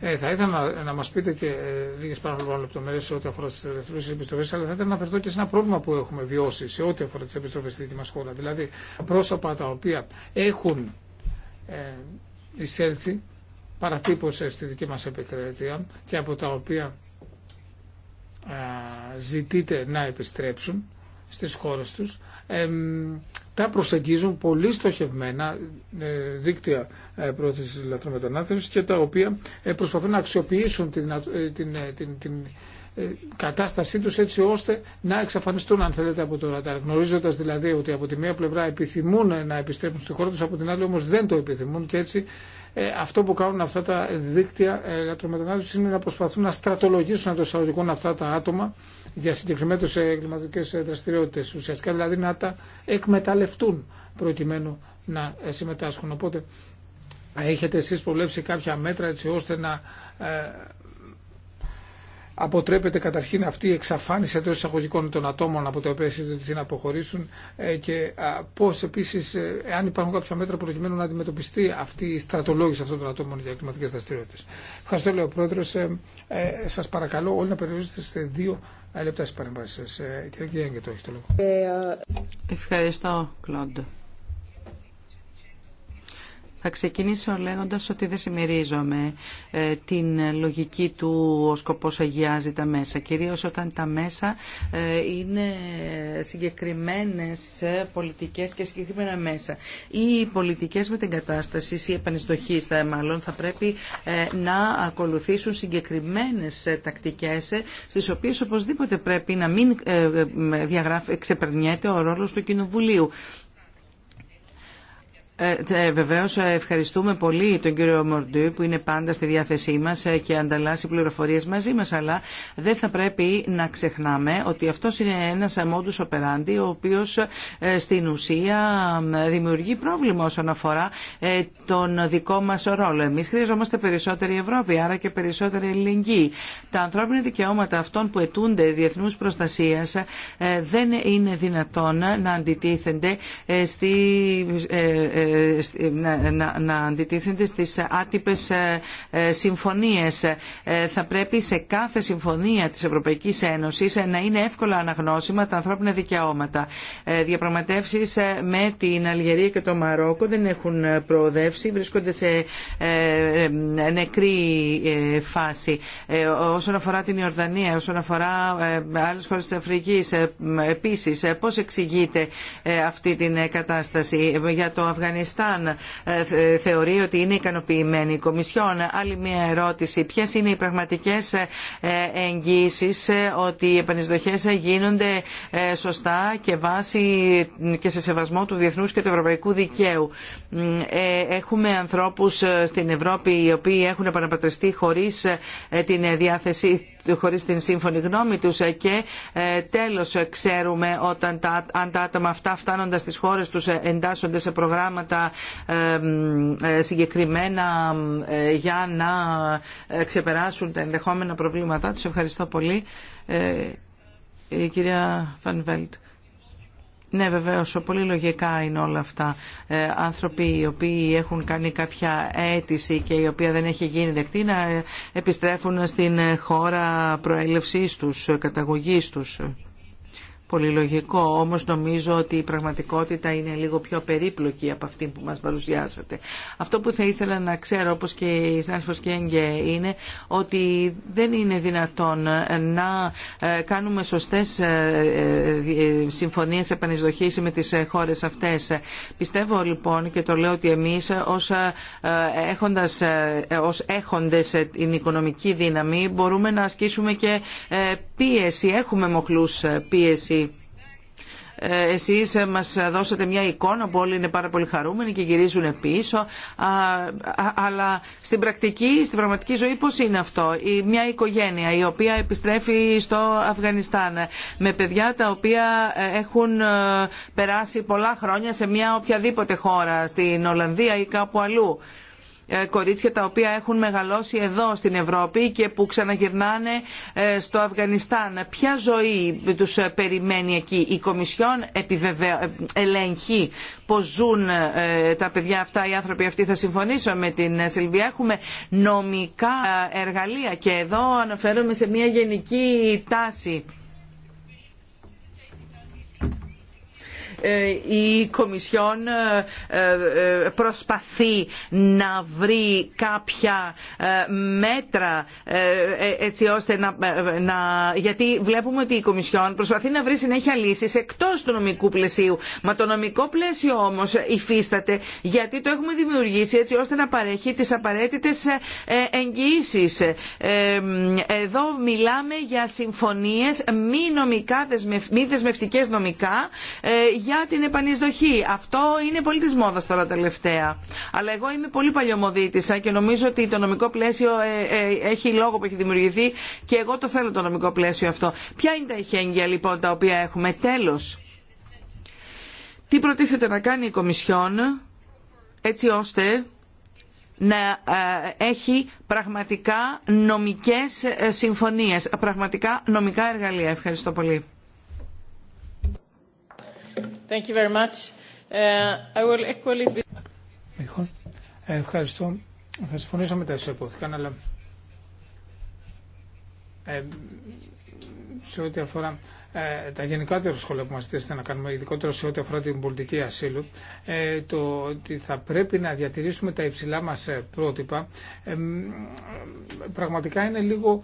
[SPEAKER 2] Ε, θα ήθελα να, να μα πείτε και ε, λίγε παραπάνω λεπτομέρειε σε ό,τι αφορά τι θελούσε επιστροφέ, αλλά θα ήθελα να αναφερθώ και σε ένα πρόβλημα που έχουμε βιώσει σε ό,τι αφορά τι επιστροφέ στη δική μα χώρα. Δηλαδή πρόσωπα τα οποία έχουν ε, εισέλθει παρατύπωσε στη δική μας επικρατεία και από τα οποία ε, ζητείτε να επιστρέψουν στις χώρες τους τα προσεγγίζουν πολύ στοχευμένα ε, δίκτυα ε, πρόθεσης λαθρομετανάστευσης και τα οποία ε, προσπαθούν να αξιοποιήσουν την, την, την, την κατάστασή τους έτσι ώστε να εξαφανιστούν αν θέλετε από το ραντάρ. Γνωρίζοντας δηλαδή ότι από τη μία πλευρά επιθυμούν να επιστρέψουν στη χώρα τους, από την άλλη όμως δεν το επιθυμούν και έτσι ε, αυτό που κάνουν αυτά τα δίκτυα ελατρομετανάστευση είναι να προσπαθούν να στρατολογήσουν εντό εισαγωγικών αυτά τα άτομα για συγκεκριμένε εγκληματικέ ε, δραστηριότητε. Ουσιαστικά δηλαδή να τα εκμεταλλευτούν προκειμένου να ε, συμμετάσχουν. Οπότε έχετε εσεί προβλέψει κάποια μέτρα έτσι ώστε να αποτρέπεται καταρχήν αυτή η εξαφάνιση εντό εισαγωγικών των ατόμων από τα οποία συζητηθεί να αποχωρήσουν ε, και πώ επίση, αν ε, υπάρχουν κάποια μέτρα προκειμένου να αντιμετωπιστεί αυτή η στρατολόγηση αυτών των ατόμων για κλιματικέ δραστηριότητε. Ευχαριστώ, πρόεδρο. ο Πρόεδρο. Ε, σα παρακαλώ όλοι να περιορίσετε σε δύο λεπτά στι παρεμβάσει σα. Κύριε Γκέγκε, το έχει το λόγο. Ευχαριστώ, Κλοντ.
[SPEAKER 1] Θα ξεκινήσω λέγοντας ότι δεν συμμερίζομαι ε, την λογική του «ο σκοπός αγιάζει τα μέσα». Κυρίως όταν τα μέσα ε, είναι συγκεκριμένες ε, πολιτικές και συγκεκριμένα μέσα. Οι πολιτικές με την κατάσταση ή επανιστοχής θα, θα πρέπει να ακολουθήσουν συγκεκριμένες τακτικές στις οποίες οπωσδήποτε πρέπει να μην ξεπερνιέται ο ρόλος του Κοινοβουλίου. Ε, βεβαίως ε, ευχαριστούμε πολύ τον κύριο Μορντού που είναι πάντα στη διάθεσή μας ε, και ανταλλάσσει πληροφορίες μαζί μας αλλά δεν θα πρέπει να ξεχνάμε ότι αυτό είναι ένας αμόντους οπεράντη ο οποίος ε, στην ουσία δημιουργεί πρόβλημα όσον αφορά τον δικό μας ρόλο. Εμείς χρειαζόμαστε περισσότερη Ευρώπη άρα και περισσότερη ελληνική. Τα ανθρώπινα δικαιώματα αυτών που αιτούνται διεθνού προστασία δεν είναι δυνατόν να αντιτίθενται στη να αντιτίθενται στις άτυπες ε, ε, συμφωνίες. Ε, θα πρέπει σε κάθε συμφωνία της Ευρωπαϊκής Ένωσης να είναι εύκολα αναγνώσιμα τα ανθρώπινα δικαιώματα. Διαπραγματεύσεις με την Αλγερία και το Μαρόκο δεν έχουν προοδεύσει, βρίσκονται σε νεκρή φάση. Όσον αφορά την Ιορδανία, όσον αφορά άλλες χώρες της Αφρικής, επίσης, πώς εξηγείται αυτή την κατάσταση για το Αφγανιστάν Αφγανιστάν ε, θεωρεί ότι είναι ικανοποιημένη η Κομισιόν. Άλλη μια ερώτηση. Ποιε είναι οι πραγματικέ ε, εγγύσει ε, ότι οι επανεισδοχέ γίνονται σωστά και και σε σεβασμό του διεθνού και του ευρωπαϊκού δικαίου. Έχουμε ανθρώπου στην Ευρώπη οι οποίοι έχουν επαναπατριστεί χωρί την διάθεση χωρίς την σύμφωνη γνώμη τους ε, και ε, τέλος ε, ξέρουμε όταν αν τα άτομα αυτά φτάνοντας στις χώρες τους εντάσσονται σε προγράμματα συγκεκριμένα για να ξεπεράσουν τα ενδεχόμενα προβλήματά τους. Ευχαριστώ πολύ. Η κυρία Φανβέλτ. Ναι, βεβαίω, πολύ λογικά είναι όλα αυτά. Ε, άνθρωποι οι οποίοι έχουν κάνει κάποια αίτηση και η οποία δεν έχει γίνει δεκτή να επιστρέφουν στην χώρα προέλευση τους, καταγωγή τους πολύ όμως νομίζω ότι η πραγματικότητα είναι λίγο πιο περίπλοκη από αυτή που μας παρουσιάσατε. Αυτό που θα ήθελα να ξέρω, όπως και η Σνάνσφος Κέγγε, είναι ότι δεν είναι δυνατόν να ε, κάνουμε σωστές ε, ε, συμφωνίες επανεισδοχής με τις χώρες αυτές. Πιστεύω λοιπόν και το λέω ότι εμείς ως, έχοντας, ως έχοντες την οικονομική δύναμη μπορούμε να ασκήσουμε και πίεση. Έχουμε μοχλούς πίεση εσείς μας δώσατε μια εικόνα που όλοι είναι πάρα πολύ χαρούμενοι και γυρίζουν πίσω αλλά στην πρακτική, στην πραγματική ζωή πώς είναι αυτό μια οικογένεια η οποία επιστρέφει στο Αφγανιστάν με παιδιά τα οποία ε, έχουν ε, περάσει πολλά χρόνια σε μια οποιαδήποτε χώρα στην Ολλανδία ή κάπου αλλού ε, κορίτσια τα οποία έχουν μεγαλώσει εδώ στην Ευρώπη και που ξαναγυρνάνε ε, στο Αφγανιστάν. Ποια ζωή τους ε, περιμένει εκεί. Η Κομισιόν ελέγχει πώς ζουν τα παιδιά αυτά, οι άνθρωποι αυτοί. Θα συμφωνήσω με την Σιλβία. Έχουμε νομικά εργαλεία και εδώ αναφέρομαι σε μια γενική τάση. Ε, η Κομισιόν ε, ε, προσπαθεί να βρει κάποια μέτρα έτσι ώστε να, γιατί βλέπουμε ότι η Κομισιόν προσπαθεί να βρει συνέχεια λύσεις εκτός του νομικού πλαισίου. Μα το νομικό πλαίσιο όμως υφίσταται γιατί το έχουμε δημιουργήσει έτσι ώστε να παρέχει τις απαραίτητες εγγυήσεις. Εδώ μιλάμε για συμφωνίες μη, νομικά, δεσμευτικές νομικά για την επανεισδοχή. Αυτό είναι πολύ τη μόδα τώρα τελευταία. Αλλά εγώ είμαι πολύ παλιωμοδίτησα και νομίζω ότι το νομικό πλαίσιο ε, ε, έχει λόγο που έχει δημιουργηθεί και εγώ το θέλω το νομικό πλαίσιο αυτό. Ποια είναι τα ειχέγγυα λοιπόν τα οποία έχουμε. Τέλο. Τι προτίθεται να κάνει η Κομισιόν έτσι ώστε να ε, έχει πραγματικά νομικές συμφωνίες, πραγματικά νομικά εργαλεία. Ευχαριστώ πολύ.
[SPEAKER 2] Thank you very much. Uh, I will equally... Ευχαριστώ. Θα συμφωνήσω με τα όσα υπόθηκαν, αλλά ε, σε ό,τι αφορά ε, τα γενικότερα σχόλια που μας θέσετε να κάνουμε, ειδικότερα σε ό,τι αφορά την πολιτική ασύλου, ε, το ότι θα πρέπει να διατηρήσουμε τα υψηλά μας ε, πρότυπα, πραγματικά είναι λίγο,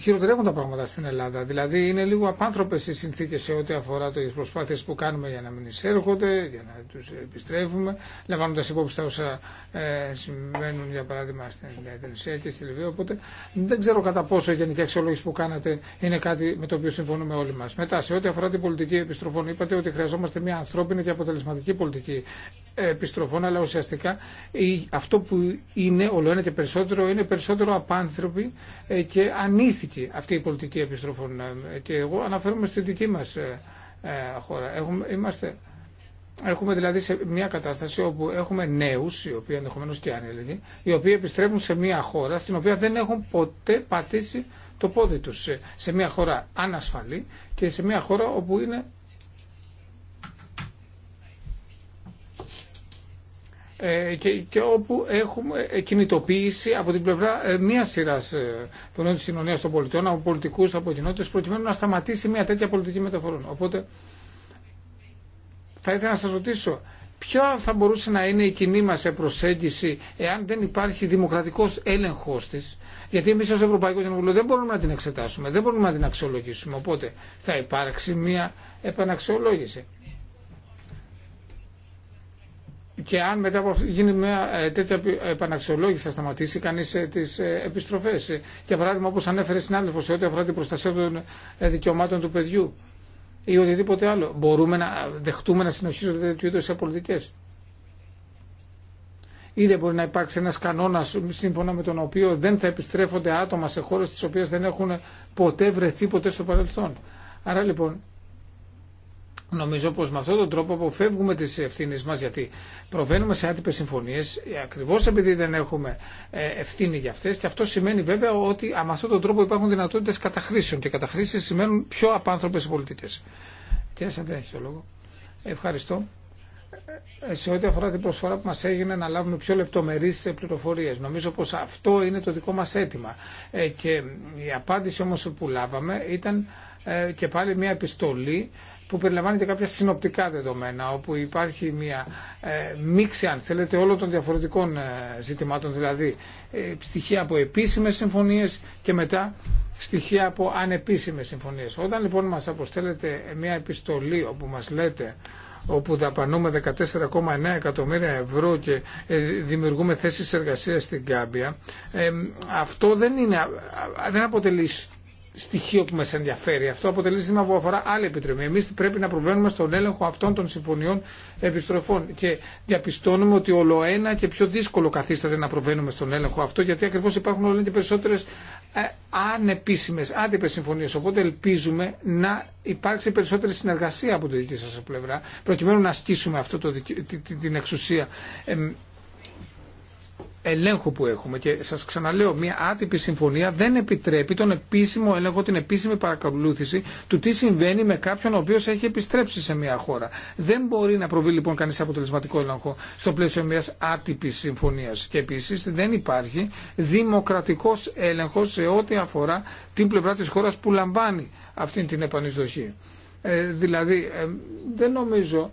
[SPEAKER 2] χειροτερεύουν τα πράγματα στην Ελλάδα. Δηλαδή είναι λίγο απάνθρωπες οι συνθήκες σε ό,τι αφορά τις προσπάθειες που κάνουμε για να μην εισέρχονται, για να τους επιστρέφουμε, λαμβάνοντα υπόψη τα όσα συμβαίνουν για παράδειγμα στην Ινδία και στη Λιβύη. Οπότε δεν ξέρω κατά πόσο η γενική αξιολόγηση που κάνατε είναι κάτι με το οποίο συμφωνούμε όλοι μα. Μετά, σε ό,τι αφορά την πολιτική επιστροφών, είπατε ότι χρειαζόμαστε μια ανθρώπινη και αποτελεσματική πολιτική επιστροφών, αλλά ουσιαστικά αυτό που είναι όλο ένα και περισσότερο είναι περισσότερο απάνθρωποι ε, και ανήθικη αυτή η πολιτική επιστροφών. Ε, και εγώ αναφέρομαι στη δική μα ε, χώρα. Έχουμε, είμαστε, έχουμε δηλαδή σε μια κατάσταση όπου έχουμε νέου, οι οποίοι ενδεχομένω και άνελοι, οι οποίοι επιστρέφουν σε μια χώρα στην οποία δεν έχουν ποτέ πατήσει το πόδι τους σε μια χώρα ανασφαλή και σε μια χώρα όπου είναι ε, και, όπου έχουμε ε, κινητοποίηση από την πλευρά ε, μια σειρά των της κοινωνία των πολιτών, από πολιτικούς, από κοινότητες, προκειμένου να σταματήσει μια τέτοια πολιτική μεταφορών. Οπότε θα ήθελα να σας ρωτήσω, ποιο θα μπορούσε να είναι η κοινή μα προσέγγιση εάν δεν υπάρχει δημοκρατικός έλεγχος τη γιατί εμεί ω Ευρωπαϊκό Κοινοβούλιο δεν μπορούμε να την εξετάσουμε, δεν μπορούμε να την αξιολογήσουμε. Οπότε θα υπάρξει μια επαναξιολόγηση. Και αν μετά από γίνει μια ε, τέτοια επαναξιολόγηση θα σταματήσει κανεί ε, τι ε, επιστροφέ. Για παράδειγμα, όπω ανέφερε συνάδελφο, σε ό,τι αφορά την προστασία των δικαιωμάτων του παιδιού ή οτιδήποτε άλλο. Μπορούμε να δεχτούμε να συνεχίζονται τέτοιου είδου πολιτικέ. Ή δεν μπορεί να υπάρξει ένα κανόνα σύμφωνα με τον οποίο δεν θα επιστρέφονται άτομα σε χώρε τι οποίε δεν έχουν ποτέ βρεθεί ποτέ στο παρελθόν. Άρα λοιπόν Νομίζω πως με αυτόν τον τρόπο αποφεύγουμε τις ευθύνε μας γιατί προβαίνουμε σε άτυπες συμφωνίες ε, ακριβώς επειδή δεν έχουμε ε, ευθύνη για αυτές και αυτό σημαίνει βέβαια ότι με αυτόν τον τρόπο υπάρχουν δυνατότητες καταχρήσεων και καταχρήσεις σημαίνουν πιο απάνθρωπες οι πολιτικές. Κυρία δεν έχει το λόγο. Ευχαριστώ σε ό,τι αφορά την προσφορά που μας έγινε να λάβουμε πιο λεπτομερείς ε, πληροφορίες. Νομίζω πως αυτό είναι το δικό μας αίτημα. Ε, και η απάντηση όμως που λάβαμε ήταν ε, και πάλι μια επιστολή που περιλαμβάνεται κάποια συνοπτικά δεδομένα, όπου υπάρχει μια ε, μίξη, αν θέλετε, όλων των διαφορετικών ζητημάτων, δηλαδή στοιχεία από επίσημες συμφωνίες και μετά στοιχεία από ανεπίσημες συμφωνίες. Όταν λοιπόν μας αποστέλλετε μια επιστολή όπου μας λέτε όπου δαπανούμε 14,9 εκατομμύρια ευρώ και ε, δημιουργούμε θέσεις εργασίας στην Κάμπια, ε, αυτό δεν, είναι, δεν αποτελεί στοιχείο που μα ενδιαφέρει. Αυτό αποτελεί ζήτημα που αφορά άλλη επιτροπή. Εμεί πρέπει να προβαίνουμε στον έλεγχο αυτών των συμφωνιών επιστροφών και διαπιστώνουμε ότι όλο ένα και πιο δύσκολο καθίσταται να προβαίνουμε στον έλεγχο αυτό γιατί ακριβώ υπάρχουν όλο και περισσότερες ε, ανεπίσημες, άτυπε συμφωνίε, Οπότε ελπίζουμε να υπάρξει περισσότερη συνεργασία από τη δική σα πλευρά προκειμένου να ασκήσουμε αυτό την εξουσία ελέγχου που έχουμε και σας ξαναλέω μια άτυπη συμφωνία δεν επιτρέπει τον επίσημο έλεγχο, την επίσημη παρακολούθηση του τι συμβαίνει με κάποιον ο οποίος έχει επιστρέψει σε μια χώρα. Δεν μπορεί να προβεί λοιπόν κανείς αποτελεσματικό έλεγχο στο πλαίσιο μιας άτυπης συμφωνίας και επίσης δεν υπάρχει δημοκρατικός έλεγχος σε ό,τι αφορά την πλευρά της χώρας που λαμβάνει αυτή την επανεισδοχή. Ε, δηλαδή ε, δεν νομίζω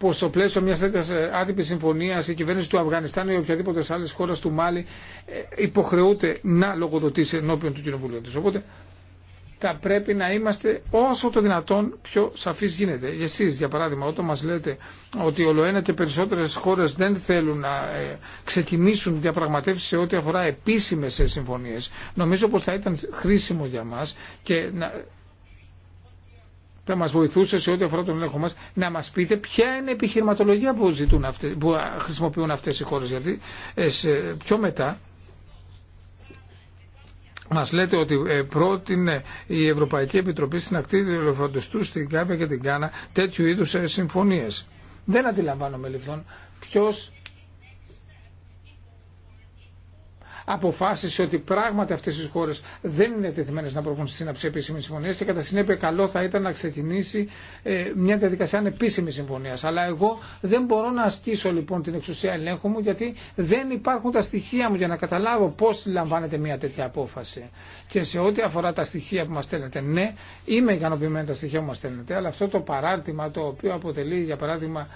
[SPEAKER 2] πω στο πλαίσιο μια τέτοια ε, άτυπη συμφωνία η κυβέρνηση του Αφγανιστάν ή οποιαδήποτε άλλη χώρα του Μάλι ε, υποχρεούται να λογοδοτήσει ενώπιον του Κοινοβουλίου τη. Οπότε θα πρέπει να είμαστε όσο το δυνατόν πιο σαφεί γίνεται. Εσεί, για παράδειγμα, όταν μα λέτε ότι ολοένα και περισσότερε χώρε δεν θέλουν να ε, ξεκινήσουν διαπραγματεύσει σε ό,τι αφορά επίσημε συμφωνίε, νομίζω πω θα ήταν χρήσιμο για μα και να θα μας βοηθούσε σε ό,τι αφορά τον έλεγχο μας να μας πείτε ποια είναι η επιχειρηματολογία που, ζητούν που χρησιμοποιούν αυτές οι χώρες. Γιατί ε, σε, πιο μετά μας λέτε ότι ε, πρότεινε η Ευρωπαϊκή Επιτροπή στην ακτή του στην Κάμπια και την Κάνα τέτοιου είδους ε, συμφωνίες. Δεν αντιλαμβάνομαι λοιπόν ποιος αποφάσισε ότι πράγματι αυτέ τι χώρε δεν είναι τεθειμένε να προβούν στη σύναψη συμφωνία και κατά συνέπεια καλό θα ήταν να ξεκινήσει ε, μια διαδικασία ανεπίσημη συμφωνία. Αλλά εγώ δεν μπορώ να ασκήσω λοιπόν την εξουσία ελέγχου μου γιατί δεν υπάρχουν τα στοιχεία μου για να καταλάβω πώ λαμβάνεται μια τέτοια απόφαση. Και σε ό,τι αφορά τα στοιχεία που μα στέλνετε, ναι, είμαι ικανοποιημένη τα στοιχεία που μα στέλνετε, αλλά αυτό το παράρτημα το οποίο αποτελεί για παράδειγμα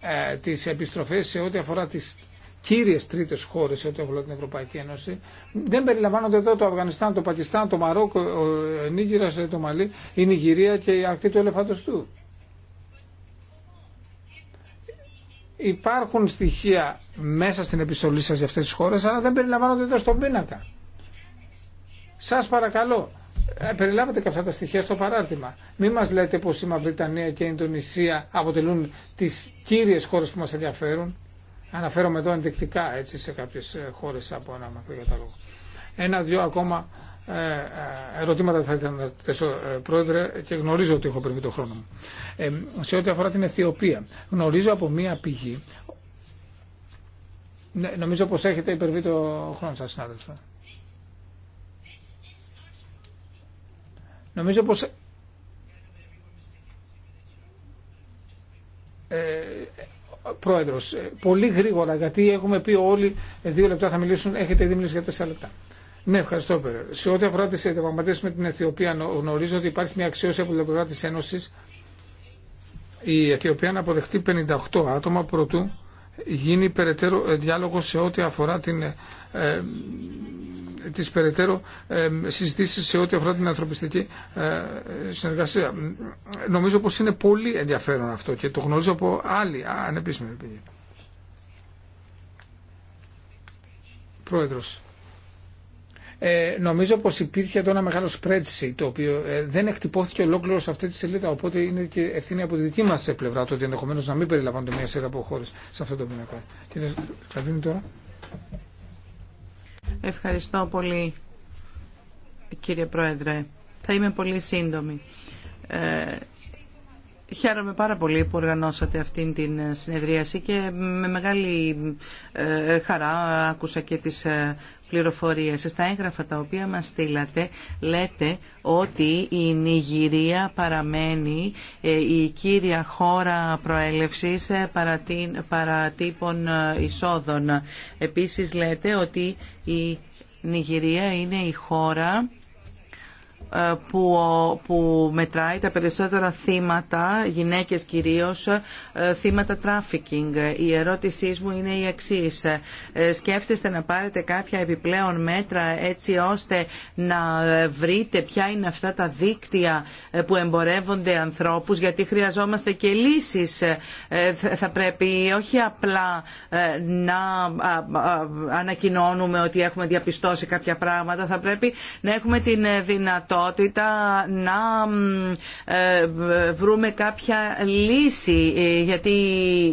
[SPEAKER 2] ε, ε, τις επιστροφές σε ό,τι αφορά τις κύριες τρίτες χώρες ό,τι αφορά την Ευρωπαϊκή Ένωση. Δεν περιλαμβάνονται εδώ το Αφγανιστάν, το Πακιστάν, το Μαρόκο, ο Νίγηρα, ε, το Μαλί, η Νιγηρία και η Αρκτή του Ελεφαντοστού. Υπάρχουν στοιχεία μέσα στην επιστολή σα για αυτέ τι χώρε, αλλά δεν περιλαμβάνονται εδώ στον πίνακα. Σα παρακαλώ, ε, περιλάβετε και αυτά τα στοιχεία στο παράρτημα. Μην μα λέτε πω η Μαυριτανία και η Ινδονησία αποτελούν τι κύριε χώρε που μα ενδιαφέρουν. Αναφέρομαι εδώ ενδεικτικά έτσι, σε κάποιες ε, χώρες από ένα μακρύ κατάλογο. Ένα-δυο ακόμα ε, ε, ερωτήματα θα ήθελα να θέσω, Πρόεδρε, και γνωρίζω ότι έχω περβεί το χρόνο μου. Ε, σε ό,τι αφορά την Αιθιοπία, γνωρίζω από μία πηγή. Ναι, νομίζω πως έχετε υπερβεί το χρόνο σας, συνάδελφα. Νομίζω πως... Ε, Πρόεδρο. Ε, πολύ γρήγορα, γιατί έχουμε πει όλοι ε, δύο λεπτά θα μιλήσουν, έχετε ήδη μιλήσει για τέσσερα λεπτά. Ναι, ευχαριστώ, Πέρε. Σε ό,τι αφορά τι διαπραγματεύσει με την Αιθιοπία, γνωρίζω ότι υπάρχει μια αξίωση από την πλευρά τη Ένωση. Η Αιθιοπία να αποδεχτεί 58 άτομα προτού γίνει περαιτέρω ε, διάλογο σε ό,τι αφορά την, τις περαιτέρω συζητήσεις σε ό,τι αφορά την ανθρωπιστική ε, συνεργασία. Νομίζω πως είναι πολύ ενδιαφέρον αυτό και το γνωρίζω από άλλη ανεπίσημη πηγή. Πρόεδρος. Ε, νομίζω πως υπήρχε εδώ ένα μεγάλο σπρέτσι το οποίο ε, δεν εκτυπώθηκε ολόκληρο σε αυτή τη σελίδα οπότε είναι και ευθύνη από τη δική μας πλευρά το ότι ενδεχομένως να μην περιλαμβάνονται μια σειρά από χώρες σε αυτό το πίνακα. Κύριε Κλαδίνη τώρα.
[SPEAKER 1] Ευχαριστώ πολύ, κύριε Πρόεδρε. Θα είμαι πολύ σύντομη. Ε, χαίρομαι πάρα πολύ που οργανώσατε αυτήν την ε, συνεδρίαση και με μεγάλη ε, χαρά άκουσα και τις ε, πληροφορίες. Στα έγγραφα τα οποία μας στείλατε λέτε ότι η Νιγηρία παραμένει ε, η κύρια χώρα προέλευσης ε, παρατύπων ε, εισόδων. Επίσης λέτε ότι η Νιγηρία είναι η χώρα ε, που, μετράει τα περισσότερα θύματα, γυναίκες κυρίως, ε, θύματα τράφικινγκ. Η ερώτησή μου είναι η εξής. Ε, σκέφτεστε να πάρετε κάποια επιπλέον μέτρα έτσι ώστε να βρείτε ποια είναι αυτά τα δίκτυα που εμπορεύονται ανθρώπους γιατί χρειαζόμαστε και λύσεις. Θα πρέπει όχι απλά να ανακοινώνουμε ότι έχουμε διαπιστώσει κάποια πράγματα, θα πρέπει να έχουμε την δυνατότητα δυνατότητα να ε, βρούμε κάποια λύση ε, γιατί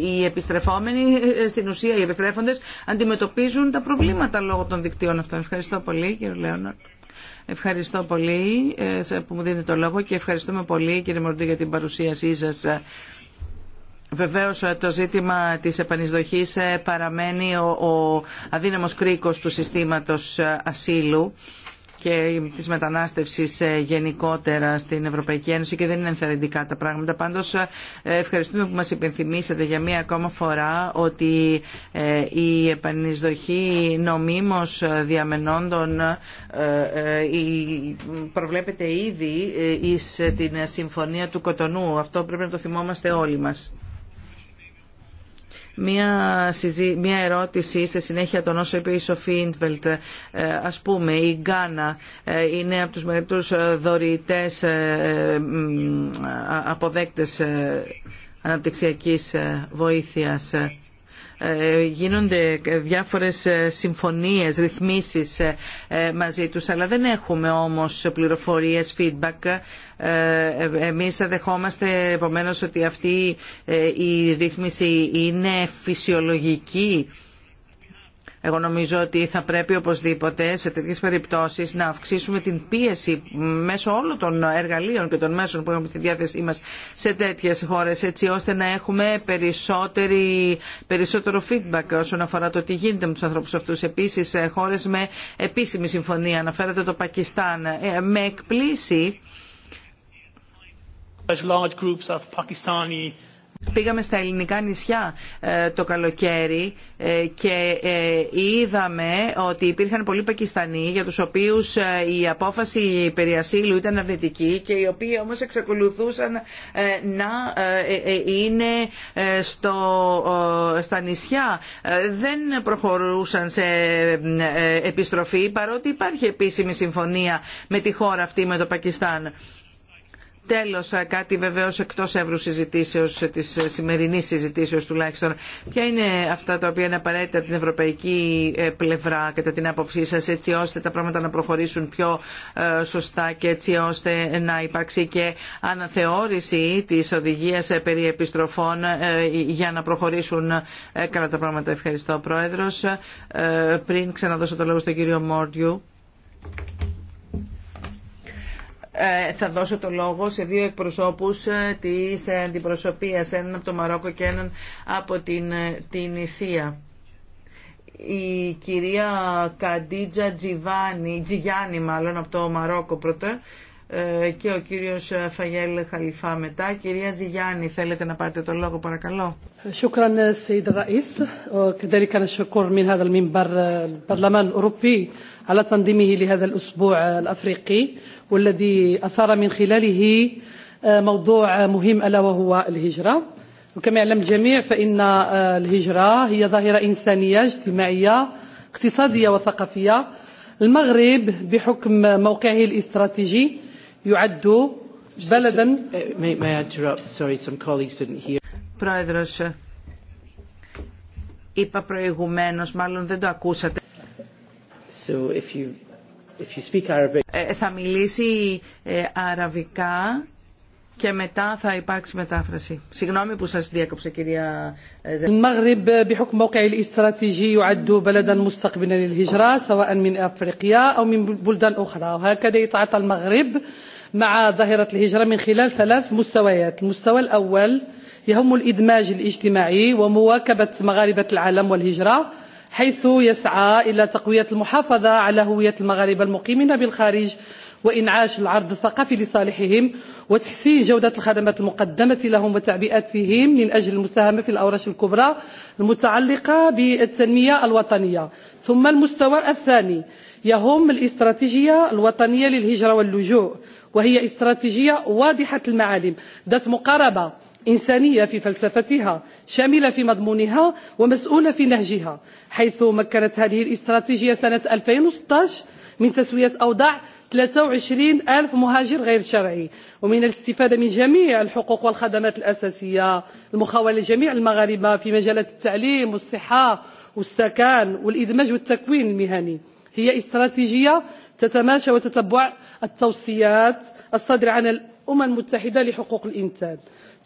[SPEAKER 1] οι επιστρεφόμενοι ε, στην ουσία οι επιστρέφοντες αντιμετωπίζουν τα προβλήματα λόγω των δικτύων αυτών. Ευχαριστώ πολύ κύριε Λέωνα, Ευχαριστώ πολύ που μου δίνετε το λόγο και ευχαριστούμε πολύ κύριε Μορντή για την παρουσίασή σας. Βεβαίως το ζήτημα της επανεισδοχής παραμένει ο αδύναμος κρίκος του συστήματος ασύλου και τη μετανάστευση ε, γενικότερα στην Ευρωπαϊκή Ένωση και δεν είναι ενθαρρυντικά τα πράγματα. Πάντως ε, ευχαριστούμε που μας υπενθυμίσατε για μία ακόμα φορά ότι ε, η επανεισδοχή νομίμω διαμενόντων προβλέπεται ήδη εις την Συμφωνία του Κοτονού. Αυτό πρέπει να το θυμόμαστε όλοι μας. Μία, ερώτηση σε συνέχεια των όσων είπε η Σοφή Ιντβελτ. Ε, ας πούμε, η Γκάνα ε, είναι από τους μεγαλύτερους ε, δωρητές αποδέκτες αναπτυξιακής βοήθειας. Ε, γίνονται διάφορες ε, συμφωνίες, ρυθμίσεις ε, μαζί τους, αλλά δεν έχουμε όμως πληροφορίες, feedback. Εμείς δεχόμαστε επομένως ότι αυτή η ρύθμιση είναι φυσιολογική εγώ νομίζω ότι θα πρέπει οπωσδήποτε σε τέτοιε περιπτώσει να αυξήσουμε την πίεση μέσω όλων των εργαλείων και των μέσων που έχουμε στη διάθεσή μα σε τέτοιε χώρε, έτσι ώστε να έχουμε περισσότερη, περισσότερο feedback όσον αφορά το τι γίνεται με του ανθρώπου αυτού. Επίση, χώρε με επίσημη συμφωνία, αναφέρατε το Πακιστάν. Ε, με εκπλήσει.
[SPEAKER 4] Large groups of Pakistani
[SPEAKER 1] Πήγαμε στα ελληνικά νησιά ε, το καλοκαίρι ε, και ε, είδαμε ότι υπήρχαν πολλοί Πακιστανοί για τους οποίους η απόφαση περί ήταν αρνητική και οι οποίοι όμως εξακολουθούσαν να είναι στο, στα νησιά. Δεν προχωρούσαν σε επιστροφή παρότι υπάρχει επίσημη συμφωνία με τη χώρα αυτή, με το Πακιστάν. Τέλο, κάτι βεβαίως εκτό εύρου συζητήσεω, τη σημερινή συζητήσεως τουλάχιστον. Ποια είναι αυτά τα οποία είναι απαραίτητα από την ευρωπαϊκή ε, πλευρά κατά την άποψή σα έτσι ώστε τα πράγματα να προχωρήσουν πιο ε, σωστά και έτσι ώστε να υπάρξει και αναθεώρηση της οδηγίας ε, περί επιστροφών για να προχωρήσουν καλά τα πράγματα. Ευχαριστώ, Πρόεδρος. Πριν ξαναδώσω το λόγο στον κύριο Μόρτιου. Ε, θα δώσω το λόγο σε δύο εκπροσώπους ε, της αντιπροσωπείας, έναν από το Μαρόκο και έναν από ε, την, Ισία. Η κυρία Καντίτζα Τζιβάνι, Τζιγιάννη μάλλον από το Μαρόκο πρώτα και ο κύριος Φαγέλ Χαλιφά μετά. Κυρία Τζιγιάννη, θέλετε να πάρετε το λόγο παρακαλώ.
[SPEAKER 5] والذي أثار من خلاله موضوع مهم ألا وهو الهجرة وكما يعلم الجميع فإن الهجرة هي ظاهرة إنسانية اجتماعية اقتصادية وثقافية المغرب بحكم موقعه الاستراتيجي يعد
[SPEAKER 1] بلدا Πρόεδρος, είπα προηγουμένως, μάλλον δεν το ακούσατε. So if you If you speak Arabic... ε, θα μιλήσει ε, αραβικά και μετά θα υπάρξει μετάφραση. Συγγνώμη που σας διέκοψα
[SPEAKER 5] κυρία المغرب بحكم موقعه الاستراتيجي يعد بلدا مستقبلا للهجرة سواء من أفريقيا أو من بلدان أخرى وهكذا يتعاطى المغرب مع ظاهرة الهجرة من خلال ثلاث مستويات المستوى الأول يهم الإدماج الاجتماعي ومواكبة مغاربة العالم والهجرة حيث يسعى إلى تقوية المحافظة على هوية المغاربة المقيمين بالخارج وإنعاش العرض الثقافي لصالحهم وتحسين جودة الخدمات المقدمة لهم وتعبئتهم من أجل المساهمة في الأوراش الكبرى المتعلقة بالتنمية الوطنية ثم المستوى الثاني يهم الاستراتيجية الوطنية للهجرة واللجوء وهي استراتيجية واضحة المعالم ذات مقاربة انسانيه في فلسفتها شاملة في مضمونها ومسؤوله في نهجها حيث مكنت هذه الاستراتيجية سنة 2016 من تسويه أوضاع 23 ألف مهاجر غير شرعي ومن الاستفادة من جميع الحقوق والخدمات الأساسية المخاولة لجميع المغاربة في مجالات التعليم والصحة والسكن والإدماج والتكوين المهني هي استراتيجية تتماشى وتتبع التوصيات الصادرة عن الأمم المتحدة لحقوق الإنسان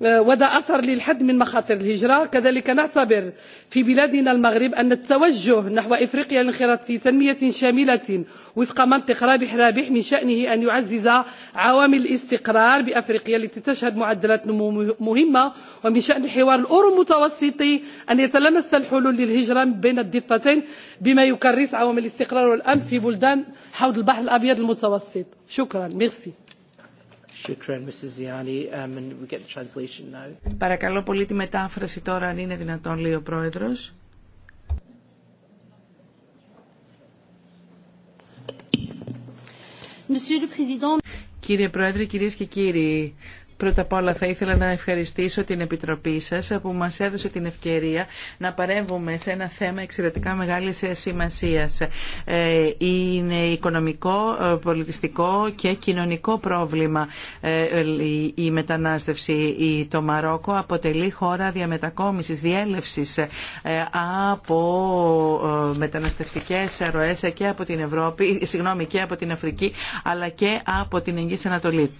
[SPEAKER 5] وذا أثر للحد من مخاطر الهجره كذلك نعتبر في بلادنا المغرب أن التوجه نحو إفريقيا الانخراط في تنميه شامله وفق منطق رابح رابح من شأنه أن يعزز عوامل الاستقرار بأفريقيا التي تشهد معدلات نمو مهمة ومن شأن الحوار الأورو المتوسطي أن يتلمس الحلول للهجره بين الضفتين بما يكرس عوامل الاستقرار والأمن في بلدان حوض البحر الأبيض المتوسط
[SPEAKER 1] شكرا ميرسي Um, Παρακαλώ πολύ τη μετάφραση τώρα, αν είναι δυνατόν, λέει ο Πρόεδρος. Κύριε Πρόεδρε, κυρίες και κύριοι, Πρώτα απ' όλα θα ήθελα να ευχαριστήσω την Επιτροπή σας που μας έδωσε την ευκαιρία να παρέμβουμε σε ένα θέμα εξαιρετικά μεγάλης σημασίας. Ε, είναι οικονομικό, ε, πολιτιστικό και κοινωνικό πρόβλημα ε, η μετανάστευση. Το Μαρόκο αποτελεί χώρα διαμετακόμισης, διέλευσης από μεταναστευτικές ροές και από την Ευρώπη, συγγνώμη, και από την Αφρική αλλά και από την Αιγύη Ανατολή.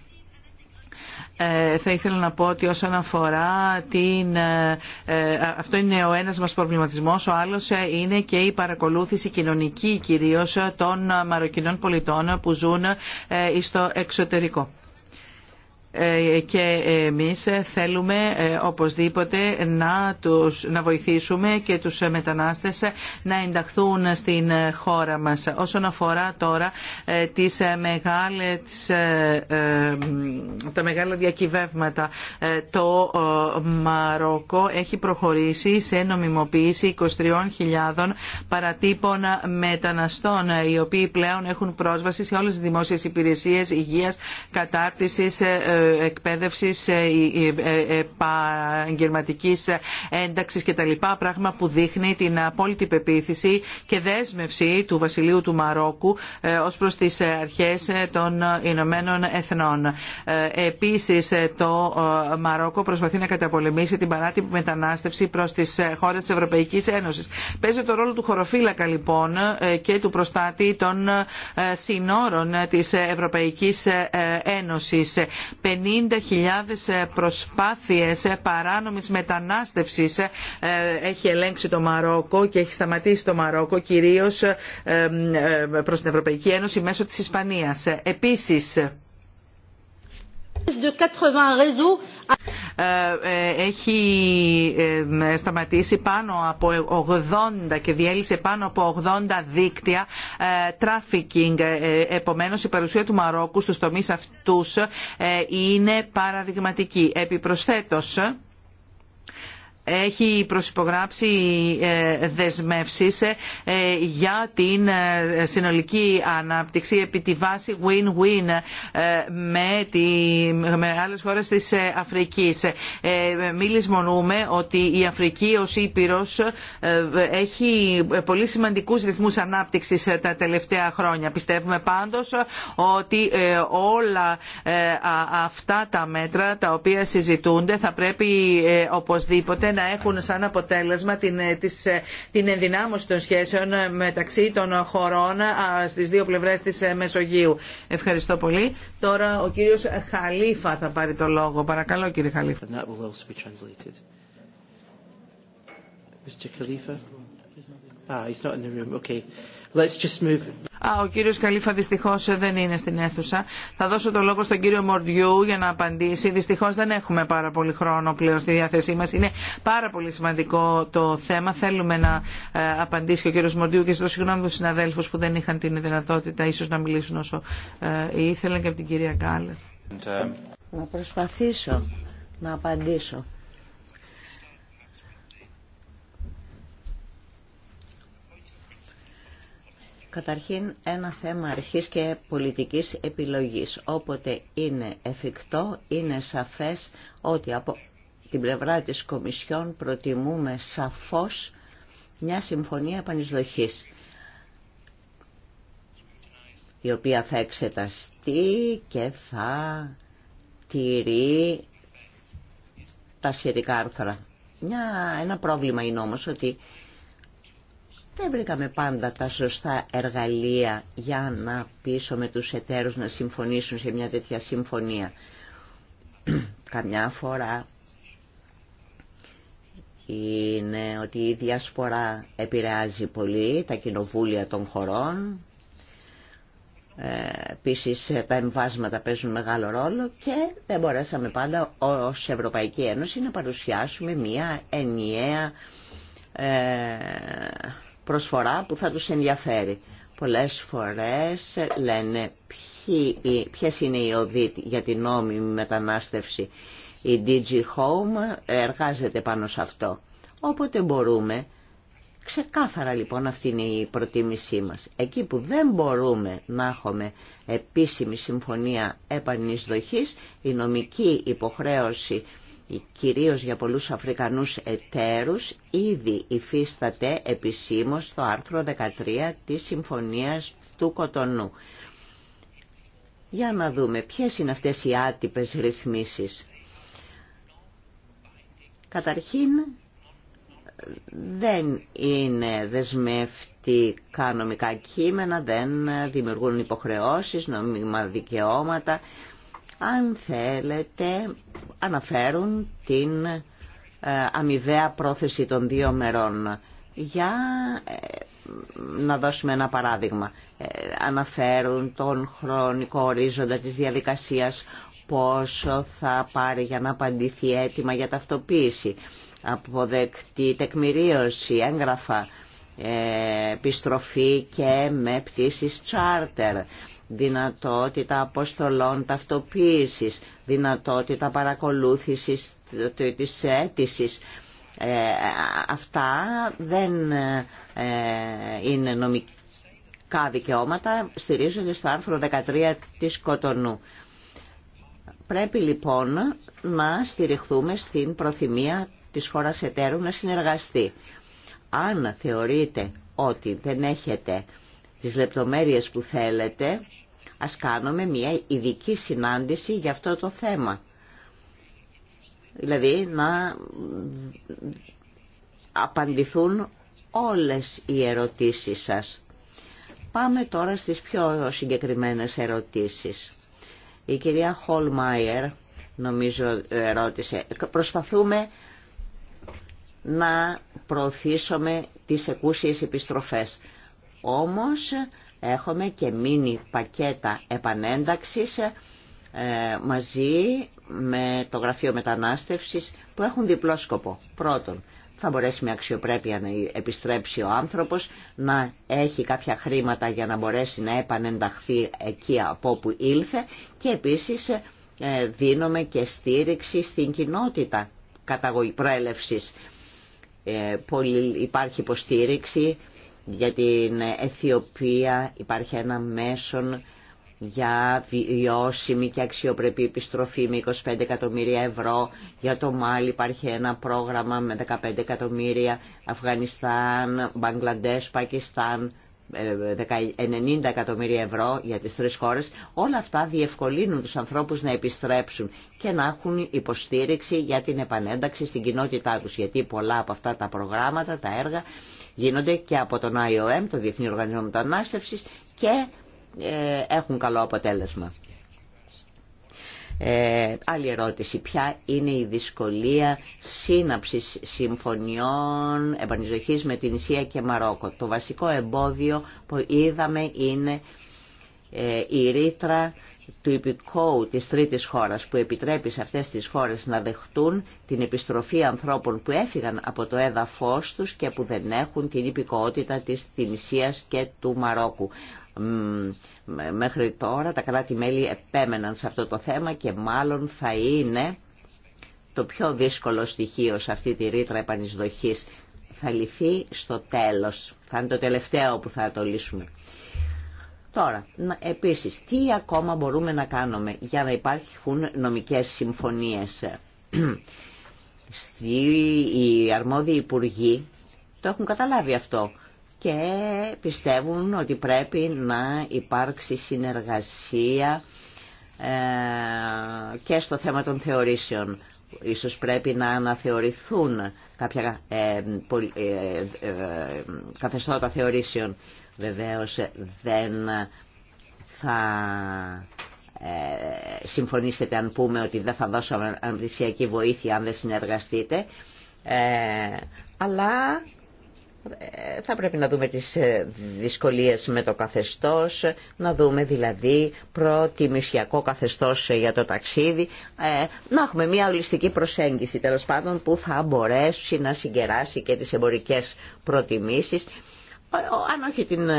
[SPEAKER 1] Ε, θα ήθελα να πω ότι όσον αφορά την... Ε, ε, αυτό είναι ο ένας μας προβληματισμός, ο άλλος είναι και η παρακολούθηση κοινωνική κυρίως των μαροκινών πολιτών που ζουν στο εξωτερικό. Ε, και εμείς θέλουμε ε, οπωσδήποτε να, τους, να βοηθήσουμε και τους μετανάστες να ενταχθούν στην χώρα μας. Όσον αφορά τώρα ε, τις μεγάλες, τα μεγάλα διακυβεύματα, το Μαρόκο έχει προχωρήσει σε νομιμοποίηση 23.000 παρατύπων μεταναστών, οι οποίοι πλέον έχουν πρόσβαση σε όλες τις δημόσιες υπηρεσίες υγείας, κατάρτισης, εκπαίδευση, ε, ε, επαγγελματικής ένταξη κτλ. Πράγμα που δείχνει την απόλυτη πεποίθηση και δέσμευση του Βασιλείου του Μαρόκου ε, ως προς τις αρχές των Ηνωμένων Εθνών. Επίσης το Μαρόκο προσπαθεί να καταπολεμήσει την παράτυπη μετανάστευση προς τις χώρες της Ευρωπαϊκής Ένωσης. Παίζει το ρόλο του χωροφύλακα λοιπόν και του προστάτη των συνόρων της Ευρωπαϊκής Ένωση. 50.000 ε, προσπάθειες ε, παράνομης μετανάστευσης ε, έχει ελέγξει το Μαρόκο και έχει σταματήσει το Μαρόκο κυρίως προς την Ευρωπαϊκή Ένωση μέσω της Ισπανίας. Επίσης ε, ε, έχει ε, σταματήσει πάνω από 80 και διέλυσε πάνω από 80 δίκτυα τράφικινγκ. Επομένως η παρουσία του Μαρόκου στους τομείς αυτούς είναι παραδειγματική. Επιπροσθέτως έχει προσυπογράψει ε, δεσμεύσεις ε, για την ε, συνολική ανάπτυξη επί τη βάση win-win με, τη, με άλλες χώρες της Αφρικής. Μη λησμονούμε ότι η Αφρική ως Ήπειρος έχει πολύ σημαντικούς ρυθμούς ανάπτυξης τα τελευταία χρόνια. Πιστεύουμε πάντως ότι όλα αυτά τα μέτρα τα οποία συζητούνται θα πρέπει οπωσδήποτε να έχουν σαν αποτέλεσμα την, ε, της, ε, την ενδυνάμωση των σχέσεων ε, μεταξύ των χωρών στις δύο πλευρές της Μεσογείου. Ευχαριστώ πολύ. Τώρα ο κύριος Χαλίφα θα πάρει το λόγο. Παρακαλώ κύριε Χαλίφα. Α, ο κύριος Καλήφα δυστυχώ, δεν είναι στην αίθουσα. Θα δώσω το λόγο στον κύριο Μορδιού για να απαντήσει. Δυστυχώ, δεν έχουμε πάρα πολύ χρόνο πλέον στη διάθεσή μας. Είναι πάρα πολύ σημαντικό το θέμα. Θέλουμε να ε, απαντήσει και ο κύριος Μορδιού και στο συγγνώμη του συναδέλφου που δεν είχαν την δυνατότητα ίσω να μιλήσουν όσο
[SPEAKER 3] ε, ήθελαν και από την κυρία Κάλε. Να προσπαθήσω να απαντήσω Καταρχήν ένα θέμα αρχής και πολιτικής επιλογής. Όποτε είναι εφικτό, είναι σαφές ότι από την πλευρά της Κομισιόν προτιμούμε σαφώς μια συμφωνία επανεισδοχής η οποία θα εξεταστεί και θα τηρεί τα σχετικά άρθρα. Μια, ένα πρόβλημα είναι όμως ότι δεν βρήκαμε πάντα τα σωστά εργαλεία για να πείσουμε τους εταίρους να συμφωνήσουν σε μια τέτοια συμφωνία. Καμιά φορά είναι ότι η διασπορά επηρεάζει πολύ τα κοινοβούλια των χωρών, ε, Επίση τα εμβάσματα παίζουν μεγάλο ρόλο και δεν μπορέσαμε πάντα ως Ευρωπαϊκή Ένωση να παρουσιάσουμε μια ενιαία ε, προσφορά που θα τους ενδιαφέρει. Πολλές φορές λένε ποιες είναι οι οδοί για την νόμιμη μετανάστευση. Η DG Home εργάζεται πάνω σε αυτό. Όποτε μπορούμε, ξεκάθαρα λοιπόν αυτή είναι η προτίμησή μας. Εκεί που δεν μπορούμε να έχουμε επίσημη συμφωνία επανεισδοχής, η νομική υποχρέωση κυρίως για πολλούς Αφρικανούς εταίρους, ήδη υφίσταται επισήμως το άρθρο 13 της Συμφωνίας του Κοτονού. Για να δούμε ποιες είναι αυτές οι άτυπες ρυθμίσεις. Καταρχήν, δεν είναι δεσμευτικά νομικά κείμενα, δεν δημιουργούν υποχρεώσεις, νομικά δικαιώματα, αν θέλετε, αναφέρουν την ε, αμοιβαία πρόθεση των δύο μερών. Για ε, να δώσουμε ένα παράδειγμα. Ε, αναφέρουν τον χρονικό ορίζοντα της διαδικασίας πόσο θα πάρει για να απαντηθεί έτοιμα για ταυτοποίηση, αποδεκτή τεκμηρίωση, έγγραφα, επιστροφή και με πτήσεις τσάρτερ δυνατότητα αποστολών ταυτοποίησης, δυνατότητα παρακολούθησης της αίτησης. Ε, αυτά δεν ε, είναι νομικά δικαιώματα, στηρίζονται στο άρθρο 13 της Κοτονού. Πρέπει λοιπόν να στηριχθούμε στην προθυμία της χώρας εταίρου να συνεργαστεί. Αν θεωρείτε ότι δεν έχετε τις λεπτομέρειες που θέλετε, ας κάνουμε μια ειδική συνάντηση για αυτό το θέμα. Δηλαδή να απαντηθούν όλες οι ερωτήσεις σας. Πάμε τώρα στις πιο συγκεκριμένες ερωτήσεις. Η κυρία Χολμάιερ νομίζω ερώτησε. Προσπαθούμε να προωθήσουμε τις εκούσιες επιστροφές. Όμως έχουμε και μίνι πακέτα επανένταξης ε, μαζί με το Γραφείο Μετανάστευσης που έχουν διπλό σκοπό. Πρώτον, θα μπορέσει με αξιοπρέπεια να ε, επιστρέψει ο άνθρωπος, να έχει κάποια χρήματα για να μπορέσει να επανενταχθεί εκεί από όπου ήλθε και επίσης ε, δίνουμε και στήριξη στην κοινότητα καταγωγή προέλευσης. Υπάρχει υποστήριξη για την Αιθιοπία υπάρχει ένα μέσον για βιώσιμη και αξιοπρεπή επιστροφή με 25 εκατομμύρια ευρώ. Για το Μάλι υπάρχει ένα πρόγραμμα με 15 εκατομμύρια. Αφγανιστάν, Μπαγκλαντές, Πακιστάν. 90 ε, ε, εκατομμύρια ευρώ για τις τρεις χώρες, όλα αυτά διευκολύνουν τους ανθρώπους να επιστρέψουν και να έχουν υποστήριξη για την επανένταξη στην κοινότητά τους, γιατί πολλά από αυτά τα προγράμματα, τα έργα γίνονται και από τον IOM, το Διεθνή Οργανισμό Μετανάστευσης και ε, έχουν καλό αποτέλεσμα. Ε, άλλη ερώτηση. Ποια είναι η δυσκολία σύναψης συμφωνιών επανειζοχής με την Ισία και Μαρόκο. Το βασικό εμπόδιο που είδαμε είναι ε, η ρήτρα του υπηκόου της τρίτης χώρας που επιτρέπει σε αυτές τις χώρες να δεχτούν την επιστροφή ανθρώπων που έφυγαν από το έδαφος τους και που δεν έχουν την υπηκότητα της Τινησίας και του Μαρόκου μέχρι τώρα τα κράτη-μέλη επέμεναν σε αυτό το θέμα και μάλλον θα είναι το πιο δύσκολο στοιχείο σε αυτή τη ρήτρα επανεισδοχής. Θα λυθεί στο τέλος. Θα είναι το τελευταίο που θα το λύσουμε. Τώρα, επίσης, τι ακόμα μπορούμε να κάνουμε για να υπάρχουν νομικές συμφωνίες. Οι αρμόδιοι υπουργοί το έχουν καταλάβει αυτό και πιστεύουν ότι πρέπει να υπάρξει συνεργασία ε, και στο θέμα των θεωρήσεων. Ίσως πρέπει να αναθεωρηθούν κάποια ε, ε, καθεστώτα θεωρήσεων. Βεβαίως δεν θα συμφωνήσετε αν πούμε ότι δεν θα δώσω αναπτυξιακή βοήθεια αν δεν συνεργαστείτε. Αλλά ε, θα πρέπει να δούμε τις ε, δυσκολίες με το καθεστώς, να δούμε δηλαδή προτιμησιακό καθεστώς ε, για το ταξίδι, να έχουμε μια ολιστική προσέγγιση τέλος πάντων που θα μπορέσει να συγκεράσει και τις εμπορικές προτιμήσεις, αν όχι την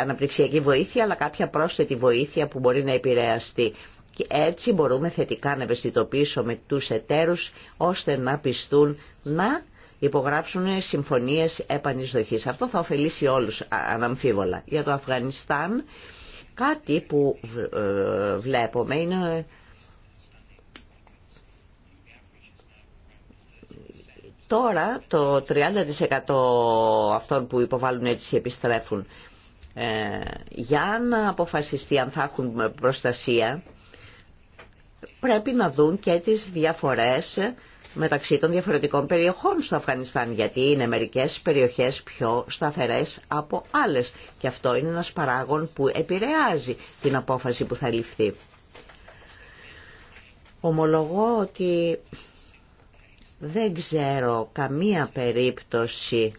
[SPEAKER 3] αναπτυξιακή βοήθεια αλλά κάποια πρόσθετη βοήθεια που μπορεί να επηρεαστεί. Και έτσι μπορούμε θετικά να ευαισθητοποιήσουμε τους εταίρους ώστε να πιστούν να υπογράψουν συμφωνίες επανεισδοχής. Αυτό θα ωφελήσει όλους αναμφίβολα. Για το Αφγανιστάν κάτι που ε, βλέπουμε είναι τώρα το 30% αυτών που υποβάλλουν έτσι επιστρέφουν. Ε, για να αποφασιστεί αν θα έχουν προστασία πρέπει να δουν και τις διαφορές μεταξύ των διαφορετικών περιοχών στο Αφγανιστάν, γιατί είναι μερικές περιοχές πιο σταθερές από άλλες. Και αυτό είναι ένας παράγον που επηρεάζει την απόφαση που θα ληφθεί. Ομολογώ ότι δεν ξέρω καμία περίπτωση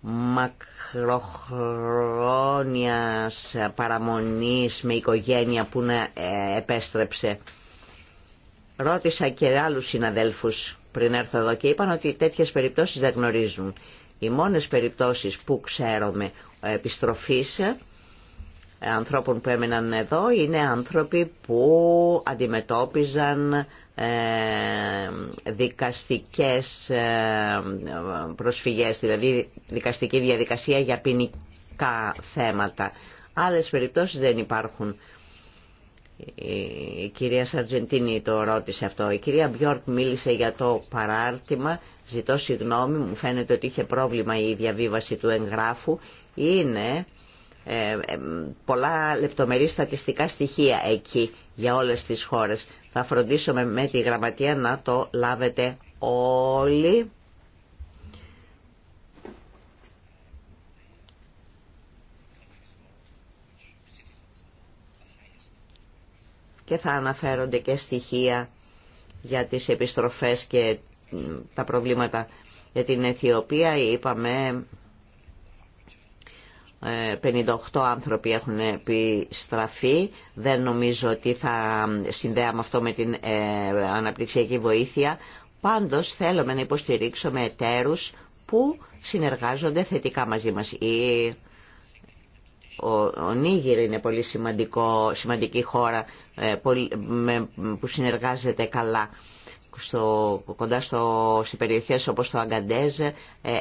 [SPEAKER 3] μακροχρόνιας παραμονής με οικογένεια που να ε, επέστρεψε. Ρώτησα και άλλους συναδέλφους πριν έρθω εδώ και είπαν ότι τέτοιες περιπτώσεις δεν γνωρίζουν. Οι μόνες περιπτώσεις που ξέρουμε επιστροφής ε, ανθρώπων που έμειναν εδώ είναι άνθρωποι που αντιμετώπιζαν ε, δικαστικές ε, προσφυγές, δηλαδή δικαστική διαδικασία για ποινικά θέματα. Άλλες περιπτώσεις δεν υπάρχουν. Η κυρία Σαρτζεντίνη το ρώτησε αυτό. Η κυρία Μπιόρκ μίλησε για το παράρτημα. Ζητώ συγγνώμη, μου φαίνεται ότι είχε πρόβλημα η διαβίβαση του εγγράφου. Είναι ε, ε, πολλά λεπτομερή στατιστικά στοιχεία εκεί για όλες τις χώρες. Θα φροντίσουμε με τη γραμματεία να το λάβετε όλοι και θα αναφέρονται και στοιχεία για τις επιστροφές και τα προβλήματα για την Αιθιοπία. Είπαμε 58 ε, άνθρωποι έχουν επιστραφεί. Δεν νομίζω ότι θα συνδέαμε αυτό με την ε, αναπτυξιακή βοήθεια. Πάντως θέλουμε να υποστηρίξουμε εταίρους που συνεργάζονται θετικά μαζί μας. Η ο Νίγηρ είναι πολύ σημαντικό, σημαντική χώρα ε, που συνεργάζεται καλά. Στο, κοντά στο, σε περιοχές όπως το Αγκαντέζ ε,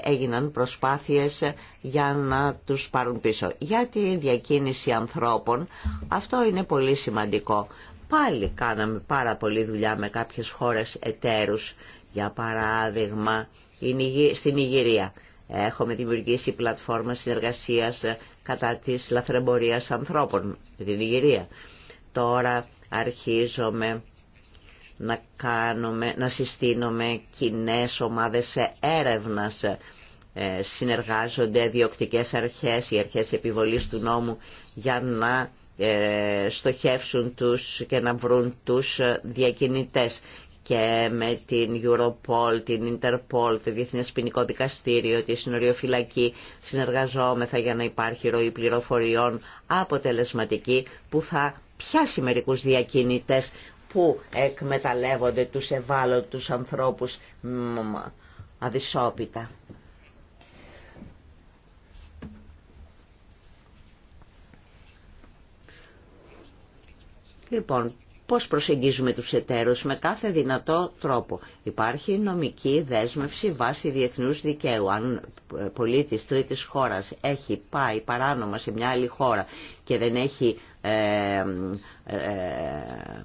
[SPEAKER 3] έγιναν προσπάθειες για να τους πάρουν πίσω. Για τη διακίνηση ανθρώπων αυτό είναι πολύ σημαντικό. Πάλι κάναμε πάρα πολύ δουλειά με κάποιες χώρες εταίρους. Για παράδειγμα στην Ιγυρία έχουμε δημιουργήσει πλατφόρμα συνεργασίας κατά της λαθρεμπορίας ανθρώπων, την Ιγυρία. Τώρα αρχίζουμε να, κάνουμε, να συστήνουμε κοινέ ομάδες έρευνας. Ε, συνεργάζονται διοκτικές αρχές, οι αρχές επιβολής του νόμου για να ε, στοχεύσουν τους και να βρουν τους ε, διακινητές και με την Europol, την Interpol, το Διεθνές Ποινικό Δικαστήριο, τη Συνοριοφυλακή συνεργαζόμεθα για να υπάρχει ροή πληροφοριών αποτελεσματική που θα πιάσει μερικούς διακινητές που εκμεταλλεύονται τους ευάλωτους ανθρώπους αδυσόπιτα. Λοιπόν, πώς προσεγγίζουμε τους εταίρους με κάθε δυνατό τρόπο. Υπάρχει νομική δέσμευση βάσει διεθνούς δικαίου. Αν πολίτης τρίτης χώρας έχει πάει παράνομα σε μια άλλη χώρα και δεν έχει ε, ε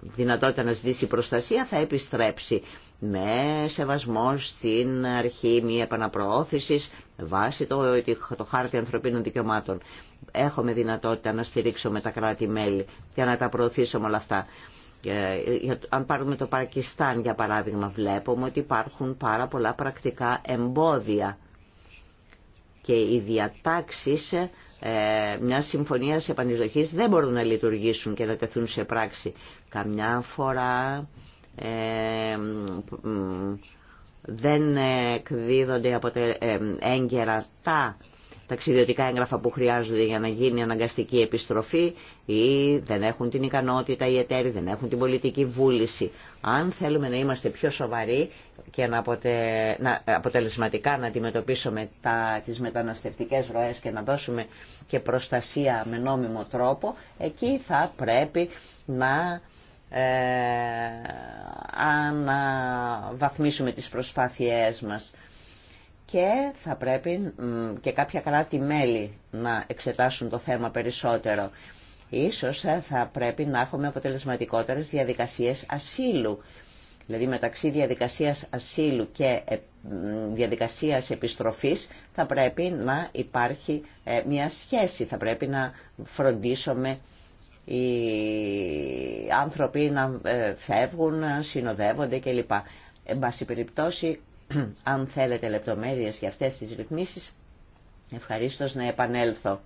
[SPEAKER 3] δυνατότητα να ζητήσει προστασία, θα επιστρέψει με σεβασμό στην αρχή μια επαναπροώθηση βάσει το, το χάρτη ανθρωπίνων δικαιωμάτων. Έχουμε δυνατότητα να στηρίξουμε τα κράτη-μέλη και να τα προωθήσουμε όλα αυτά. Ε, αν πάρουμε το Πακιστάν για παράδειγμα βλέπουμε ότι υπάρχουν πάρα πολλά πρακτικά εμπόδια και οι διατάξεις ε, μια συμφωνία επανεισδοχής δεν μπορούν να λειτουργήσουν και να τεθούν σε πράξη. Καμιά φορά ε, δεν εκδίδονται από έγκαιρα τα ταξιδιωτικά έγγραφα που χρειάζονται για να γίνει αναγκαστική επιστροφή ή δεν έχουν την ικανότητα οι εταίροι, δεν έχουν την πολιτική βούληση. Αν θέλουμε να είμαστε πιο σοβαροί και να, αποτε... να αποτελεσματικά να αντιμετωπίσουμε τα... τις μεταναστευτικές ροές και να δώσουμε και προστασία με νόμιμο τρόπο, εκεί θα πρέπει να ε, αναβαθμίσουμε τις προσπάθειές μας και θα πρέπει και κάποια κράτη-μέλη να εξετάσουν το θέμα περισσότερο. Ίσως ε, θα πρέπει να έχουμε αποτελεσματικότερες διαδικασίες ασύλου. Δηλαδή μεταξύ διαδικασίας ασύλου και ε, διαδικασίας επιστροφής θα πρέπει να υπάρχει ε, μια σχέση. Θα πρέπει να φροντίσουμε οι άνθρωποι να φεύγουν, να συνοδεύονται κλπ. Εν περιπτώσει αν θέλετε λεπτομέρειες για αυτές τις ρυθμίσεις, ευχαρίστω να επανέλθω.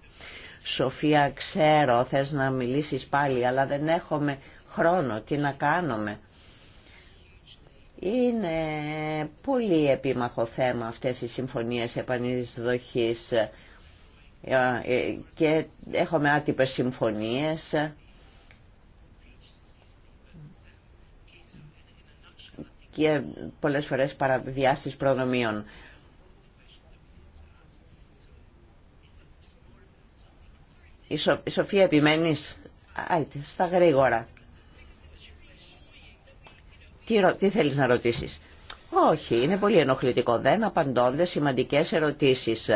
[SPEAKER 3] Σοφία, ξέρω, θες να μιλήσεις πάλι, αλλά δεν έχουμε χρόνο, τι να κάνουμε. Είναι πολύ επίμαχο θέμα αυτές οι συμφωνίες επανεισδοχής ε, ε, και έχουμε άτυπες συμφωνίες και πολλές φορές παραδιάσεις προνομίων. Η, Σοφία επιμένεις, στα γρήγορα. Τι, ρω... τι θέλεις να ρωτήσεις. Όχι, είναι πολύ ενοχλητικό. Δεν απαντώνται σημαντικές ερωτήσεις.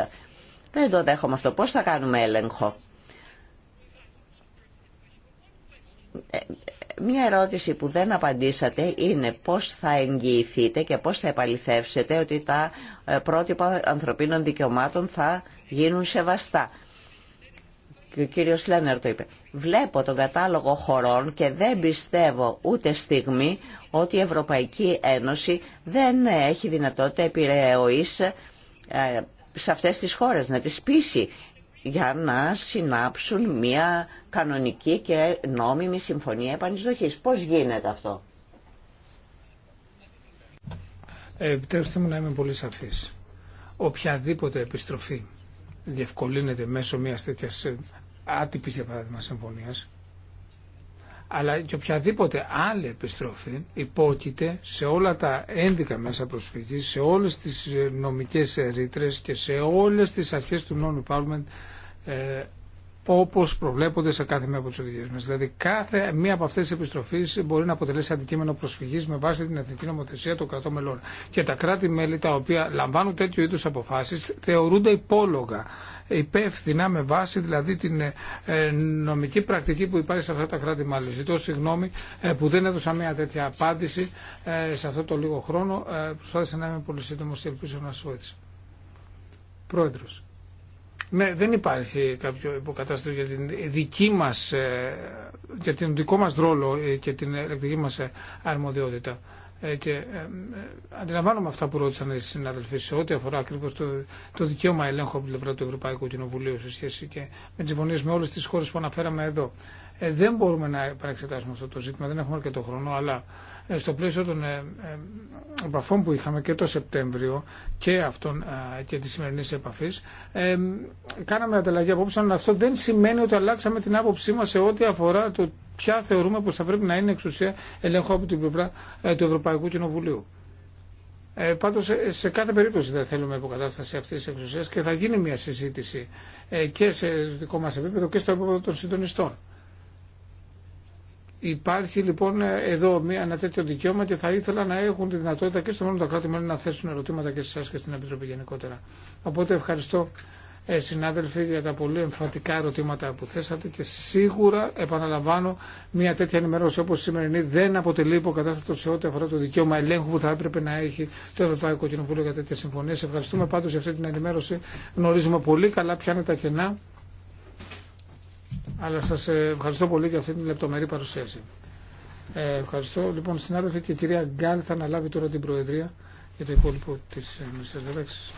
[SPEAKER 3] Δεν το δέχομαι αυτό. Πώς θα κάνουμε έλεγχο. Ε, Μία ερώτηση που δεν απαντήσατε είναι πώς θα εγγυηθείτε και πώς θα επαληθεύσετε ότι τα ε, πρότυπα ανθρωπίνων δικαιωμάτων θα γίνουν σεβαστά. Και ο κύριος Λένερ το είπε. Βλέπω τον κατάλογο χωρών και δεν πιστεύω ούτε στιγμή ότι η Ευρωπαϊκή Ένωση δεν έχει δυνατότητα επιρρεωής ε, σε αυτές τις χώρες, να τις πείσει για να συνάψουν μια κανονική και νόμιμη συμφωνία επανεισδοχής. Πώς γίνεται αυτό.
[SPEAKER 2] Ε, επιτρέψτε μου να είμαι πολύ σαφής. Οποιαδήποτε επιστροφή διευκολύνεται μέσω μιας τέτοιας ε, άτυπης για παράδειγμα συμφωνίας αλλά και οποιαδήποτε άλλη επιστροφή υπόκειται σε όλα τα ένδικα μέσα προσφυγής, σε όλες τις νομικές ρήτρε και σε όλες τις αρχές του non-empowerment ε, όπω προβλέπονται σε κάθε μία από τι οδηγίε μα. Δηλαδή, κάθε μία από αυτέ τι επιστροφέ μπορεί να αποτελέσει αντικείμενο προσφυγή με βάση την εθνική νομοθεσία των κρατών μελών. Και τα κράτη-μέλη τα οποία λαμβάνουν τέτοιου είδου αποφάσει θεωρούνται υπόλογα, υπεύθυνα με βάση δηλαδή την ε, νομική πρακτική που υπάρχει σε αυτά τα κράτη-μέλη. Ζητώ συγγνώμη ε, που δεν έδωσα μία τέτοια απάντηση ε, σε αυτό το λίγο χρόνο. Προσπάθησα να είμαι πολύ σύντομο και ελπίζω να σα βοήθησα. Πρόεδρος. Ναι, δεν υπάρχει κάποιο υποκατάστατο για την δική μας, ε, για τον δικό μας ρόλο ε, και την ελεκτική μας ε, αρμοδιότητα. Και αντιλαμβάνομαι αυτά που ρώτησαν οι συνάδελφοι σε ό,τι αφορά ακριβώ το, το δικαίωμα ελέγχου από την πλευρά του Ευρωπαϊκού Κοινοβουλίου σε σχέση και με τι συμφωνίε με όλε τι χώρε που αναφέραμε εδώ. Ε, δεν μπορούμε να παραξετάσουμε αυτό το ζήτημα, δεν έχουμε αρκετό χρόνο, αλλά ε, στο πλαίσιο των ε, ε, επαφών που είχαμε και το Σεπτέμβριο και, αυτών, και τη σημερινή επαφή, κάναμε ανταλλαγή απόψεων, αυτό δεν σημαίνει ότι αλλάξαμε την άποψή μας σε ό,τι αφορά το ποια θεωρούμε πως θα πρέπει να είναι εξουσία ελέγχου από την πλευρά του Ευρωπαϊκού Κοινοβουλίου. Ε, πάντως σε κάθε περίπτωση δεν θέλουμε υποκατάσταση αυτής της εξουσίας και θα γίνει μια συζήτηση ε, και σε δικό μας επίπεδο και στο επίπεδο των συντονιστών. Υπάρχει λοιπόν εδώ μια, ένα τέτοιο δικαίωμα και θα ήθελα να έχουν τη δυνατότητα και στο μέλλον τα κράτη-μέλη να θέσουν ερωτήματα και σε εσά και στην Επιτροπή γενικότερα. Οπότε ευχαριστώ ε, συνάδελφοι για τα πολύ εμφαντικά ερωτήματα που θέσατε και σίγουρα επαναλαμβάνω μια τέτοια ενημερώση όπως η σημερινή δεν αποτελεί υποκατάστατο σε ό,τι αφορά το δικαίωμα ελέγχου που θα έπρεπε να έχει το Ευρωπαϊκό Κοινοβούλιο για τέτοιες συμφωνίες. Ευχαριστούμε πάντως για αυτή την ενημέρωση. Γνωρίζουμε πολύ καλά ποια είναι τα κενά αλλά σας ε, ευχαριστώ πολύ για αυτή την λεπτομερή παρουσίαση. Ε, ευχαριστώ. Λοιπόν, συνάδελφοι και η κυρία Γκάλ θα αναλάβει τώρα την Προεδρία για το υπόλοιπο της ε, Μεσσίας Δεδέξης.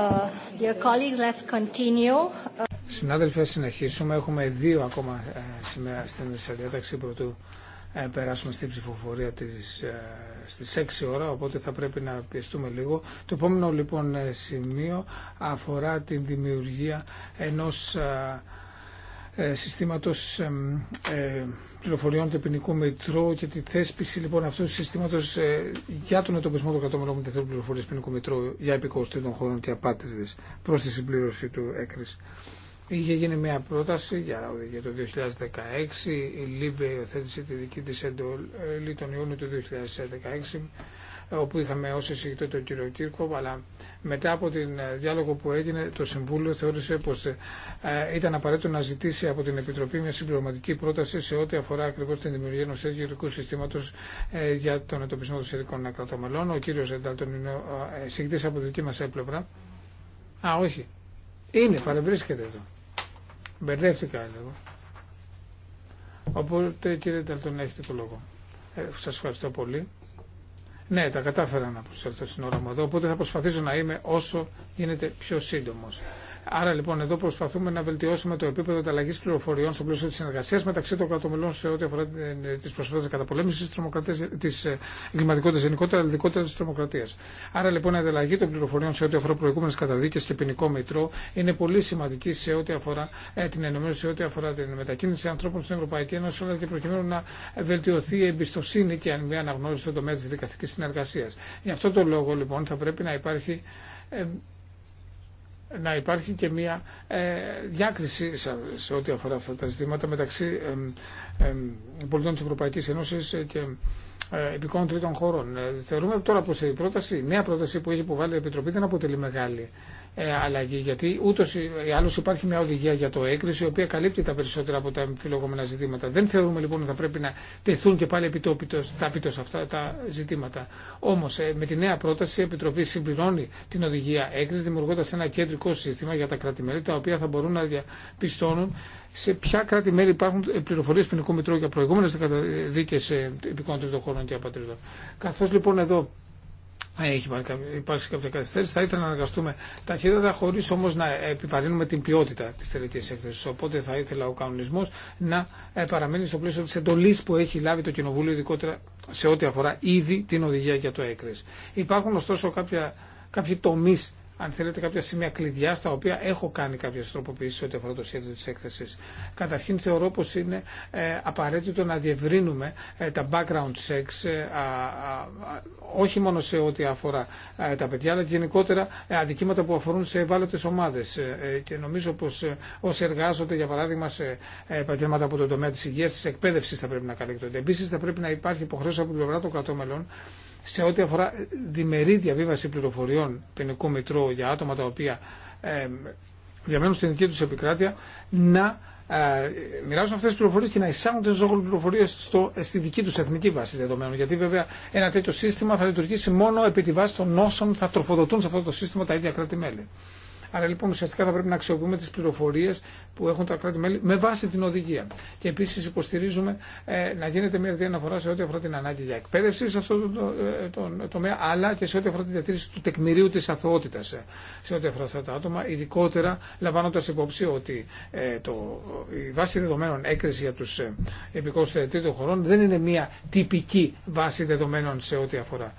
[SPEAKER 5] Uh, dear
[SPEAKER 4] colleagues, uh,
[SPEAKER 2] συνεχίσουμε. Έχουμε δύο ακόμα ε, σήμερα στην διάταξη πρωτού ε, περάσουμε στην ψηφοφορία της, ε, στις 6 ώρα, οπότε θα πρέπει να πιεστούμε λίγο. Το επόμενο λοιπόν σημείο αφορά την δημιουργία ενός ε, συστήματος ε, πληροφοριών του ποινικού μητρώου και τη θέσπιση λοιπόν αυτού του συστήματος ε, για τον εντοπισμό των κρατών με τεθέρων πληροφορίες ποινικού μητρώου για επικοστή των χωρών και απάτηδε προς τη συμπλήρωση του έκρης. Είχε γίνει μια πρόταση για, για το 2016, η ΛΥΒΕ υιοθέτησε τη δική της εντολή τον Ιούνιο του 2016 όπου είχαμε ως εισηγητή τον κύριο Κύρκο, αλλά μετά από την ε, διάλογο που έγινε το Συμβούλιο θεώρησε πως ε, ήταν απαραίτητο να ζητήσει από την Επιτροπή μια συμπληρωματική πρόταση σε ό,τι αφορά ακριβώς την δημιουργία ενός τέτοιου ειδικού συστήματος ε, για τον εντοπισμό των σχετικών κρατομελών. Ο κύριος Εντάλτον είναι ο εισηγητής από δική μας έπλευρα. Α, όχι. Είναι, παρευρίσκεται εδώ. Μπερδεύτηκα λίγο. Οπότε κύριε Ταλτον, έχετε το λόγο. Ε, σας ευχαριστώ πολύ. Ναι, τα κατάφερα να προσέλθω στην ώρα μου εδώ, οπότε θα προσπαθήσω να είμαι όσο γίνεται πιο σύντομος. Άρα λοιπόν εδώ προσπαθούμε να βελτιώσουμε το επίπεδο ανταλλαγή πληροφοριών στο πλαίσιο τη συνεργασία μεταξύ των κρατομελών σε ό,τι αφορά ε, τι προσπάθειε καταπολέμηση τη ε, εγκληματικότητα γενικότερα, αλλά ειδικότερα τη τρομοκρατία. Άρα λοιπόν η ανταλλαγή των πληροφοριών σε ό,τι αφορά προηγούμενε καταδίκε και ποινικό μητρό είναι πολύ σημαντική σε ό,τι αφορά ε, την ενημέρωση, σε ό,τι αφορά την μετακίνηση ανθρώπων στην Ευρωπαϊκή Ένωση, αλλά και προκειμένου να βελτιωθεί η εμπιστοσύνη και η αναγνώριση στον τομέα τη δικαστική συνεργασία. Γι' αυτό το λόγο λοιπόν θα πρέπει να υπάρχει να υπάρχει και μια ε, διάκριση σε ό,τι αφορά αυτά τα ζητήματα μεταξύ πολιτών της Ευρωπαϊκής Ένωσης και επικών τρίτων χωρών. Ε, θεωρούμε τώρα πως η πρόταση, η νέα πρόταση που έχει υποβάλει η Επιτροπή δεν αποτελεί μεγάλη ε, αλλαγή. Γιατί ούτω ή άλλω υπάρχει μια οδηγία για το έκριση η οποία καλύπτει τα περισσότερα από τα εμφυλογόμενα ζητήματα. Δεν θεωρούμε λοιπόν ότι θα πρέπει να τεθούν και πάλι επιτόπιτο αυτά τα ζητήματα. Όμω ε, με τη νέα πρόταση η Επιτροπή συμπληρώνει την οδηγία έκρηση, δημιουργώντα ένα κεντρικό σύστημα για τα κρατη τα οποία θα μπορούν να διαπιστώνουν σε ποια κράτη-μέλη υπάρχουν ε, πληροφορίε ποινικού μητρώου για προηγούμενε δίκε επικών τριτοχώρων και απατρίδων. Καθώ λοιπόν εδώ έχει υπάρξει κάποια καθυστέρηση. Θα ήθελα να εργαστούμε ταχύτατα χωρί όμω να επιβαρύνουμε την ποιότητα τη τελική έκθεση. Οπότε θα ήθελα ο κανονισμό να ε, παραμείνει στο πλαίσιο τη εντολή που έχει λάβει το Κοινοβούλιο, ειδικότερα σε ό,τι αφορά ήδη την οδηγία για το έκθεση. Υπάρχουν ωστόσο κάποιοι τομεί αν θέλετε, κάποια σημεία κλειδιά στα οποία έχω κάνει κάποιε τροποποιήσει ό,τι αφορά το σχέδιο τη έκθεση. Καταρχήν, θεωρώ πω είναι ε, απαραίτητο να διευρύνουμε ε, τα background checks, ε, όχι μόνο σε ό,τι αφορά τα παιδιά, αλλά και γενικότερα αδικήματα που αφορούν σε ευάλωτε ομάδε. Και νομίζω πω όσοι εργάζονται, για παράδειγμα, σε επαγγέλματα από τον τομέα τη υγεία, τη εκπαίδευση θα πρέπει να καλύπτονται. Επίση, θα πρέπει να υπάρχει υποχρέωση από την πλευρά των κρατών μελών σε ό,τι αφορά διμερή διαβίβαση πληροφοριών ποινικού μητρώου για άτομα τα οποία ε, διαμένουν στην δική του επικράτεια, να ε, μοιράζουν αυτέ τι πληροφορίε και να εισάγουν τι πληροφορίες πληροφορίε στη δική του εθνική βάση δεδομένων. Γιατί βέβαια ένα τέτοιο σύστημα θα λειτουργήσει μόνο επί τη βάση των όσων θα τροφοδοτούν σε αυτό το σύστημα τα ίδια κράτη-μέλη. Άρα λοιπόν ουσιαστικά θα πρέπει να αξιοποιούμε τι πληροφορίε που έχουν τα κράτη-μέλη με βάση την οδηγία. Και επίση υποστηρίζουμε ε, να γίνεται μια διαναφορά σε ό,τι αφορά την ανάγκη για εκπαίδευση σε αυτό το, το, ε, τομέα, αλλά και σε ό,τι αφορά τη διατήρηση του τεκμηρίου τη αθωότητα ε, σε ό,τι αφορά αυτά τα άτομα, ειδικότερα λαμβάνοντα υπόψη ότι το, η βάση δεδομένων έκρηση για του επικόσου τρίτων χωρών δεν είναι μια τυπική βάση δεδομένων σε ό,τι αφορά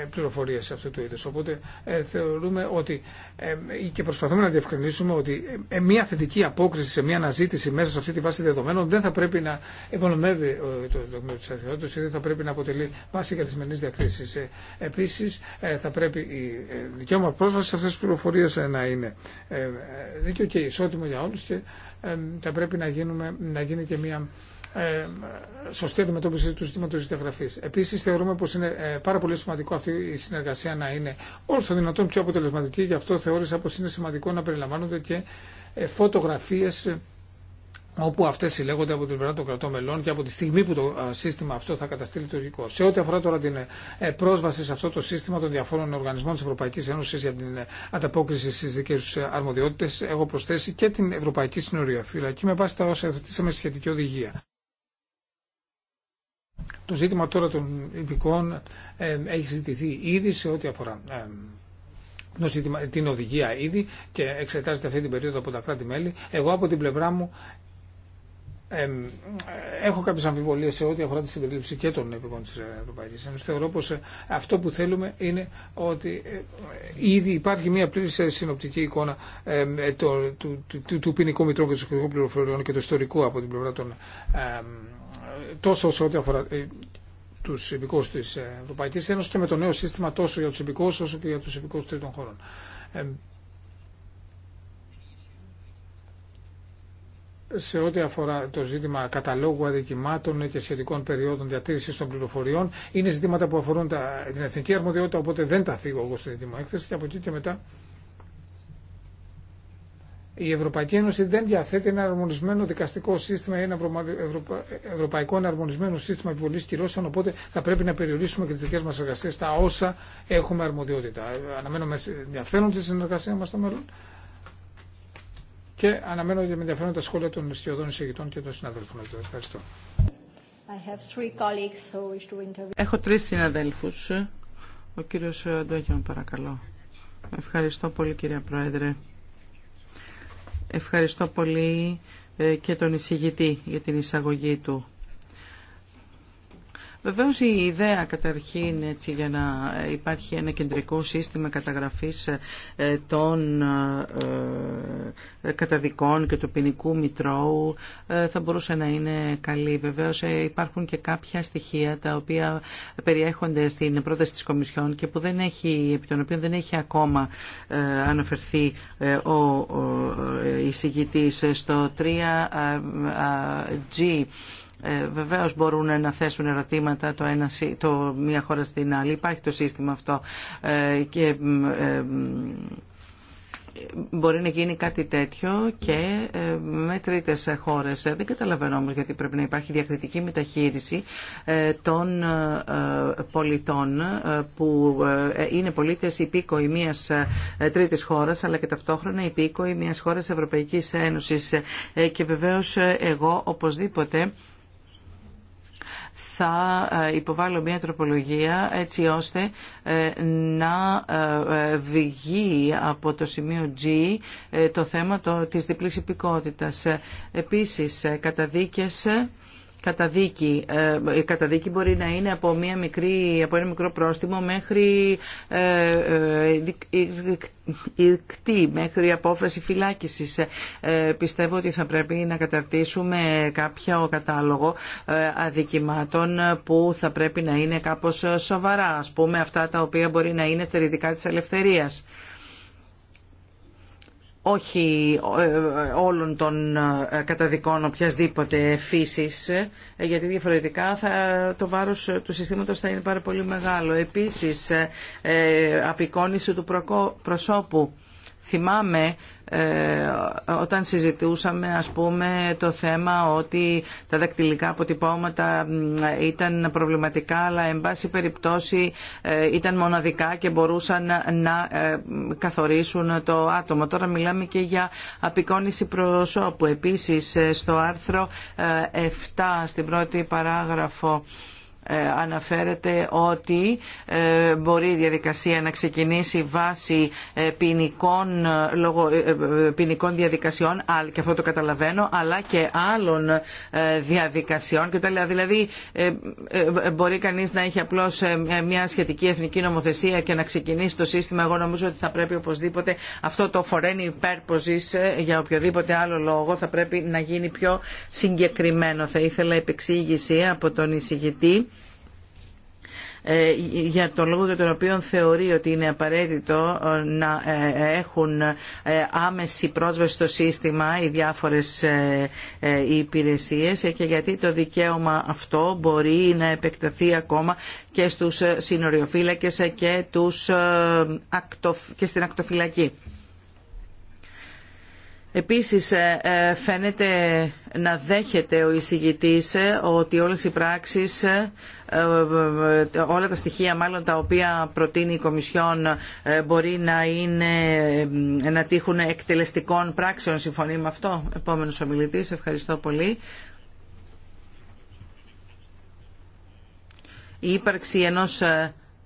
[SPEAKER 2] ε, πληροφορίες αυτού του είδους. Οπότε ε, θεωρούμε ότι ε, και προσπαθούμε να διευκρινίσουμε ότι μια θετική απόκριση σε μια αναζήτηση μέσα σε αυτή τη βάση δεδομένων δεν θα πρέπει να υπονομεύει το δεδομένο της αρχαιότητας ή δεν θα πρέπει να αποτελεί βάση για τις διακρίσεις. Επίσης θα πρέπει η δικαίωμα πρόσβαση σε αυτές τις πληροφορίες να είναι δίκαιο και ισότιμο για όλους και θα πρέπει να, γίνουμε, να γίνει και μια ε, σωστή αντιμετώπιση του ζητήματο τη διαγραφή. Επίση, θεωρούμε πω είναι ε, πάρα πολύ σημαντικό αυτή η συνεργασία να είναι όσο δυνατόν πιο αποτελεσματική. Γι' αυτό θεώρησα πω είναι σημαντικό να περιλαμβάνονται και ε, φωτογραφίε όπου αυτέ συλλέγονται από την πλευρά των κρατών μελών και από τη στιγμή που το σύστημα αυτό θα καταστεί λειτουργικό. Σε ό,τι αφορά τώρα την πρόσβαση σε αυτό το σύστημα των διαφόρων οργανισμών τη Ευρωπαϊκή Ένωση για την ανταπόκριση στι δικέ του αρμοδιότητε, έχω προσθέσει και την Ευρωπαϊκή Συνοριοφύλακη με βάση τα όσα εθωτήσαμε σχετική οδηγία. Το ζήτημα τώρα των υπηκών έχει συζητηθεί ήδη σε ό,τι αφορά την οδηγία ήδη και εξετάζεται αυτή την περίοδο από τα κράτη-μέλη. Εγώ από την πλευρά μου έχω κάποιε αμφιβολίε σε ό,τι αφορά τη συμπερίληψη και των επικών τη Ευρωπαϊκή Ένωση. Θεωρώ πω ε, αυτό που θέλουμε είναι ότι ε, ήδη υπάρχει μια πλήρη συνοπτική εικόνα του, του, του, του ποινικού μητρώου και του ιστορικού πληροφοριών και του ιστορικού από την πλευρά των τόσο σε ό,τι αφορά ε, του υπηκόου τη Ευρωπαϊκή Ένωση και με το νέο σύστημα τόσο για του υπηκόου όσο και για του υπηκόου τρίτων χωρών. Ε, σε ό,τι αφορά το ζήτημα καταλόγου αδικημάτων και σχετικών περιόδων διατήρηση των πληροφοριών, είναι ζητήματα που αφορούν τα, την εθνική αρμοδιότητα, οπότε δεν τα θίγω εγώ στην έκθεση και από εκεί και μετά η Ευρωπαϊκή Ένωση δεν διαθέτει ένα αρμονισμένο δικαστικό σύστημα ή ένα ευρωπαϊκό αρμονισμένο σύστημα επιβολή κυρώσεων, οπότε θα πρέπει να περιορίσουμε και τι δικέ μα εργασίε στα όσα έχουμε αρμοδιότητα. Αναμένω με ενδιαφέρον τη συνεργασία μα στο μέλλον και αναμένω με ενδιαφέρον τα σχόλια των ισχυωδών εισηγητών και των συναδέλφων. Ευχαριστώ. Έχω τρει
[SPEAKER 1] συναδέλφου Ο κύριο, Ντόγιον παρακαλώ. Ευχαριστώ πολύ κυρία Πρόεδρε. Ευχαριστώ πολύ ε, και τον εισηγητή για την εισαγωγή του. Βεβαίω η ιδέα καταρχήν έτσι, για να υπάρχει ένα κεντρικό σύστημα καταγραφής ε, των ε, καταδικών και του ποινικού μητρώου ε, θα μπορούσε να είναι καλή. Βεβαίως υπάρχουν και κάποια στοιχεία τα οποία περιέχονται στην πρόταση της Κομισιόν και που δεν έχει, επί των οποίων δεν έχει ακόμα αναφερθεί ο εισηγητής στο 3G ε, βεβαίως μπορούν να θέσουν ερωτήματα το ένα, το μία χώρα στην άλλη. Υπάρχει το σύστημα αυτό ε, και ε, μπορεί να γίνει κάτι τέτοιο και ε, με τρίτες χώρες. Δεν καταλαβαίνω όμως γιατί πρέπει να υπάρχει διακριτική μεταχείριση των πολιτών που είναι πολίτες υπήκοοι μιας τρίτης χώρας αλλά και ταυτόχρονα υπήκοοι μιας χώρας Ευρωπαϊκής Ένωσης και βεβαίως εγώ οπωσδήποτε θα ε, υποβάλω μια τροπολογία έτσι ώστε ε, να ε, βγει από το σημείο G το θέμα της διπλής υπηκότητας. Επίσης, καταδίκες καταδίκη. Ε, η καταδίκη μπορεί να είναι από, μια μικρή, από ένα μικρό πρόστιμο μέχρι ηρκτή, ε, ε, μέχρι απόφαση φυλάκισης. Πιστεύω ότι θα πρέπει να καταρτήσουμε κάποιο κατάλογο αδικημάτων που θα πρέπει να είναι κάπως σοβαρά, ας πούμε αυτά τα οποία μπορεί να είναι στερητικά της ελευθερίας όχι ε, όλων των ε, καταδικών οποιασδήποτε φύσης, ε, γιατί διαφορετικά θα, το βάρος του συστήματος θα είναι πάρα πολύ μεγάλο. Επίσης, απεικόνιση του προσώπου Θυμάμαι ε, όταν συζητούσαμε ας πούμε το θέμα ότι τα δακτυλικά αποτυπώματα ήταν προβληματικά αλλά εν πάση περιπτώσει ε, ήταν μοναδικά και μπορούσαν να ε, καθορίσουν το άτομο. Τώρα μιλάμε και για απεικόνιση προσώπου. Επίσης στο άρθρο 7 στην πρώτη παράγραφο ε, αναφέρεται ότι ε, μπορεί η διαδικασία να ξεκινήσει βάσει ε, ποινικών, ποινικών διαδικασιών και αυτό το καταλαβαίνω αλλά και άλλων διαδικασιών και δηλαδή μπορεί κανείς να έχει απλώς μια σχετική εθνική νομοθεσία και να ξεκινήσει το σύστημα εγώ νομίζω ότι θα πρέπει οπωσδήποτε αυτό το φορένει υπέρποζης για οποιοδήποτε άλλο λόγο θα πρέπει να γίνει πιο συγκεκριμένο θα ήθελα επεξήγηση από τον εισηγητή ε, για τον λόγο για τον οποίο θεωρεί ότι είναι απαραίτητο ε, να ε, έχουν άμεση πρόσβαση στο σύστημα οι διάφορες υπηρεσίες και γιατί το δικαίωμα αυτό μπορεί να επεκταθεί ακόμα και στους συνοριοφύλακες και, τους, και στην ακτοφυλακή. Επίσης ε, ε, φαίνεται να δέχεται ο εισηγητής ε, ότι όλες οι πράξεις, όλα τα στοιχεία μάλλον τα οποία προτείνει η Κομισιόν μπορεί να, είναι, να τύχουν εκτελεστικών πράξεων. Συμφωνεί με αυτό. Επόμενος ομιλητής. Ευχαριστώ πολύ. Η ύπαρξη ενός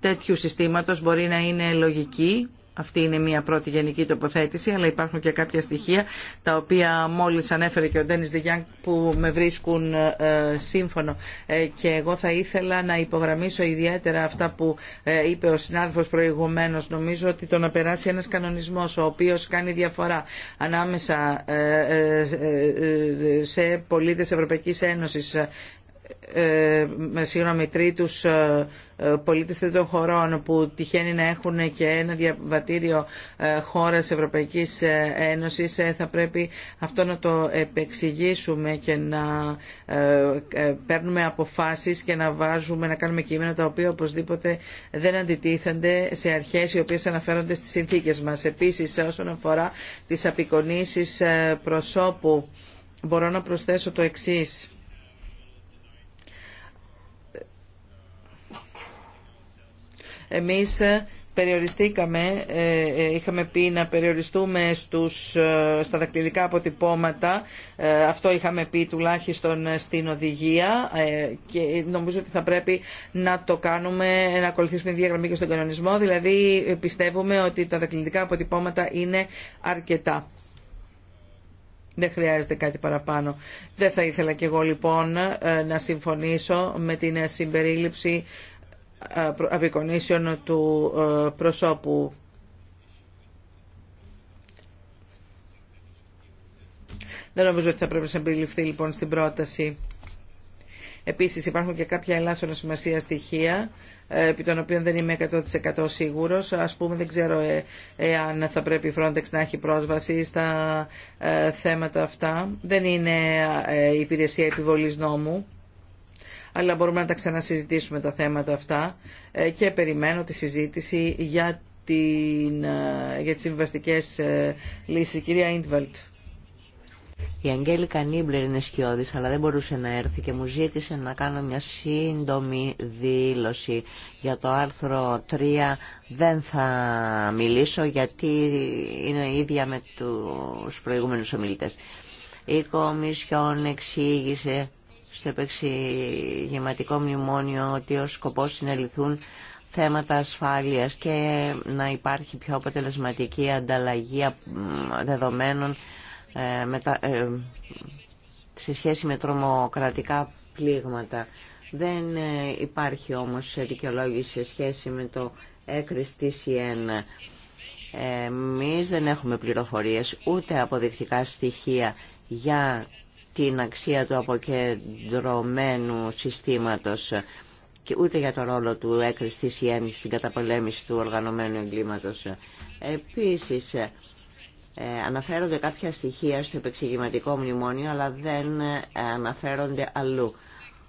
[SPEAKER 1] τέτοιου συστήματος μπορεί να είναι λογική αυτή είναι μια πρώτη γενική τοποθέτηση, αλλά υπάρχουν και κάποια στοιχεία τα οποία μόλις ανέφερε και ο Ντένις Διγιάνγκ που με βρίσκουν ε, σύμφωνο. Ε, και εγώ θα ήθελα να υπογραμμίσω ιδιαίτερα αυτά που ε, είπε ο συνάδελφος προηγουμένως. Νομίζω ότι το να περάσει ένας κανονισμός ο οποίος κάνει διαφορά ανάμεσα σε πολίτες Ευρωπαϊκής Ένωσης ε, συγγνώμη, τρίτους ε, ε, πολίτες τρίτων χωρών που τυχαίνει να έχουν και ένα διαβατήριο ε, χώρας Ευρωπαϊκής Ένωσης θα πρέπει αυτό να το επεξηγήσουμε και να παίρνουμε αποφάσεις και να βάζουμε, να κάνουμε κείμενα τα οποία οπωσδήποτε δεν αντιτίθενται σε αρχές οι οποίες αναφέρονται στις συνθήκες μας. Επίσης όσον αφορά τις απεικονίσεις προσώπου μπορώ να προσθέσω το εξής Εμείς ε, περιοριστήκαμε, ε, ε, είχαμε πει να περιοριστούμε στους, στα δακτυλικά αποτυπώματα, αυτό είχαμε πει τουλάχιστον στην οδηγία και νομίζω ότι θα πρέπει να το κάνουμε, να ακολουθήσουμε διαγραμμή και στον κανονισμό, δηλαδή πιστεύουμε ότι τα δακτυλικά αποτυπώματα είναι αρκετά. Δεν χρειάζεται κάτι παραπάνω. Δεν θα ήθελα κι εγώ λοιπόν να συμφωνήσω με την συμπερίληψη ε, απεικονίσεων του ε, προσώπου. Δεν νομίζω ότι θα πρέπει να συμπεριληφθεί λοιπόν στην πρόταση. Επίσης υπάρχουν και κάποια ελάσσονα σημασία στοιχεία ε, επί των οποίων δεν είμαι 100% σίγουρος. Ας πούμε δεν ξέρω εάν θα πρέπει η Frontex να έχει πρόσβαση στα θέματα αυτά. Δεν είναι υπηρεσία επιβολής νόμου αλλά μπορούμε να τα ξανασυζητήσουμε τα θέματα αυτά ε, και περιμένω τη συζήτηση για, την, ε, για τις συμβαστικές ε, λύσεις.
[SPEAKER 3] Κυρία Ιντβαλτ. Η Αγγέλικα Κανίμπλερ είναι σκιώδης, αλλά δεν μπορούσε να έρθει και μου ζήτησε να κάνω μια σύντομη δήλωση για το άρθρο 3. Δεν θα μιλήσω γιατί είναι ίδια με τους προηγούμενους ομιλητέ Η Κομισιόν εξήγησε στο επεξηγηματικό μνημόνιο ότι ο σκοπό είναι λυθούν θέματα ασφάλειας και να υπάρχει πιο αποτελεσματική ανταλλαγή δεδομένων ε, ε, σε σχέση με τρομοκρατικά πλήγματα. Δεν ε, υπάρχει όμως δικαιολόγηση σε σχέση με το έκρης TCN. Εμείς δεν έχουμε πληροφορίες ούτε αποδεικτικά στοιχεία για την αξία του αποκεντρωμένου συστήματος και ούτε για το ρόλο του έκρηστης ή στην καταπολέμηση του οργανωμένου εγκλήματος. Επίσης, ε, αναφέρονται κάποια στοιχεία στο επεξηγηματικό μνημόνιο, αλλά δεν ε, αναφέρονται αλλού,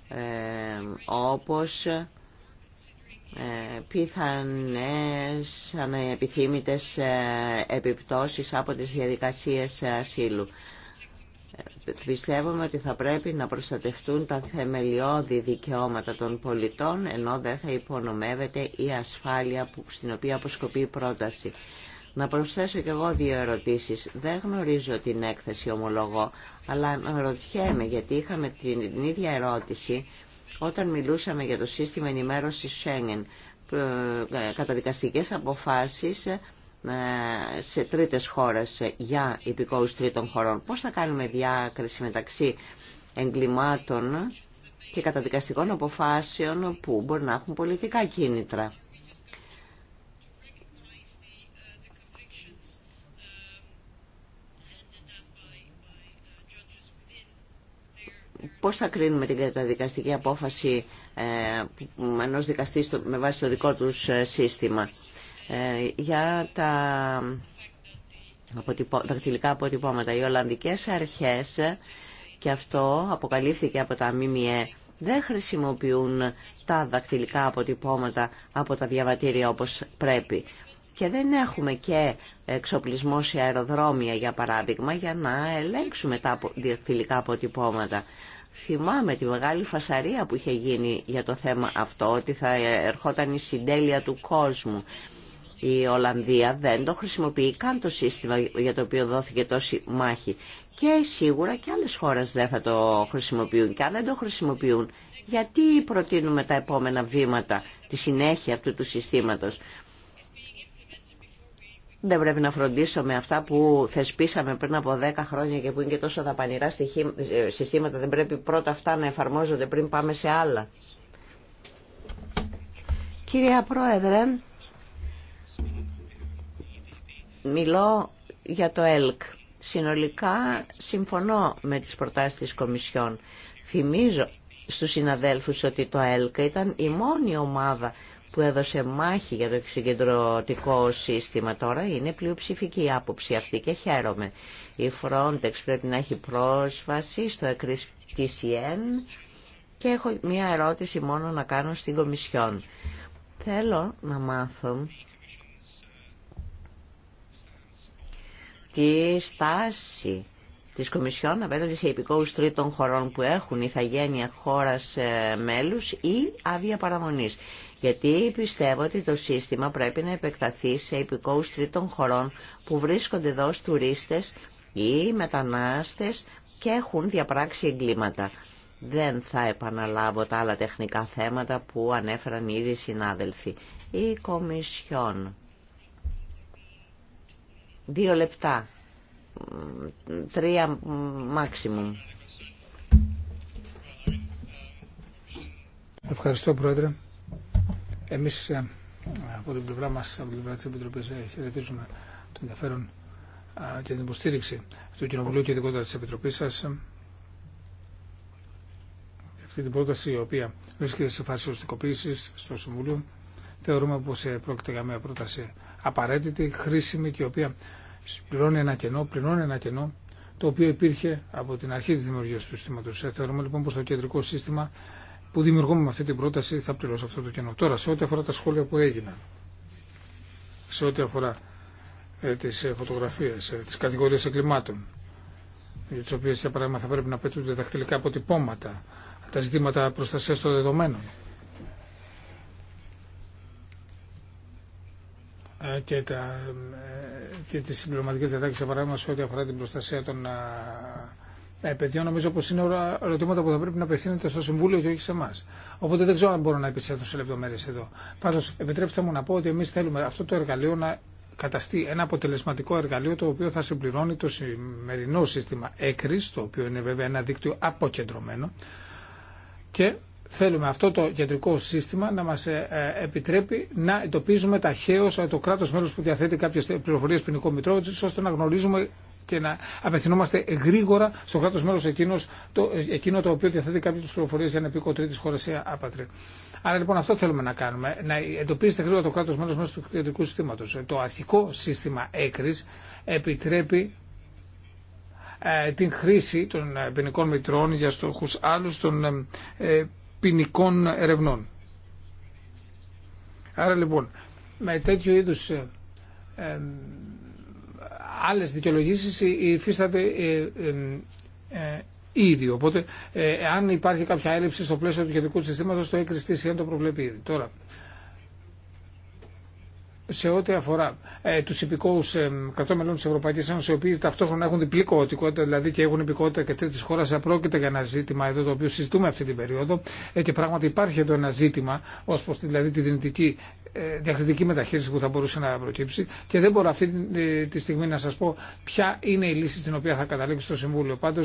[SPEAKER 3] ε, όπως ε, πιθανές ανεπιθύμητες ε, επιπτώσεις από τις διαδικασίες ασύλου πιστεύουμε ότι θα πρέπει να προστατευτούν τα θεμελιώδη δικαιώματα των πολιτών ενώ δεν θα υπονομεύεται η ασφάλεια που, στην οποία αποσκοπεί η πρόταση. Να προσθέσω κι εγώ δύο ερωτήσεις. Δεν γνωρίζω την έκθεση ομολογώ, αλλά ρωτιέμαι γιατί είχαμε την ίδια ερώτηση όταν μιλούσαμε για το σύστημα ενημέρωσης Schengen. Ε, καταδικαστικές αποφάσεις ε, σε τρίτες χώρες για υπηκόους τρίτων χωρών. Πώς θα κάνουμε διάκριση μεταξύ εγκλημάτων και καταδικαστικών αποφάσεων που μπορεί να έχουν πολιτικά κίνητρα. Πώς θα κρίνουμε την καταδικαστική απόφαση ε, ενός δικαστή με βάση το δικό τους ε, σύστημα. Ε, για τα δακτυλικά αποτυπώματα. Οι Ολλανδικές αρχές, και αυτό αποκαλύφθηκε από τα ΜΜΕ, δεν χρησιμοποιούν τα δακτυλικά αποτυπώματα από τα διαβατήρια όπως πρέπει. Και δεν έχουμε και εξοπλισμό σε αεροδρόμια, για παράδειγμα, για να ελέγξουμε τα δακτυλικά αποτυπώματα. Θυμάμαι τη μεγάλη φασαρία που είχε γίνει για το θέμα αυτό, ότι θα ερχόταν η συντέλεια του κόσμου. Η Ολλανδία δεν το χρησιμοποιεί καν το σύστημα για το οποίο δόθηκε τόση μάχη. Και σίγουρα και άλλες χώρες δεν θα το χρησιμοποιούν. Και αν δεν το χρησιμοποιούν, γιατί προτείνουμε τα επόμενα βήματα, τη συνέχεια αυτού του συστήματος. Δεν πρέπει να φροντίσουμε αυτά που θεσπίσαμε πριν από δέκα χρόνια και που είναι και τόσο δαπανηρά συστήματα. Δεν πρέπει πρώτα αυτά να εφαρμόζονται πριν πάμε σε άλλα. Κυρία Πρόεδρε, Μιλώ για το ΕΛΚ. Συνολικά συμφωνώ με τις προτάσεις της Κομισιόν. Θυμίζω στους συναδέλφους ότι το ΕΛΚ ήταν η μόνη ομάδα που έδωσε μάχη για το συγκεντρωτικό σύστημα τώρα είναι πλειοψηφική η άποψη αυτή και χαίρομαι. Η Frontex πρέπει να έχει πρόσβαση στο της και έχω μία ερώτηση μόνο να κάνω στην Κομισιόν. Θέλω να μάθω τη στάση της Κομισιόν απέναντι σε υπηκόους τρίτων χωρών που έχουν ηθαγένεια χώρας ε, μέλους ή άδεια παραμονής. Γιατί πιστεύω ότι το σύστημα πρέπει να επεκταθεί σε υπηκόους τρίτων χωρών που βρίσκονται εδώ ως ή μετανάστες και έχουν διαπράξει εγκλήματα. Δεν θα επαναλάβω τα άλλα τεχνικά θέματα που ανέφεραν ήδη οι συνάδελφοι. Η Κομισιόν Δύο λεπτά. Τρία maximum.
[SPEAKER 2] Ευχαριστώ Πρόεδρε. Εμείς ε, από την πλευρά μας, από την πλευρά της Επιτροπής, ε, χαιρετίζουμε το ενδιαφέρον και την υποστήριξη του Κοινοβουλίου και ειδικότερα της Επιτροπής σας ε, αυτή την πρόταση η οποία βρίσκεται σε φάση οριστικοποίησης στο Συμβούλιο. Θεωρούμε πω πρόκειται για μια πρόταση απαραίτητη, χρήσιμη και η οποία πληρώνει ένα κενό, πληρώνει ένα κενό το οποίο υπήρχε από την αρχή τη δημιουργία του συστήματος. Ε, θεωρούμε λοιπόν πως το κεντρικό σύστημα που δημιουργούμε με αυτή την πρόταση θα πληρώσει αυτό το κενό. Τώρα, σε ό,τι αφορά τα σχόλια που έγιναν, σε ό,τι αφορά ε, τις ε, φωτογραφίες, ε, τις κατηγορίες εγκλημάτων, για τις οποίες, για παράδειγμα, θα πρέπει να πετούνται δαχτυλικά αποτυπώματα, τα ζητήματα προστασία των δεδομένων, και, τα, ε, και τις συμπληρωματικές διατάξεις, παράδειγμα, σε ό,τι αφορά την προστασία των ε, παιδιών, νομίζω πω είναι ερωτήματα που θα πρέπει να απευθύνεται στο Συμβούλιο και όχι σε εμά. Οπότε δεν ξέρω αν μπορώ να επισέλθω σε λεπτομέρειε εδώ. Πάντω, επιτρέψτε μου να πω ότι εμεί θέλουμε αυτό το εργαλείο να καταστεί ένα αποτελεσματικό εργαλείο το οποίο θα συμπληρώνει το σημερινό σύστημα ΕΚΡΙΣ, το οποίο είναι βέβαια ένα δίκτυο αποκεντρωμένο και θέλουμε αυτό το κεντρικό σύστημα να μας ε, ε, επιτρέπει να εντοπίζουμε ταχαίως το κράτος μέλος που διαθέτει κάποιες πληροφορίες ποινικών μητρώου, ώστε να γνωρίζουμε και να απευθυνόμαστε γρήγορα στο κράτο μέλο το, ε, εκείνο το οποίο διαθέτει κάποιε πληροφορίε για πει επίκο τρίτη χώρα σε άπατρη. Άρα λοιπόν αυτό θέλουμε να κάνουμε, να εντοπίσετε γρήγορα το κράτο μέλο μέσω του κεντρικού συστήματο. Το αρχικό σύστημα έκρη επιτρέπει την χρήση των ποινικών μητρών για στόχου άλλου, των ποινικών ερευνών. Άρα λοιπόν, με τέτοιο είδου ε, άλλε δικαιολογήσει υφίσταται ε, ε, ήδη. Οπότε, αν ε, υπάρχει κάποια έλλειψη στο πλαίσιο του κεντρικού συστήματο, το αν το προβλέπει ήδη. Τώρα, σε ό,τι αφορά ε, του υπηκόου ε, τη Ευρωπαϊκή Ένωση, οι οποίοι ταυτόχρονα έχουν διπλή κωδικότητα, δηλαδή και έχουν υπηκότητα και τρίτη χώρα, απρόκειται για ένα ζήτημα εδώ το οποίο συζητούμε αυτή την περίοδο. Ε, και πράγματι υπάρχει εδώ ένα ζήτημα ω προ δηλαδή, τη δυνητική ε, διακριτική μεταχείριση που θα μπορούσε να προκύψει. Και δεν μπορώ αυτή ε, τη στιγμή να σα πω ποια είναι η λύση στην οποία θα καταλήξει το Συμβούλιο. Πάντω,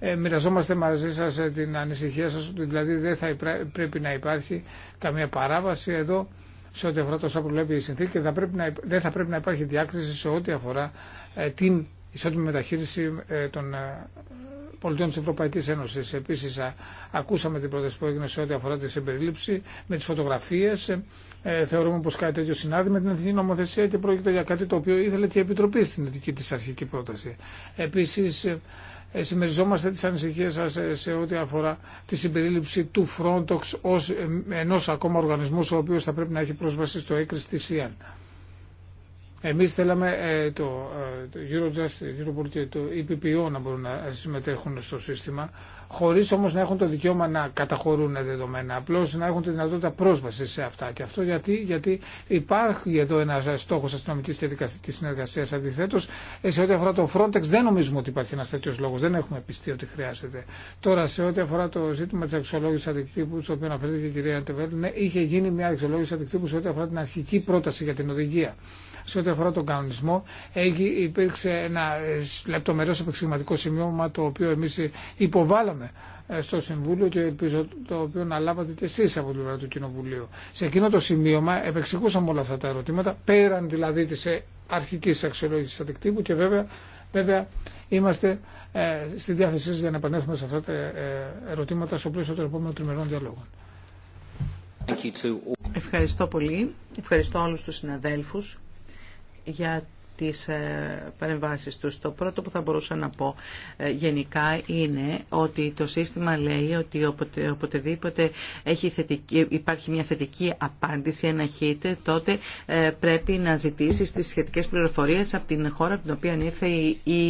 [SPEAKER 2] ε, ε, μοιραζόμαστε μαζί σα ε, την ανησυχία σα ότι δηλαδή δεν θα υπρέ... πρέπει να υπάρχει καμία παράβαση εδώ σε ό,τι αφορά τόσο που βλέπει η συνθήκη και δεν θα πρέπει να υπάρχει διάκριση σε ό,τι αφορά ε, την ισότιμη μεταχείριση ε, των ε, πολιτών της Ευρωπαϊκής Ένωσης. Επίσης, ακούσαμε την πρόταση που έγινε σε ό,τι αφορά τη συμπερίληψη με τις φωτογραφίες. θεωρούμε πως κάτι τέτοιο συνάδει με την εθνική νομοθεσία και πρόκειται για κάτι το οποίο ήθελε και η Επιτροπή στην ειδική της αρχική πρόταση. Επίσης, ε, συμμεριζόμαστε τις ανησυχίες σας ε, σε ό,τι αφορά τη συμπερίληψη του Frontox ως ε, ενός ακόμα οργανισμού ο οποίος θα πρέπει να έχει πρόσβαση στο έκρηση της ΙΑΝ. Εμείς θέλαμε το Eurojust, το το EPPO να μπορούν να συμμετέχουν στο σύστημα, χωρίς όμως να έχουν το δικαίωμα να καταχωρούν δεδομένα, απλώς να έχουν τη δυνατότητα πρόσβασης σε αυτά. Και αυτό γιατί, γιατί υπάρχει εδώ ένας στόχος αστυνομικής και δικαστικής συνεργασίας. Αντιθέτως, σε ό,τι αφορά το Frontex δεν νομίζουμε ότι υπάρχει ένας τέτοιος λόγος. Δεν έχουμε πιστεί ότι χρειάζεται. Τώρα, σε ό,τι αφορά το ζήτημα της αξιολόγησης αντικτύπου, στο οποίο αναφέρθηκε η κυρία Αντεβέλ, ναι, είχε γίνει μια αξιολόγηση αντικτύπου σε ό,τι αφορά την αρχική πρόταση για την οδηγία σε ό,τι αφορά τον κανονισμό υπήρξε ένα ε, λεπτομερές επεξηγηματικό σημείωμα το οποίο εμείς ε, υποβάλαμε ε, στο Συμβούλιο και ελπίζω το οποίο να λάβατε και εσείς από την πλευρά του Κοινοβουλίου. Σε εκείνο το σημείωμα επεξηγούσαμε όλα αυτά τα ερωτήματα, πέραν δηλαδή της αρχικής αξιολόγησης αντικτύπου και βέβαια, βέβαια είμαστε ε, στη διάθεσή σας για να επανέλθουμε σε αυτά τα ερωτήματα στο πλαίσιο των επόμενων τριμερών διαλόγων. Ευχαριστώ πολύ. Ευχαριστώ
[SPEAKER 1] όλους τους συναδέλφους για τις ε, παρεμβάσεις τους. Το πρώτο που θα μπορούσα να πω ε, γενικά είναι ότι το σύστημα λέει ότι οποτε, οποτεδήποτε έχει θετική, υπάρχει μια θετική απάντηση, ένα τότε ε, πρέπει να ζητήσεις τις σχετικές πληροφορίες από την χώρα από την οποία ήρθε η,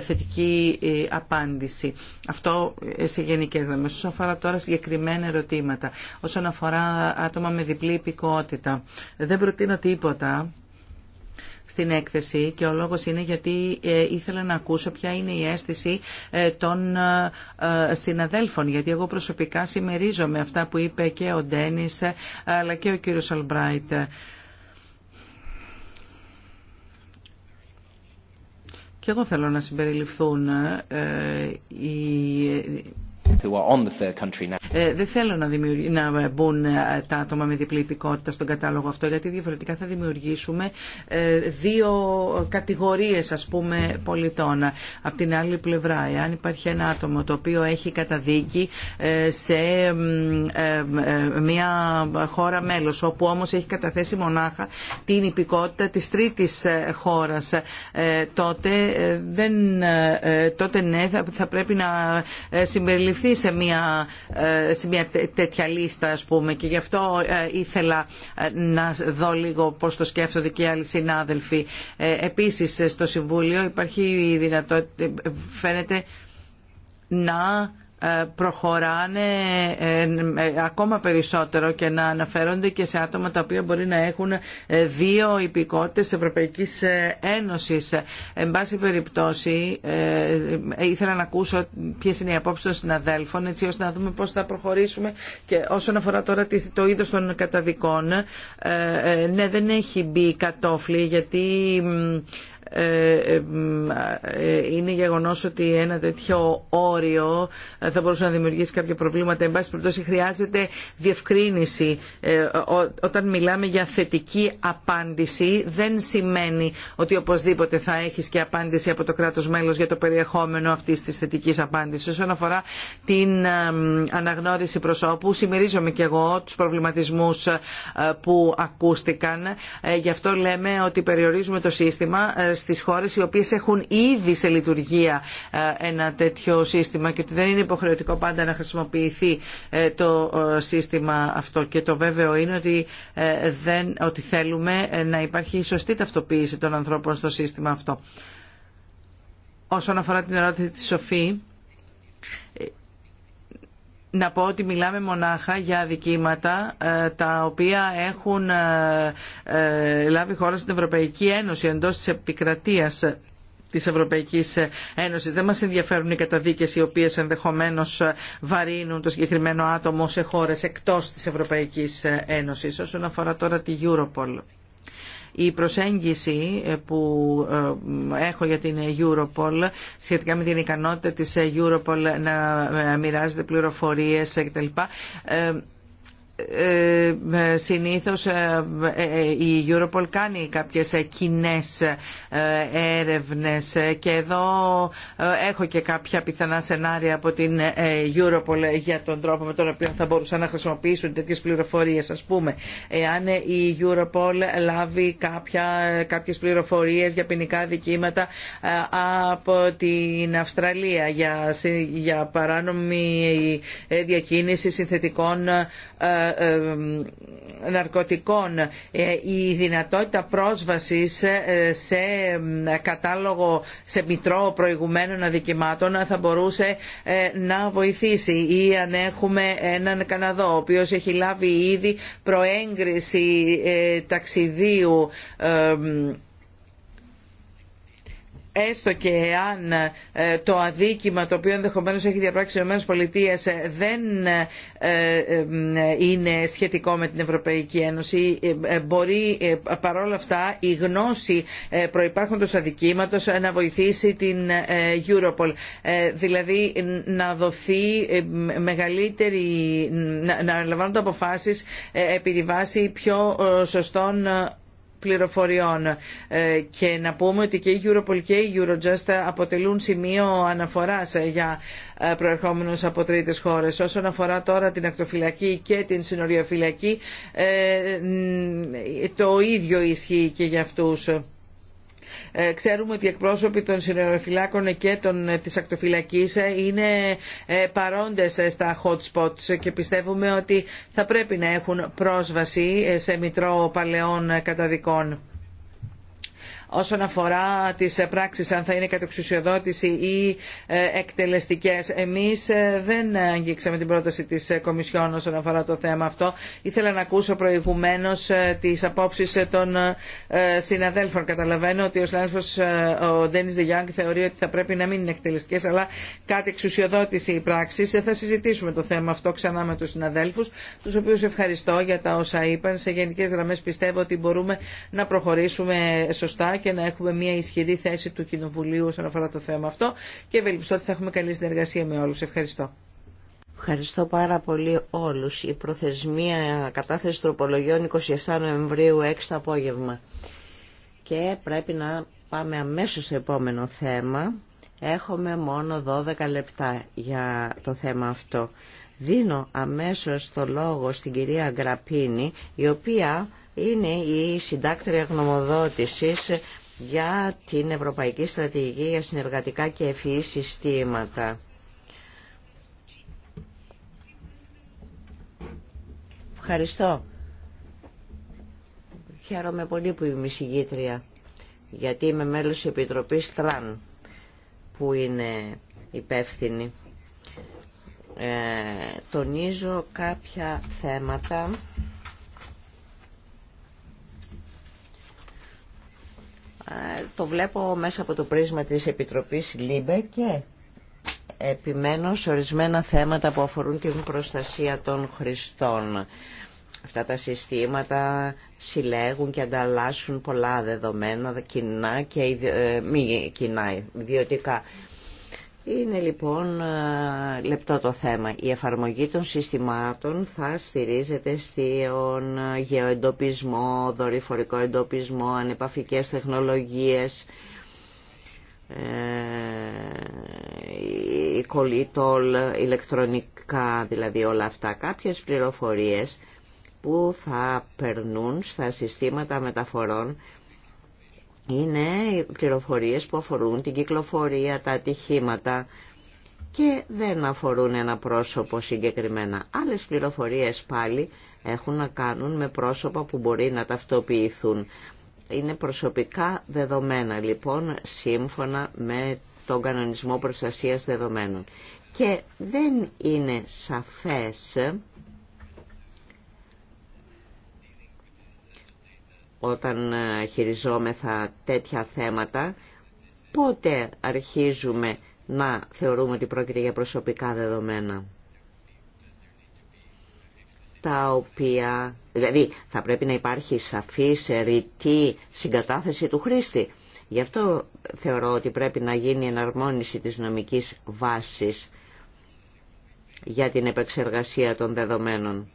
[SPEAKER 1] θετική απάντηση. Αυτό σε γενικές γραμμές. Όσον αφορά τώρα συγκεκριμένα ερωτήματα, όσον αφορά άτομα με διπλή υπηκότητα, δεν προτείνω τίποτα στην έκθεση και ο λόγος είναι γιατί ε, ήθελα να ακούσω ποια είναι η αίσθηση ε, των ε, συναδέλφων γιατί εγώ προσωπικά συμμερίζομαι αυτά που είπε και ο Ντένις αλλά και ο κύριος Αλμπράιτ. Και εγώ θέλω να συμπεριληφθούν οι ε, δεν θέλω να, να μπουν ε, τα άτομα με διπλή υπηκότητα στον κατάλογο αυτό, γιατί διαφορετικά θα δημιουργήσουμε ε, δύο κατηγορίες, ας πούμε, πολιτών. Απ' την άλλη πλευρά, εάν υπάρχει ένα άτομο το οποίο έχει καταδίκη σε μια χώρα μέλος, όπου όμως έχει καταθέσει μονάχα την υπηκότητα της τρίτης χώρας, τότε, δεν, τότε ναι, θα πρέπει να συμπεριληφθεί σε μια, ε, σε μια τέτοια λίστα ας πούμε και γι' αυτό ε, ήθελα ε, να δω λίγο πώς το σκέφτονται και οι άλλοι συνάδελφοι. Επίσης στο Συμβούλιο υπάρχει η δυνατότητα, φαίνεται, να ε, προχωράνε ε, ακόμα περισσότερο και να αναφέρονται και σε άτομα τα οποία μπορεί να έχουν ε, δύο υπηκότητες Ευρωπαϊκής Ένωσης. Εν πάση περιπτώσει, ήθελα να ακούσω ποιες είναι οι απόψεις των συναδέλφων, έτσι ώστε να δούμε πώς θα προχωρήσουμε και όσον αφορά τώρα το είδος των καταδικών, ναι δεν έχει μπει κατόφλι γιατί ε, ε, ε, είναι γεγονός ότι ένα τέτοιο όριο θα μπορούσε να δημιουργήσει κάποια προβλήματα. Εν πάση περιπτώσει χρειάζεται διευκρίνηση. Όταν μιλάμε για θετική απάντηση δεν σημαίνει ότι οπωσδήποτε θα έχεις και απάντηση από το κράτος μέλος για το περιεχόμενο αυτής της θετικής απάντησης. Όσον αφορά την αναγνώριση προσώπου, συμμερίζομαι και εγώ τους προβληματισμούς που ακούστηκαν. Γι' αυτό λέμε ότι περιορίζουμε το σύστημα στις χώρες οι οποίες έχουν ήδη σε λειτουργία ε, ένα τέτοιο σύστημα και ότι δεν είναι υποχρεωτικό πάντα να χρησιμοποιηθεί ε, το ε, σύστημα αυτό. Και το βέβαιο είναι ότι, δεν, ότι θέλουμε να υπάρχει σωστή ταυτοποίηση των ανθρώπων στο σύστημα αυτό. Όσον αφορά την ερώτηση της Σοφή, να πω ότι μιλάμε μονάχα για αδικήματα ε, τα οποία έχουν ε, ε, λάβει χώρα στην Ευρωπαϊκή Ένωση εντός της επικρατείας της Ευρωπαϊκής Ένωσης. Δεν μας ενδιαφέρουν οι καταδίκες οι οποίες ενδεχομένως βαρύνουν το συγκεκριμένο άτομο σε χώρες εκτός της Ευρωπαϊκής Ένωσης. Όσον αφορά τώρα τη Europol. Η προσέγγιση ε, που ε, έχω για την Europol σχετικά με την ικανότητα της Europol να ε, μοιράζεται πληροφορίες κτλ ε, ε, συνήθως ε, η Europol κάνει κάποιες κοινέ έρευνες και εδώ έχω και κάποια πιθανά σενάρια από την Europol για τον τρόπο με τον οποίο θα μπορούσαν να χρησιμοποιήσουν τέτοιες πληροφορίες ας πούμε εάν η Europol λάβει κάποια, κάποιες πληροφορίες για ποινικά δικήματα από την Αυστραλία για, για παράνομη διακίνηση συνθετικών ε, ε, ναρκωτικών ε, η δυνατότητα πρόσβασης σε κατάλογο σε μητρό προηγουμένων αδικημάτων θα μπορούσε να βοηθήσει ή αν έχουμε έναν Καναδό ο οποίος έχει λάβει ήδη προέγκριση ταξιδίου έστω και εάν ε, το αδίκημα το οποίο ενδεχομένως έχει διαπράξει οι ΗΠΑ δεν ε, ε, είναι σχετικό με την Ευρωπαϊκή Ένωση μπορεί παρόλα αυτά η γνώση προϋπάρχοντος αδικήματος να βοηθήσει την Europol δηλαδή να δοθεί μεγαλύτερη να λαμβάνονται αποφάσεις επί τη βάση πιο σωστών πληροφοριών ε, και να πούμε ότι και η Europol και η Eurojust αποτελούν σημείο αναφοράς ε, για ε, προερχόμενους από τρίτες χώρες. Όσον αφορά τώρα την ακτοφυλακή και την συνοριοφυλακή, το ίδιο ισχύει και για αυτούς. Ε, ξέρουμε ότι οι εκπρόσωποι των και των, ε, της ακτοφυλακής ε, είναι παρόντες στα hot spots και πιστεύουμε ότι θα πρέπει να έχουν πρόσβαση σε μητρό παλαιών καταδικών όσον αφορά τις πράξεις αν θα είναι κατεξουσιοδότηση ή ε, εκτελεστικές. Εμείς ε, δεν αγγίξαμε την πρόταση της ε, Κομισιόν όσον αφορά το θέμα αυτό. Ήθελα να ακούσω προηγουμένως τις απόψεις των συναδέλφων. Καταλαβαίνω ότι ο συνάδελφο ο Ντένις Δεγιάνγκ θεωρεί ότι θα πρέπει να μην είναι εκτελεστικές αλλά κατεξουσιοδότηση εξουσιοδότηση οι πράξεις. Θα συζητήσουμε το θέμα αυτό ξανά με τους συναδέλφους τους οποίους ευχαριστώ για τα όσα είπαν. Σε γενικές γραμμές πιστεύω ότι μπορούμε να προχωρήσουμε σωστά και να έχουμε μια ισχυρή θέση του Κοινοβουλίου όσον αφορά το θέμα αυτό και ευελπιστώ ότι θα έχουμε καλή συνεργασία με όλους. Ευχαριστώ. Ευχαριστώ
[SPEAKER 3] πάρα πολύ όλους. Η προθεσμία κατάθεση τροπολογιών 27 Νοεμβρίου 6 το απόγευμα. Και πρέπει να πάμε αμέσως στο επόμενο θέμα. Έχουμε μόνο 12 λεπτά για το θέμα αυτό. Δίνω αμέσως το λόγο στην κυρία Γκραπίνη, η οποία είναι η συντάκτρια γνωμοδότησης για την Ευρωπαϊκή Στρατηγική για Συνεργατικά και Ευφυή Συστήματα. Ευχαριστώ. Χαίρομαι πολύ που είμαι συγγήτρια, γιατί είμαι μέλος της Επιτροπής ΤΡΑΝ, που είναι υπεύθυνη. Ε, τονίζω κάποια θέματα Ε, το βλέπω μέσα από το πρίσμα της Επιτροπής ΛΥΜΠΕ και επιμένω σε ορισμένα θέματα που αφορούν την προστασία των χρηστών. Αυτά τα συστήματα συλλέγουν και ανταλλάσσουν πολλά δεδομένα κοινά και ε, μη κοινά, ιδιωτικά. Είναι λοιπόν ε, λεπτό το θέμα. Η εφαρμογή των συστημάτων θα στηρίζεται στον γεωεντοπισμό, δορυφορικό εντοπισμό, ανεπαφικές τεχνολογίες, ε, η κολλήτολ, ηλεκτρονικά δηλαδή όλα αυτά. Κάποιες πληροφορίες που θα περνούν στα συστήματα μεταφορών είναι οι πληροφορίες που αφορούν την κυκλοφορία, τα ατυχήματα και δεν αφορούν ένα πρόσωπο συγκεκριμένα. Άλλες πληροφορίες πάλι έχουν να κάνουν με πρόσωπα που μπορεί να ταυτοποιηθούν. Είναι προσωπικά δεδομένα λοιπόν σύμφωνα με τον κανονισμό προστασίας δεδομένων. Και δεν είναι σαφές όταν ε, χειριζόμεθα τέτοια θέματα, πότε αρχίζουμε να θεωρούμε ότι πρόκειται για προσωπικά δεδομένα. Τα οποία, δηλαδή θα πρέπει να υπάρχει σαφής, ρητή συγκατάθεση του χρήστη. Γι' αυτό θεωρώ ότι πρέπει να γίνει εναρμόνιση της νομικής βάσης για την επεξεργασία των δεδομένων,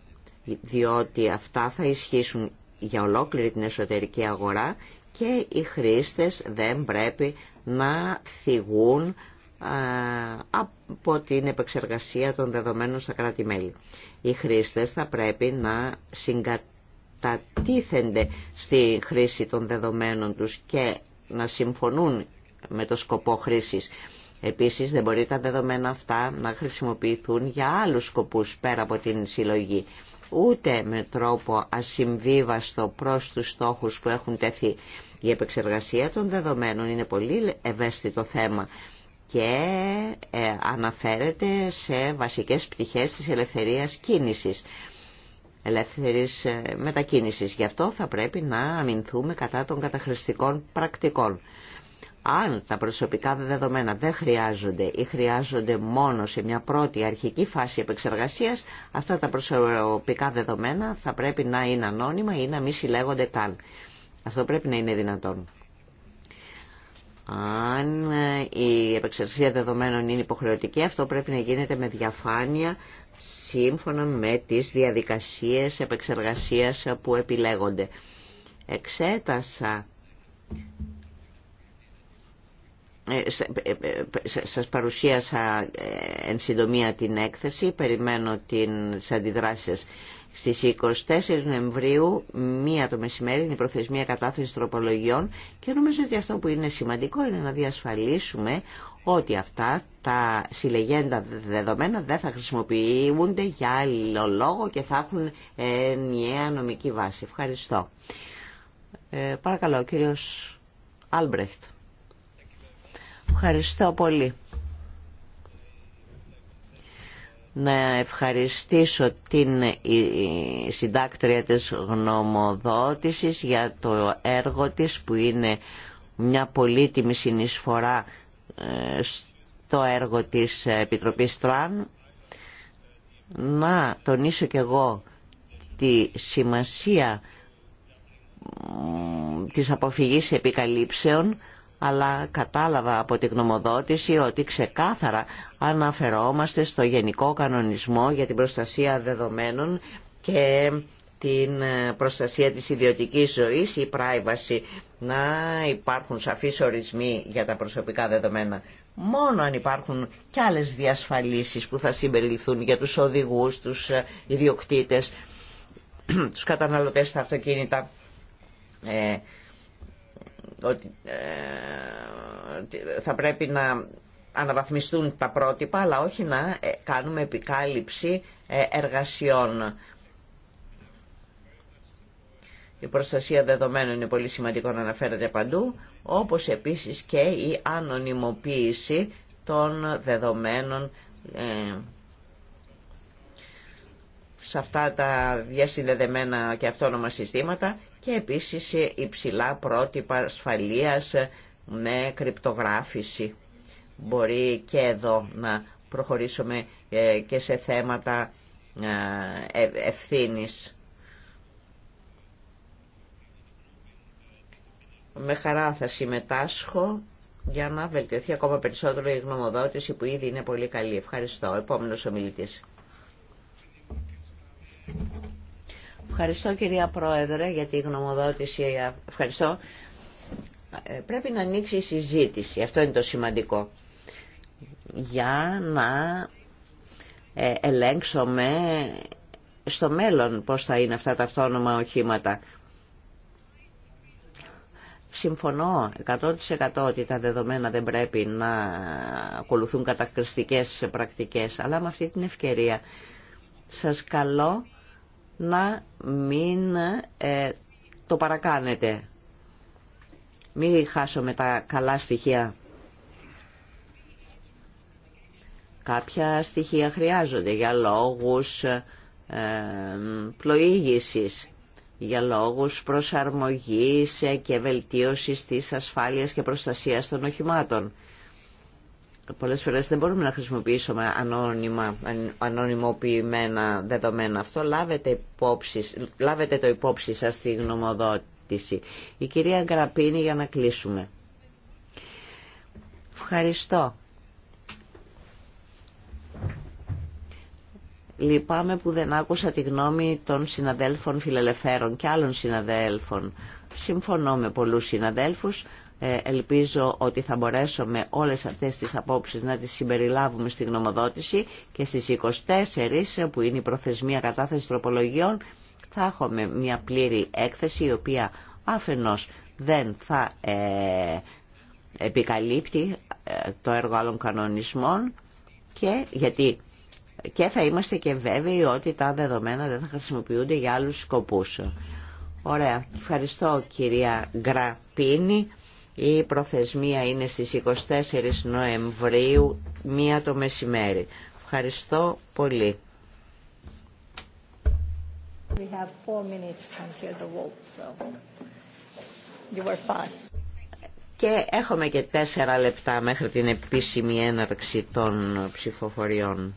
[SPEAKER 3] διότι αυτά θα ισχύσουν για ολόκληρη την εσωτερική αγορά και οι χρήστες δεν πρέπει να θυγούν από την επεξεργασία των δεδομένων στα κράτη-μέλη. Οι χρήστες θα πρέπει να συγκατατίθενται στη χρήση των δεδομένων τους και να συμφωνούν με το σκοπό χρήσης. Επίσης δεν μπορεί τα δεδομένα αυτά να χρησιμοποιηθούν για άλλους σκοπούς πέρα από την συλλογή ούτε με τρόπο ασυμβίβαστο προς τους στόχους που έχουν τεθεί. Η επεξεργασία των δεδομένων είναι πολύ ευαίσθητο θέμα και ε, αναφέρεται σε βασικές πτυχές της ελευθερίας κίνησης ελεύθερης ε, μετακίνησης. Γι' αυτό θα πρέπει να αμυνθούμε κατά των καταχρηστικών πρακτικών. Αν τα προσωπικά δεδομένα δεν χρειάζονται ή χρειάζονται μόνο σε μια πρώτη αρχική φάση επεξεργασίας, αυτά τα προσωπικά δεδομένα θα πρέπει να είναι ανώνυμα ή να μην συλλέγονται καν. Αυτό πρέπει να είναι δυνατόν. Αν ε, η επεξεργασία δεδομένων είναι υποχρεωτική, αυτό πρέπει να γίνεται με διαφάνεια σύμφωνα με τις διαδικασίες επεξεργασίας που επιλέγονται. Εξέτασα ε, ε, ε, σας παρουσίασα εν συντομία την έκθεση περιμένω την αντιδράσεις στις 24 Νοεμβρίου μία το μεσημέρι είναι η προθεσμία κατάθεση τροπολογιών και νομίζω ότι αυτό που είναι σημαντικό είναι να διασφαλίσουμε ότι αυτά τα συλλεγέντα δεδομένα δεν θα χρησιμοποιούνται για άλλο λόγο και θα έχουν ενιαία νομική βάση. Ευχαριστώ. παρακαλώ, κύριος Άλμπρεχτ. Ευχαριστώ πολύ. Να ευχαριστήσω την συντάκτρια της γνωμοδότησης για το έργο της που είναι μια πολύτιμη συνεισφορά ε, στο έργο της Επιτροπής Τραν. Να τονίσω και εγώ τη σημασία της αποφυγής επικαλύψεων αλλά κατάλαβα από την γνωμοδότηση ότι ξεκάθαρα αναφερόμαστε στο Γενικό Κανονισμό για την Προστασία Δεδομένων και την ε, προστασία της ιδιωτικής ζωής ή privacy να υπάρχουν σαφείς ορισμοί για τα προσωπικά δεδομένα μόνο αν υπάρχουν και άλλες διασφαλίσεις που θα συμπεριληφθούν για τους οδηγούς, τους ε, ιδιοκτήτες, τους καταναλωτές στα αυτοκίνητα. Ε, ε, ότι θα πρέπει να αναβαθμιστούν τα πρότυπα, αλλά όχι να ε, κάνουμε επικάλυψη ε, εργασιών. Η προστασία δεδομένων είναι πολύ σημαντικό να αναφέρεται παντού, όπως επίσης και η ανωνυμοποίηση των δεδομένων σε αυτά τα διασυνδεδεμένα και αυτόνομα συστήματα και επίσης ε, υψηλά πρότυπα ασφαλείας ε, με κρυπτογράφηση. Μπορεί και εδώ να προχωρήσουμε ε, και σε θέματα ευθύνης. Με χαρά θα συμμετάσχω για να βελτιωθεί ακόμα περισσότερο η γνωμοδότηση που ήδη είναι πολύ καλή. Ευχαριστώ. Επόμενος ομιλητής. Ευχαριστώ κυρία Πρόεδρε για τη γνωμοδότηση. Ευχαριστώ. Ε, πρέπει να ανοίξει η συζήτηση. Αυτό είναι το σημαντικό. Για να ε, ελέγξουμε στο μέλλον πώς θα είναι αυτά τα αυτόνομα οχήματα. Συμφωνώ 100% ότι τα δεδομένα δεν πρέπει να ακολουθούν κατακριστικές πρακτικές, αλλά με αυτή την ευκαιρία σας καλώ να μην ε, το παρακάνετε. Μην με τα καλά στοιχεία. Κάποια στοιχεία χρειάζονται για λόγους ε, πλοήγησης, για λόγους προσαρμογής ε, και βελτίωσης της ασφάλειας και προστασίας των οχημάτων πολλές φορές δεν μπορούμε να χρησιμοποιήσουμε ανώνυμα, ανώνυμοποιημένα δεδομένα. Αυτό λάβετε, υπόψη, λάβετε το υπόψη σας στη γνωμοδότηση. Η κυρία Γκραπίνη για να κλείσουμε. Ευχαριστώ. Λυπάμαι που δεν άκουσα τη γνώμη των συναδέλφων φιλελευθέρων και άλλων συναδέλφων. Συμφωνώ με πολλούς συναδέλφους ε, ελπίζω ότι θα μπορέσουμε όλες αυτές τις απόψεις να τις συμπεριλάβουμε στη γνωμοδότηση και στις 24 που είναι η προθεσμία κατάθεση τροπολογιών θα έχουμε μια πλήρη έκθεση η οποία αφενός δεν θα ε, επικαλύπτει ε, το έργο άλλων κανονισμών και γιατί και θα είμαστε και βέβαιοι ότι τα δεδομένα δεν θα χρησιμοποιούνται για άλλους σκοπούς. Ωραία. Ευχαριστώ κυρία Γκραπίνη. Η προθεσμία είναι στις 24 Νοεμβρίου, μία το μεσημέρι. Ευχαριστώ πολύ. Και έχουμε και τέσσερα λεπτά μέχρι την επίσημη έναρξη των ψηφοφοριών.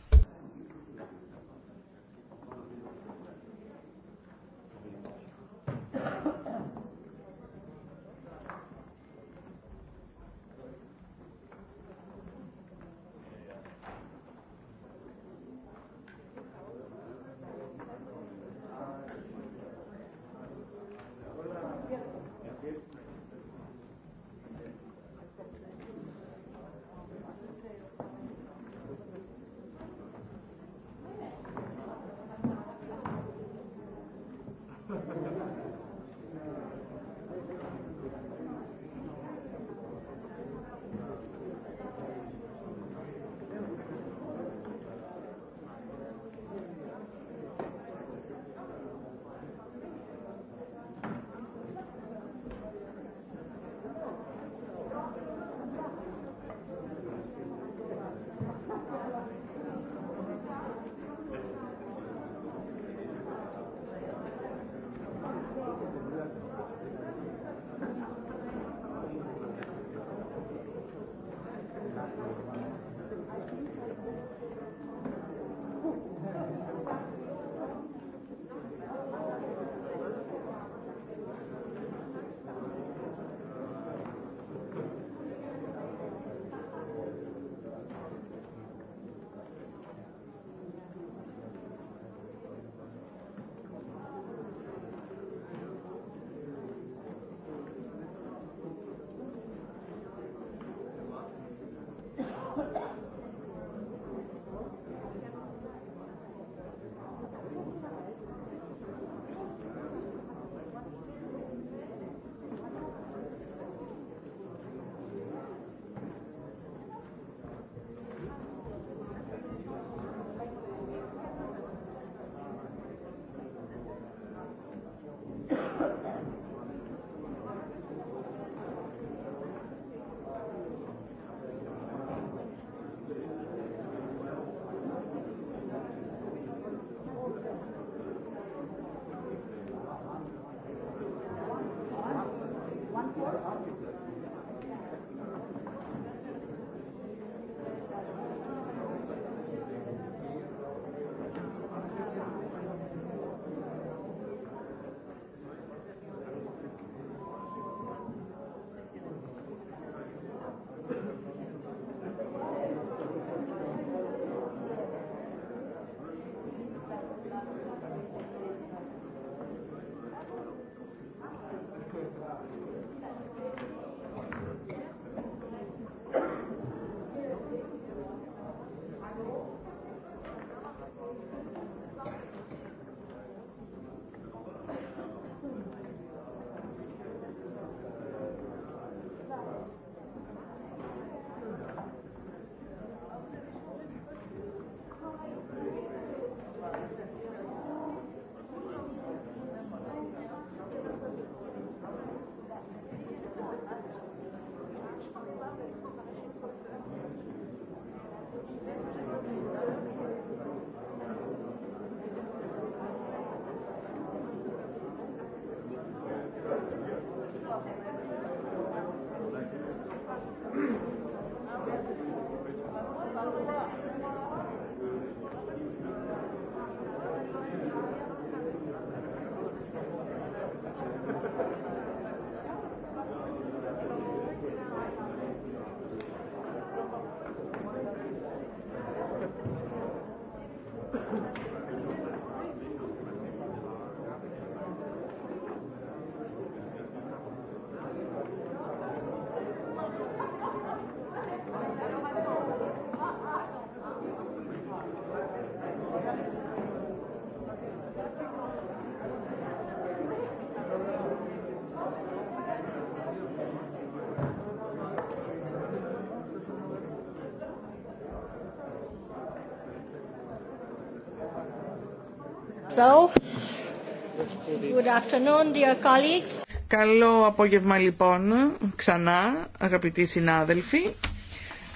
[SPEAKER 1] Καλό απόγευμα λοιπόν ξανά αγαπητοί συνάδελφοι.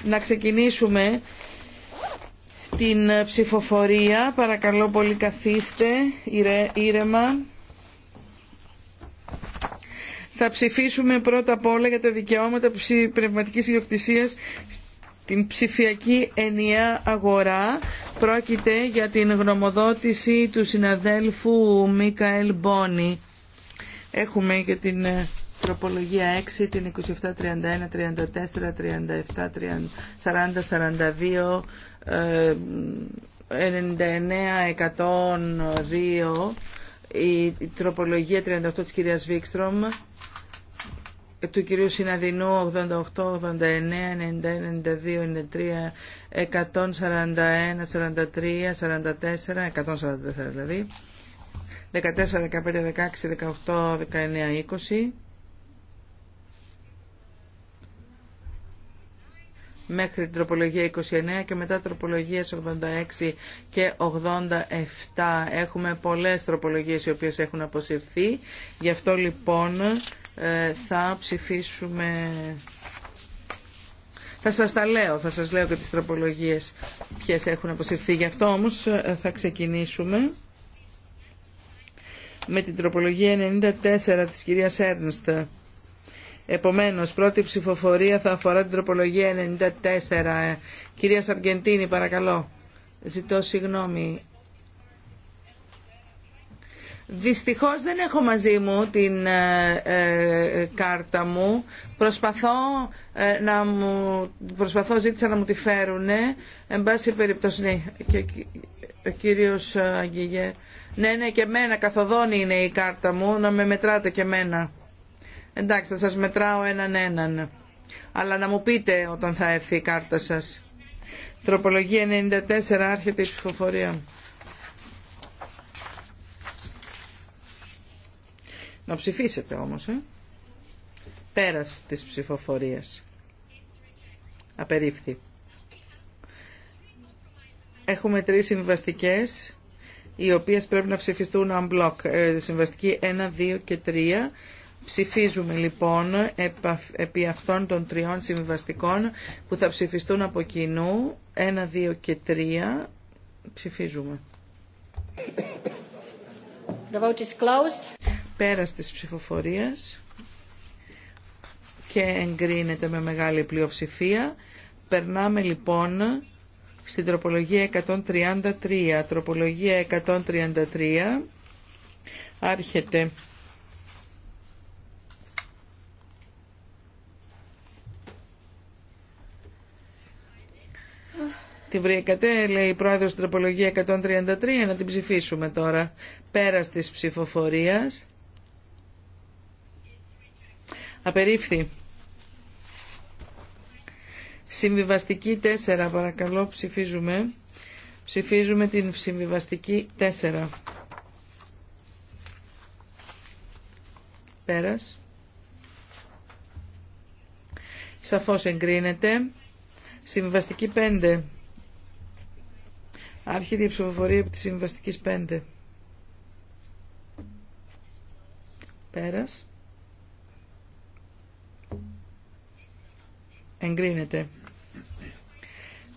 [SPEAKER 1] Να ξεκινήσουμε την ψηφοφορία. Παρακαλώ πολύ καθίστε ήρε, ήρεμα. Θα ψηφίσουμε πρώτα απ' όλα για τα δικαιώματα πνευματικής ιδιοκτησίας την ψηφιακή ενιαία αγορά. Πρόκειται για την γνωμοδότηση του συναδέλφου Μίκαελ Μπόνι. Έχουμε και την ε, τροπολογία 6, την 27, 31, 34, 37, 40, 42, 99, 102, η τροπολογία 38 της κυρίας Βίκστρομ του κυρίου Συναδεινού 88, 89, 91, 92, 93, 141, 43, 44, 144 δηλαδή, 14, 15, 16, 18, 19, 20, μέχρι την τροπολογία 29 και μετά τροπολογίες 86 και 87. Έχουμε πολλές τροπολογίες οι οποίες έχουν αποσυρθεί. Γι' αυτό λοιπόν ε, θα ψηφίσουμε... Θα σας τα λέω, θα σας λέω και τις τροπολογίες ποιες έχουν αποσυρθεί. Γι' αυτό όμως ε, θα ξεκινήσουμε με την τροπολογία 94 της κυρίας Έρνστα. Επομένως, πρώτη ψηφοφορία θα αφορά την τροπολογία 94. Ε, κυρία Σαργεντίνη, παρακαλώ. Ζητώ συγγνώμη. Δυστυχώς δεν έχω μαζί μου την ε, ε, κάρτα μου. Προσπαθώ, ε, να μου, προσπαθώ ζήτησα να μου τη φέρουνε. Εν πάση περιπτώσει, ναι, και, ο κύριος Αγγίγε. Ναι, ναι, και μένα καθοδόν είναι η κάρτα μου, να με μετράτε και μένα. Εντάξει, θα σας μετράω έναν έναν. Αλλά να μου πείτε όταν θα έρθει η κάρτα σας. Τροπολογία 94, άρχεται η ψηφοφορία. Να ψηφίσετε όμως, ε. Πέρας της ψηφοφορίας. Απερίφθη. Έχουμε τρεις συμβαστικές, οι οποίες πρέπει να ψηφιστούν unblock. block. Ε, συμβαστική 1, 2 και 3. Ψηφίζουμε λοιπόν επί αυτών των τριών συμβαστικών που θα ψηφιστούν από κοινού. 1, 2 και 3. Ψηφίζουμε. The Πέρας της ψηφοφορίας και εγκρίνεται με μεγάλη πλειοψηφία. Περνάμε λοιπόν στην τροπολογία 133. Τροπολογία 133 άρχεται. Τη βρήκατε, λέει η πρόεδρος τροπολογία 133, να την ψηφίσουμε τώρα. Πέρας της ψηφοφορίας. Απερίφθη. Συμβιβαστική 4, παρακαλώ, ψηφίζουμε. Ψηφίζουμε την συμβιβαστική 4. Πέρας. Σαφώς εγκρίνεται. Συμβιβαστική 5. Άρχεται η ψηφοφορία από τη Συμβαστική 5. Πέρας. Εγκρίνεται.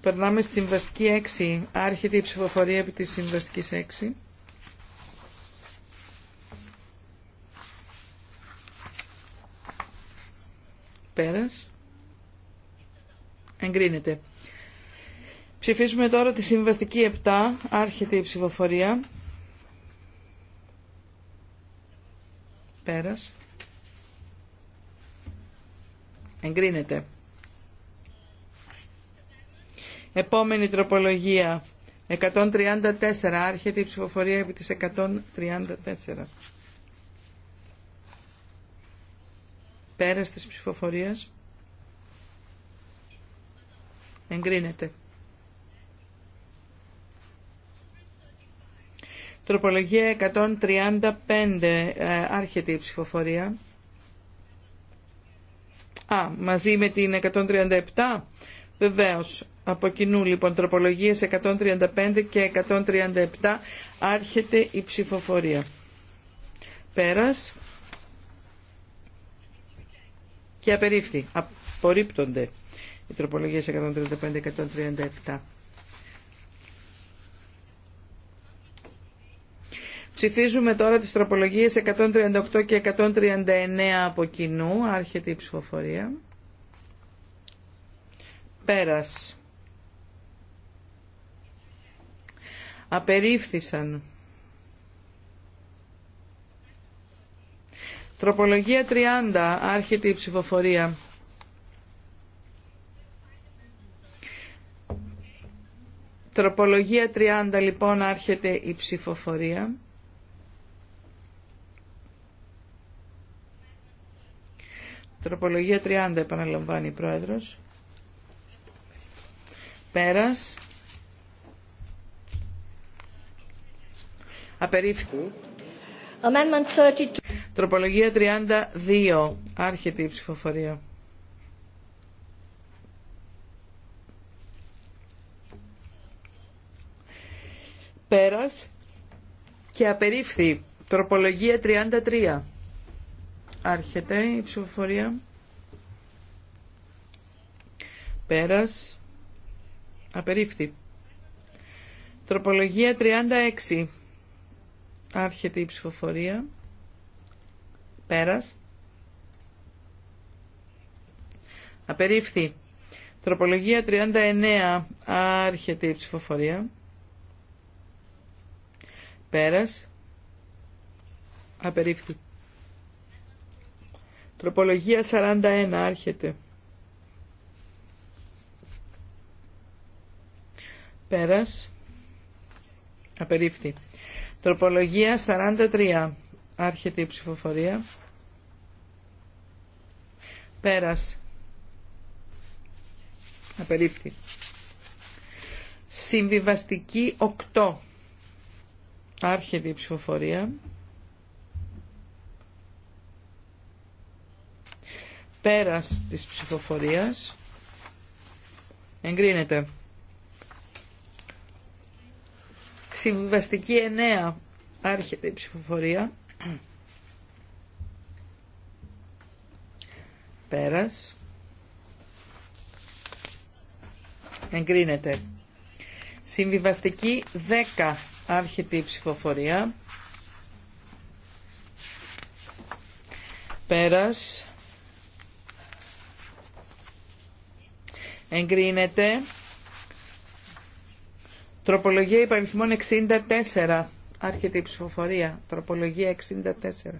[SPEAKER 1] Περνάμε στη συμβαστική 6. Άρχεται η ψηφοφορία επί της συμβαστικής 6. Πέρας. Εγκρίνεται. Ψηφίζουμε τώρα τη συμβαστική 7, άρχεται η ψηφοφορία. Πέρας. Εγκρίνεται. Επόμενη τροπολογία. 134. Άρχεται η ψηφοφορία επί της 134. Πέρας της ψηφοφορίας. Εγκρίνεται. Τροπολογία 135. Ε, άρχεται η ψηφοφορία. Α, μαζί με την 137. Βεβαίως. Από κοινού λοιπόν τροπολογίες 135 και 137 άρχεται η ψηφοφορία. Πέρας και απερίφθη. Απορρίπτονται οι τροπολογίες και 135-137. Ψηφίζουμε τώρα τις τροπολογίες 138 και 139 από κοινού. Άρχεται η ψηφοφορία. Πέρας. Απερίφθησαν. Τροπολογία 30. Άρχεται η ψηφοφορία. Τροπολογία 30 λοιπόν άρχεται η ψηφοφορία. Τροπολογία 30 επαναλαμβάνει η Πρόεδρος. Πέρας. Απερίφθη. Amendment 32. Τροπολογία 32. Άρχεται η ψηφοφορία. Πέρας και απερίφθη. Τροπολογία 33. Άρχεται η ψηφοφορία. Πέρας. Απερίφθη. Τροπολογία 36. Άρχεται η ψηφοφορία. Πέρας. Απερίφθη. Τροπολογία 39. Άρχεται η ψηφοφορία. Πέρας. Απερίφθη. Τροπολογία 41 άρχεται. Πέρας. Απερίφθη. Τροπολογία 43. Άρχεται η ψηφοφορία. Πέρας. Απερίφθη. Συμβιβαστική 8. Άρχεται η ψηφοφορία. Πέρας της ψηφοφορίας. Εγκρίνεται. Συμβιβαστική 9. Άρχεται η ψηφοφορία. Πέρας. Εγκρίνεται. Συμβιβαστική 10. Άρχεται η ψηφοφορία. Πέρας. εγκρίνεται. Τροπολογία υπαριθμών 64. Άρχεται η ψηφοφορία. Τροπολογία 64.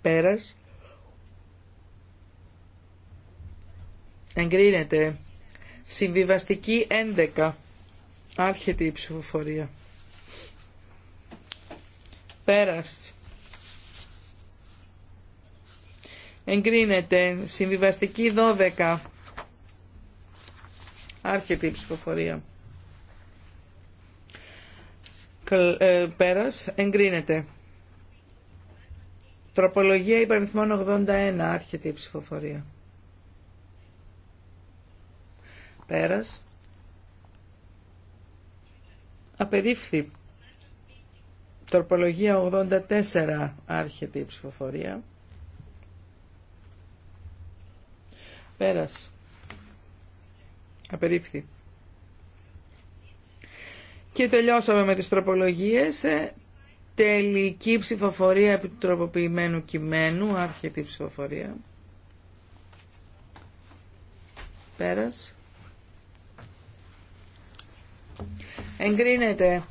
[SPEAKER 1] Πέρας. Εγκρίνεται. Συμβιβαστική 11. Άρχεται η ψηφοφορία. Πέρας. εγκρίνεται. Συμβιβαστική 12. Άρχεται η ψηφοφορία. Ε, πέρας, εγκρίνεται. Τροπολογία υπαριθμών 81, άρχεται η ψηφοφορία. Πέρας. Απερίφθη. Τροπολογία 84, άρχεται η ψηφοφορία. Πέρας. Απερίφθη. Και τελειώσαμε με τις τροπολογίες. Ε, τελική ψηφοφορία επί του τροποποιημένου κειμένου. Άρχεται η ψηφοφορία. Πέρας. Εγκρίνεται.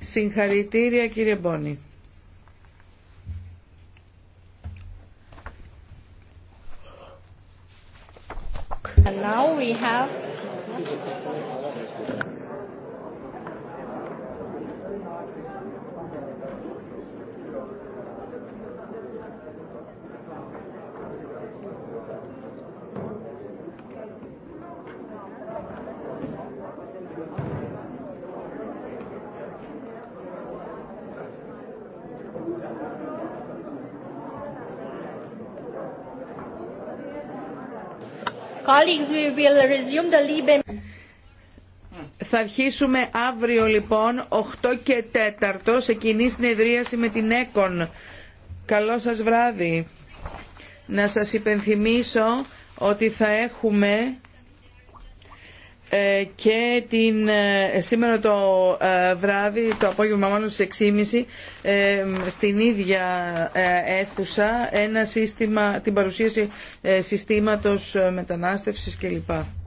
[SPEAKER 1] Συγχαρητήρια κύριε Μπόνη.
[SPEAKER 4] And now we have
[SPEAKER 1] Θα αρχίσουμε αύριο λοιπόν 8 και 4 σε κοινή συνεδρίαση με την ΕΚΟΝ. Καλό σας βράδυ. Να σας υπενθυμίσω ότι θα έχουμε ε, και την, ε, σήμερα το ε, βράδυ, το απόγευμα μάλλον στις 6.30 στην ίδια αίθουσα ένα σύστημα, την παρουσίαση συστήματος μετανάστευσης κλπ.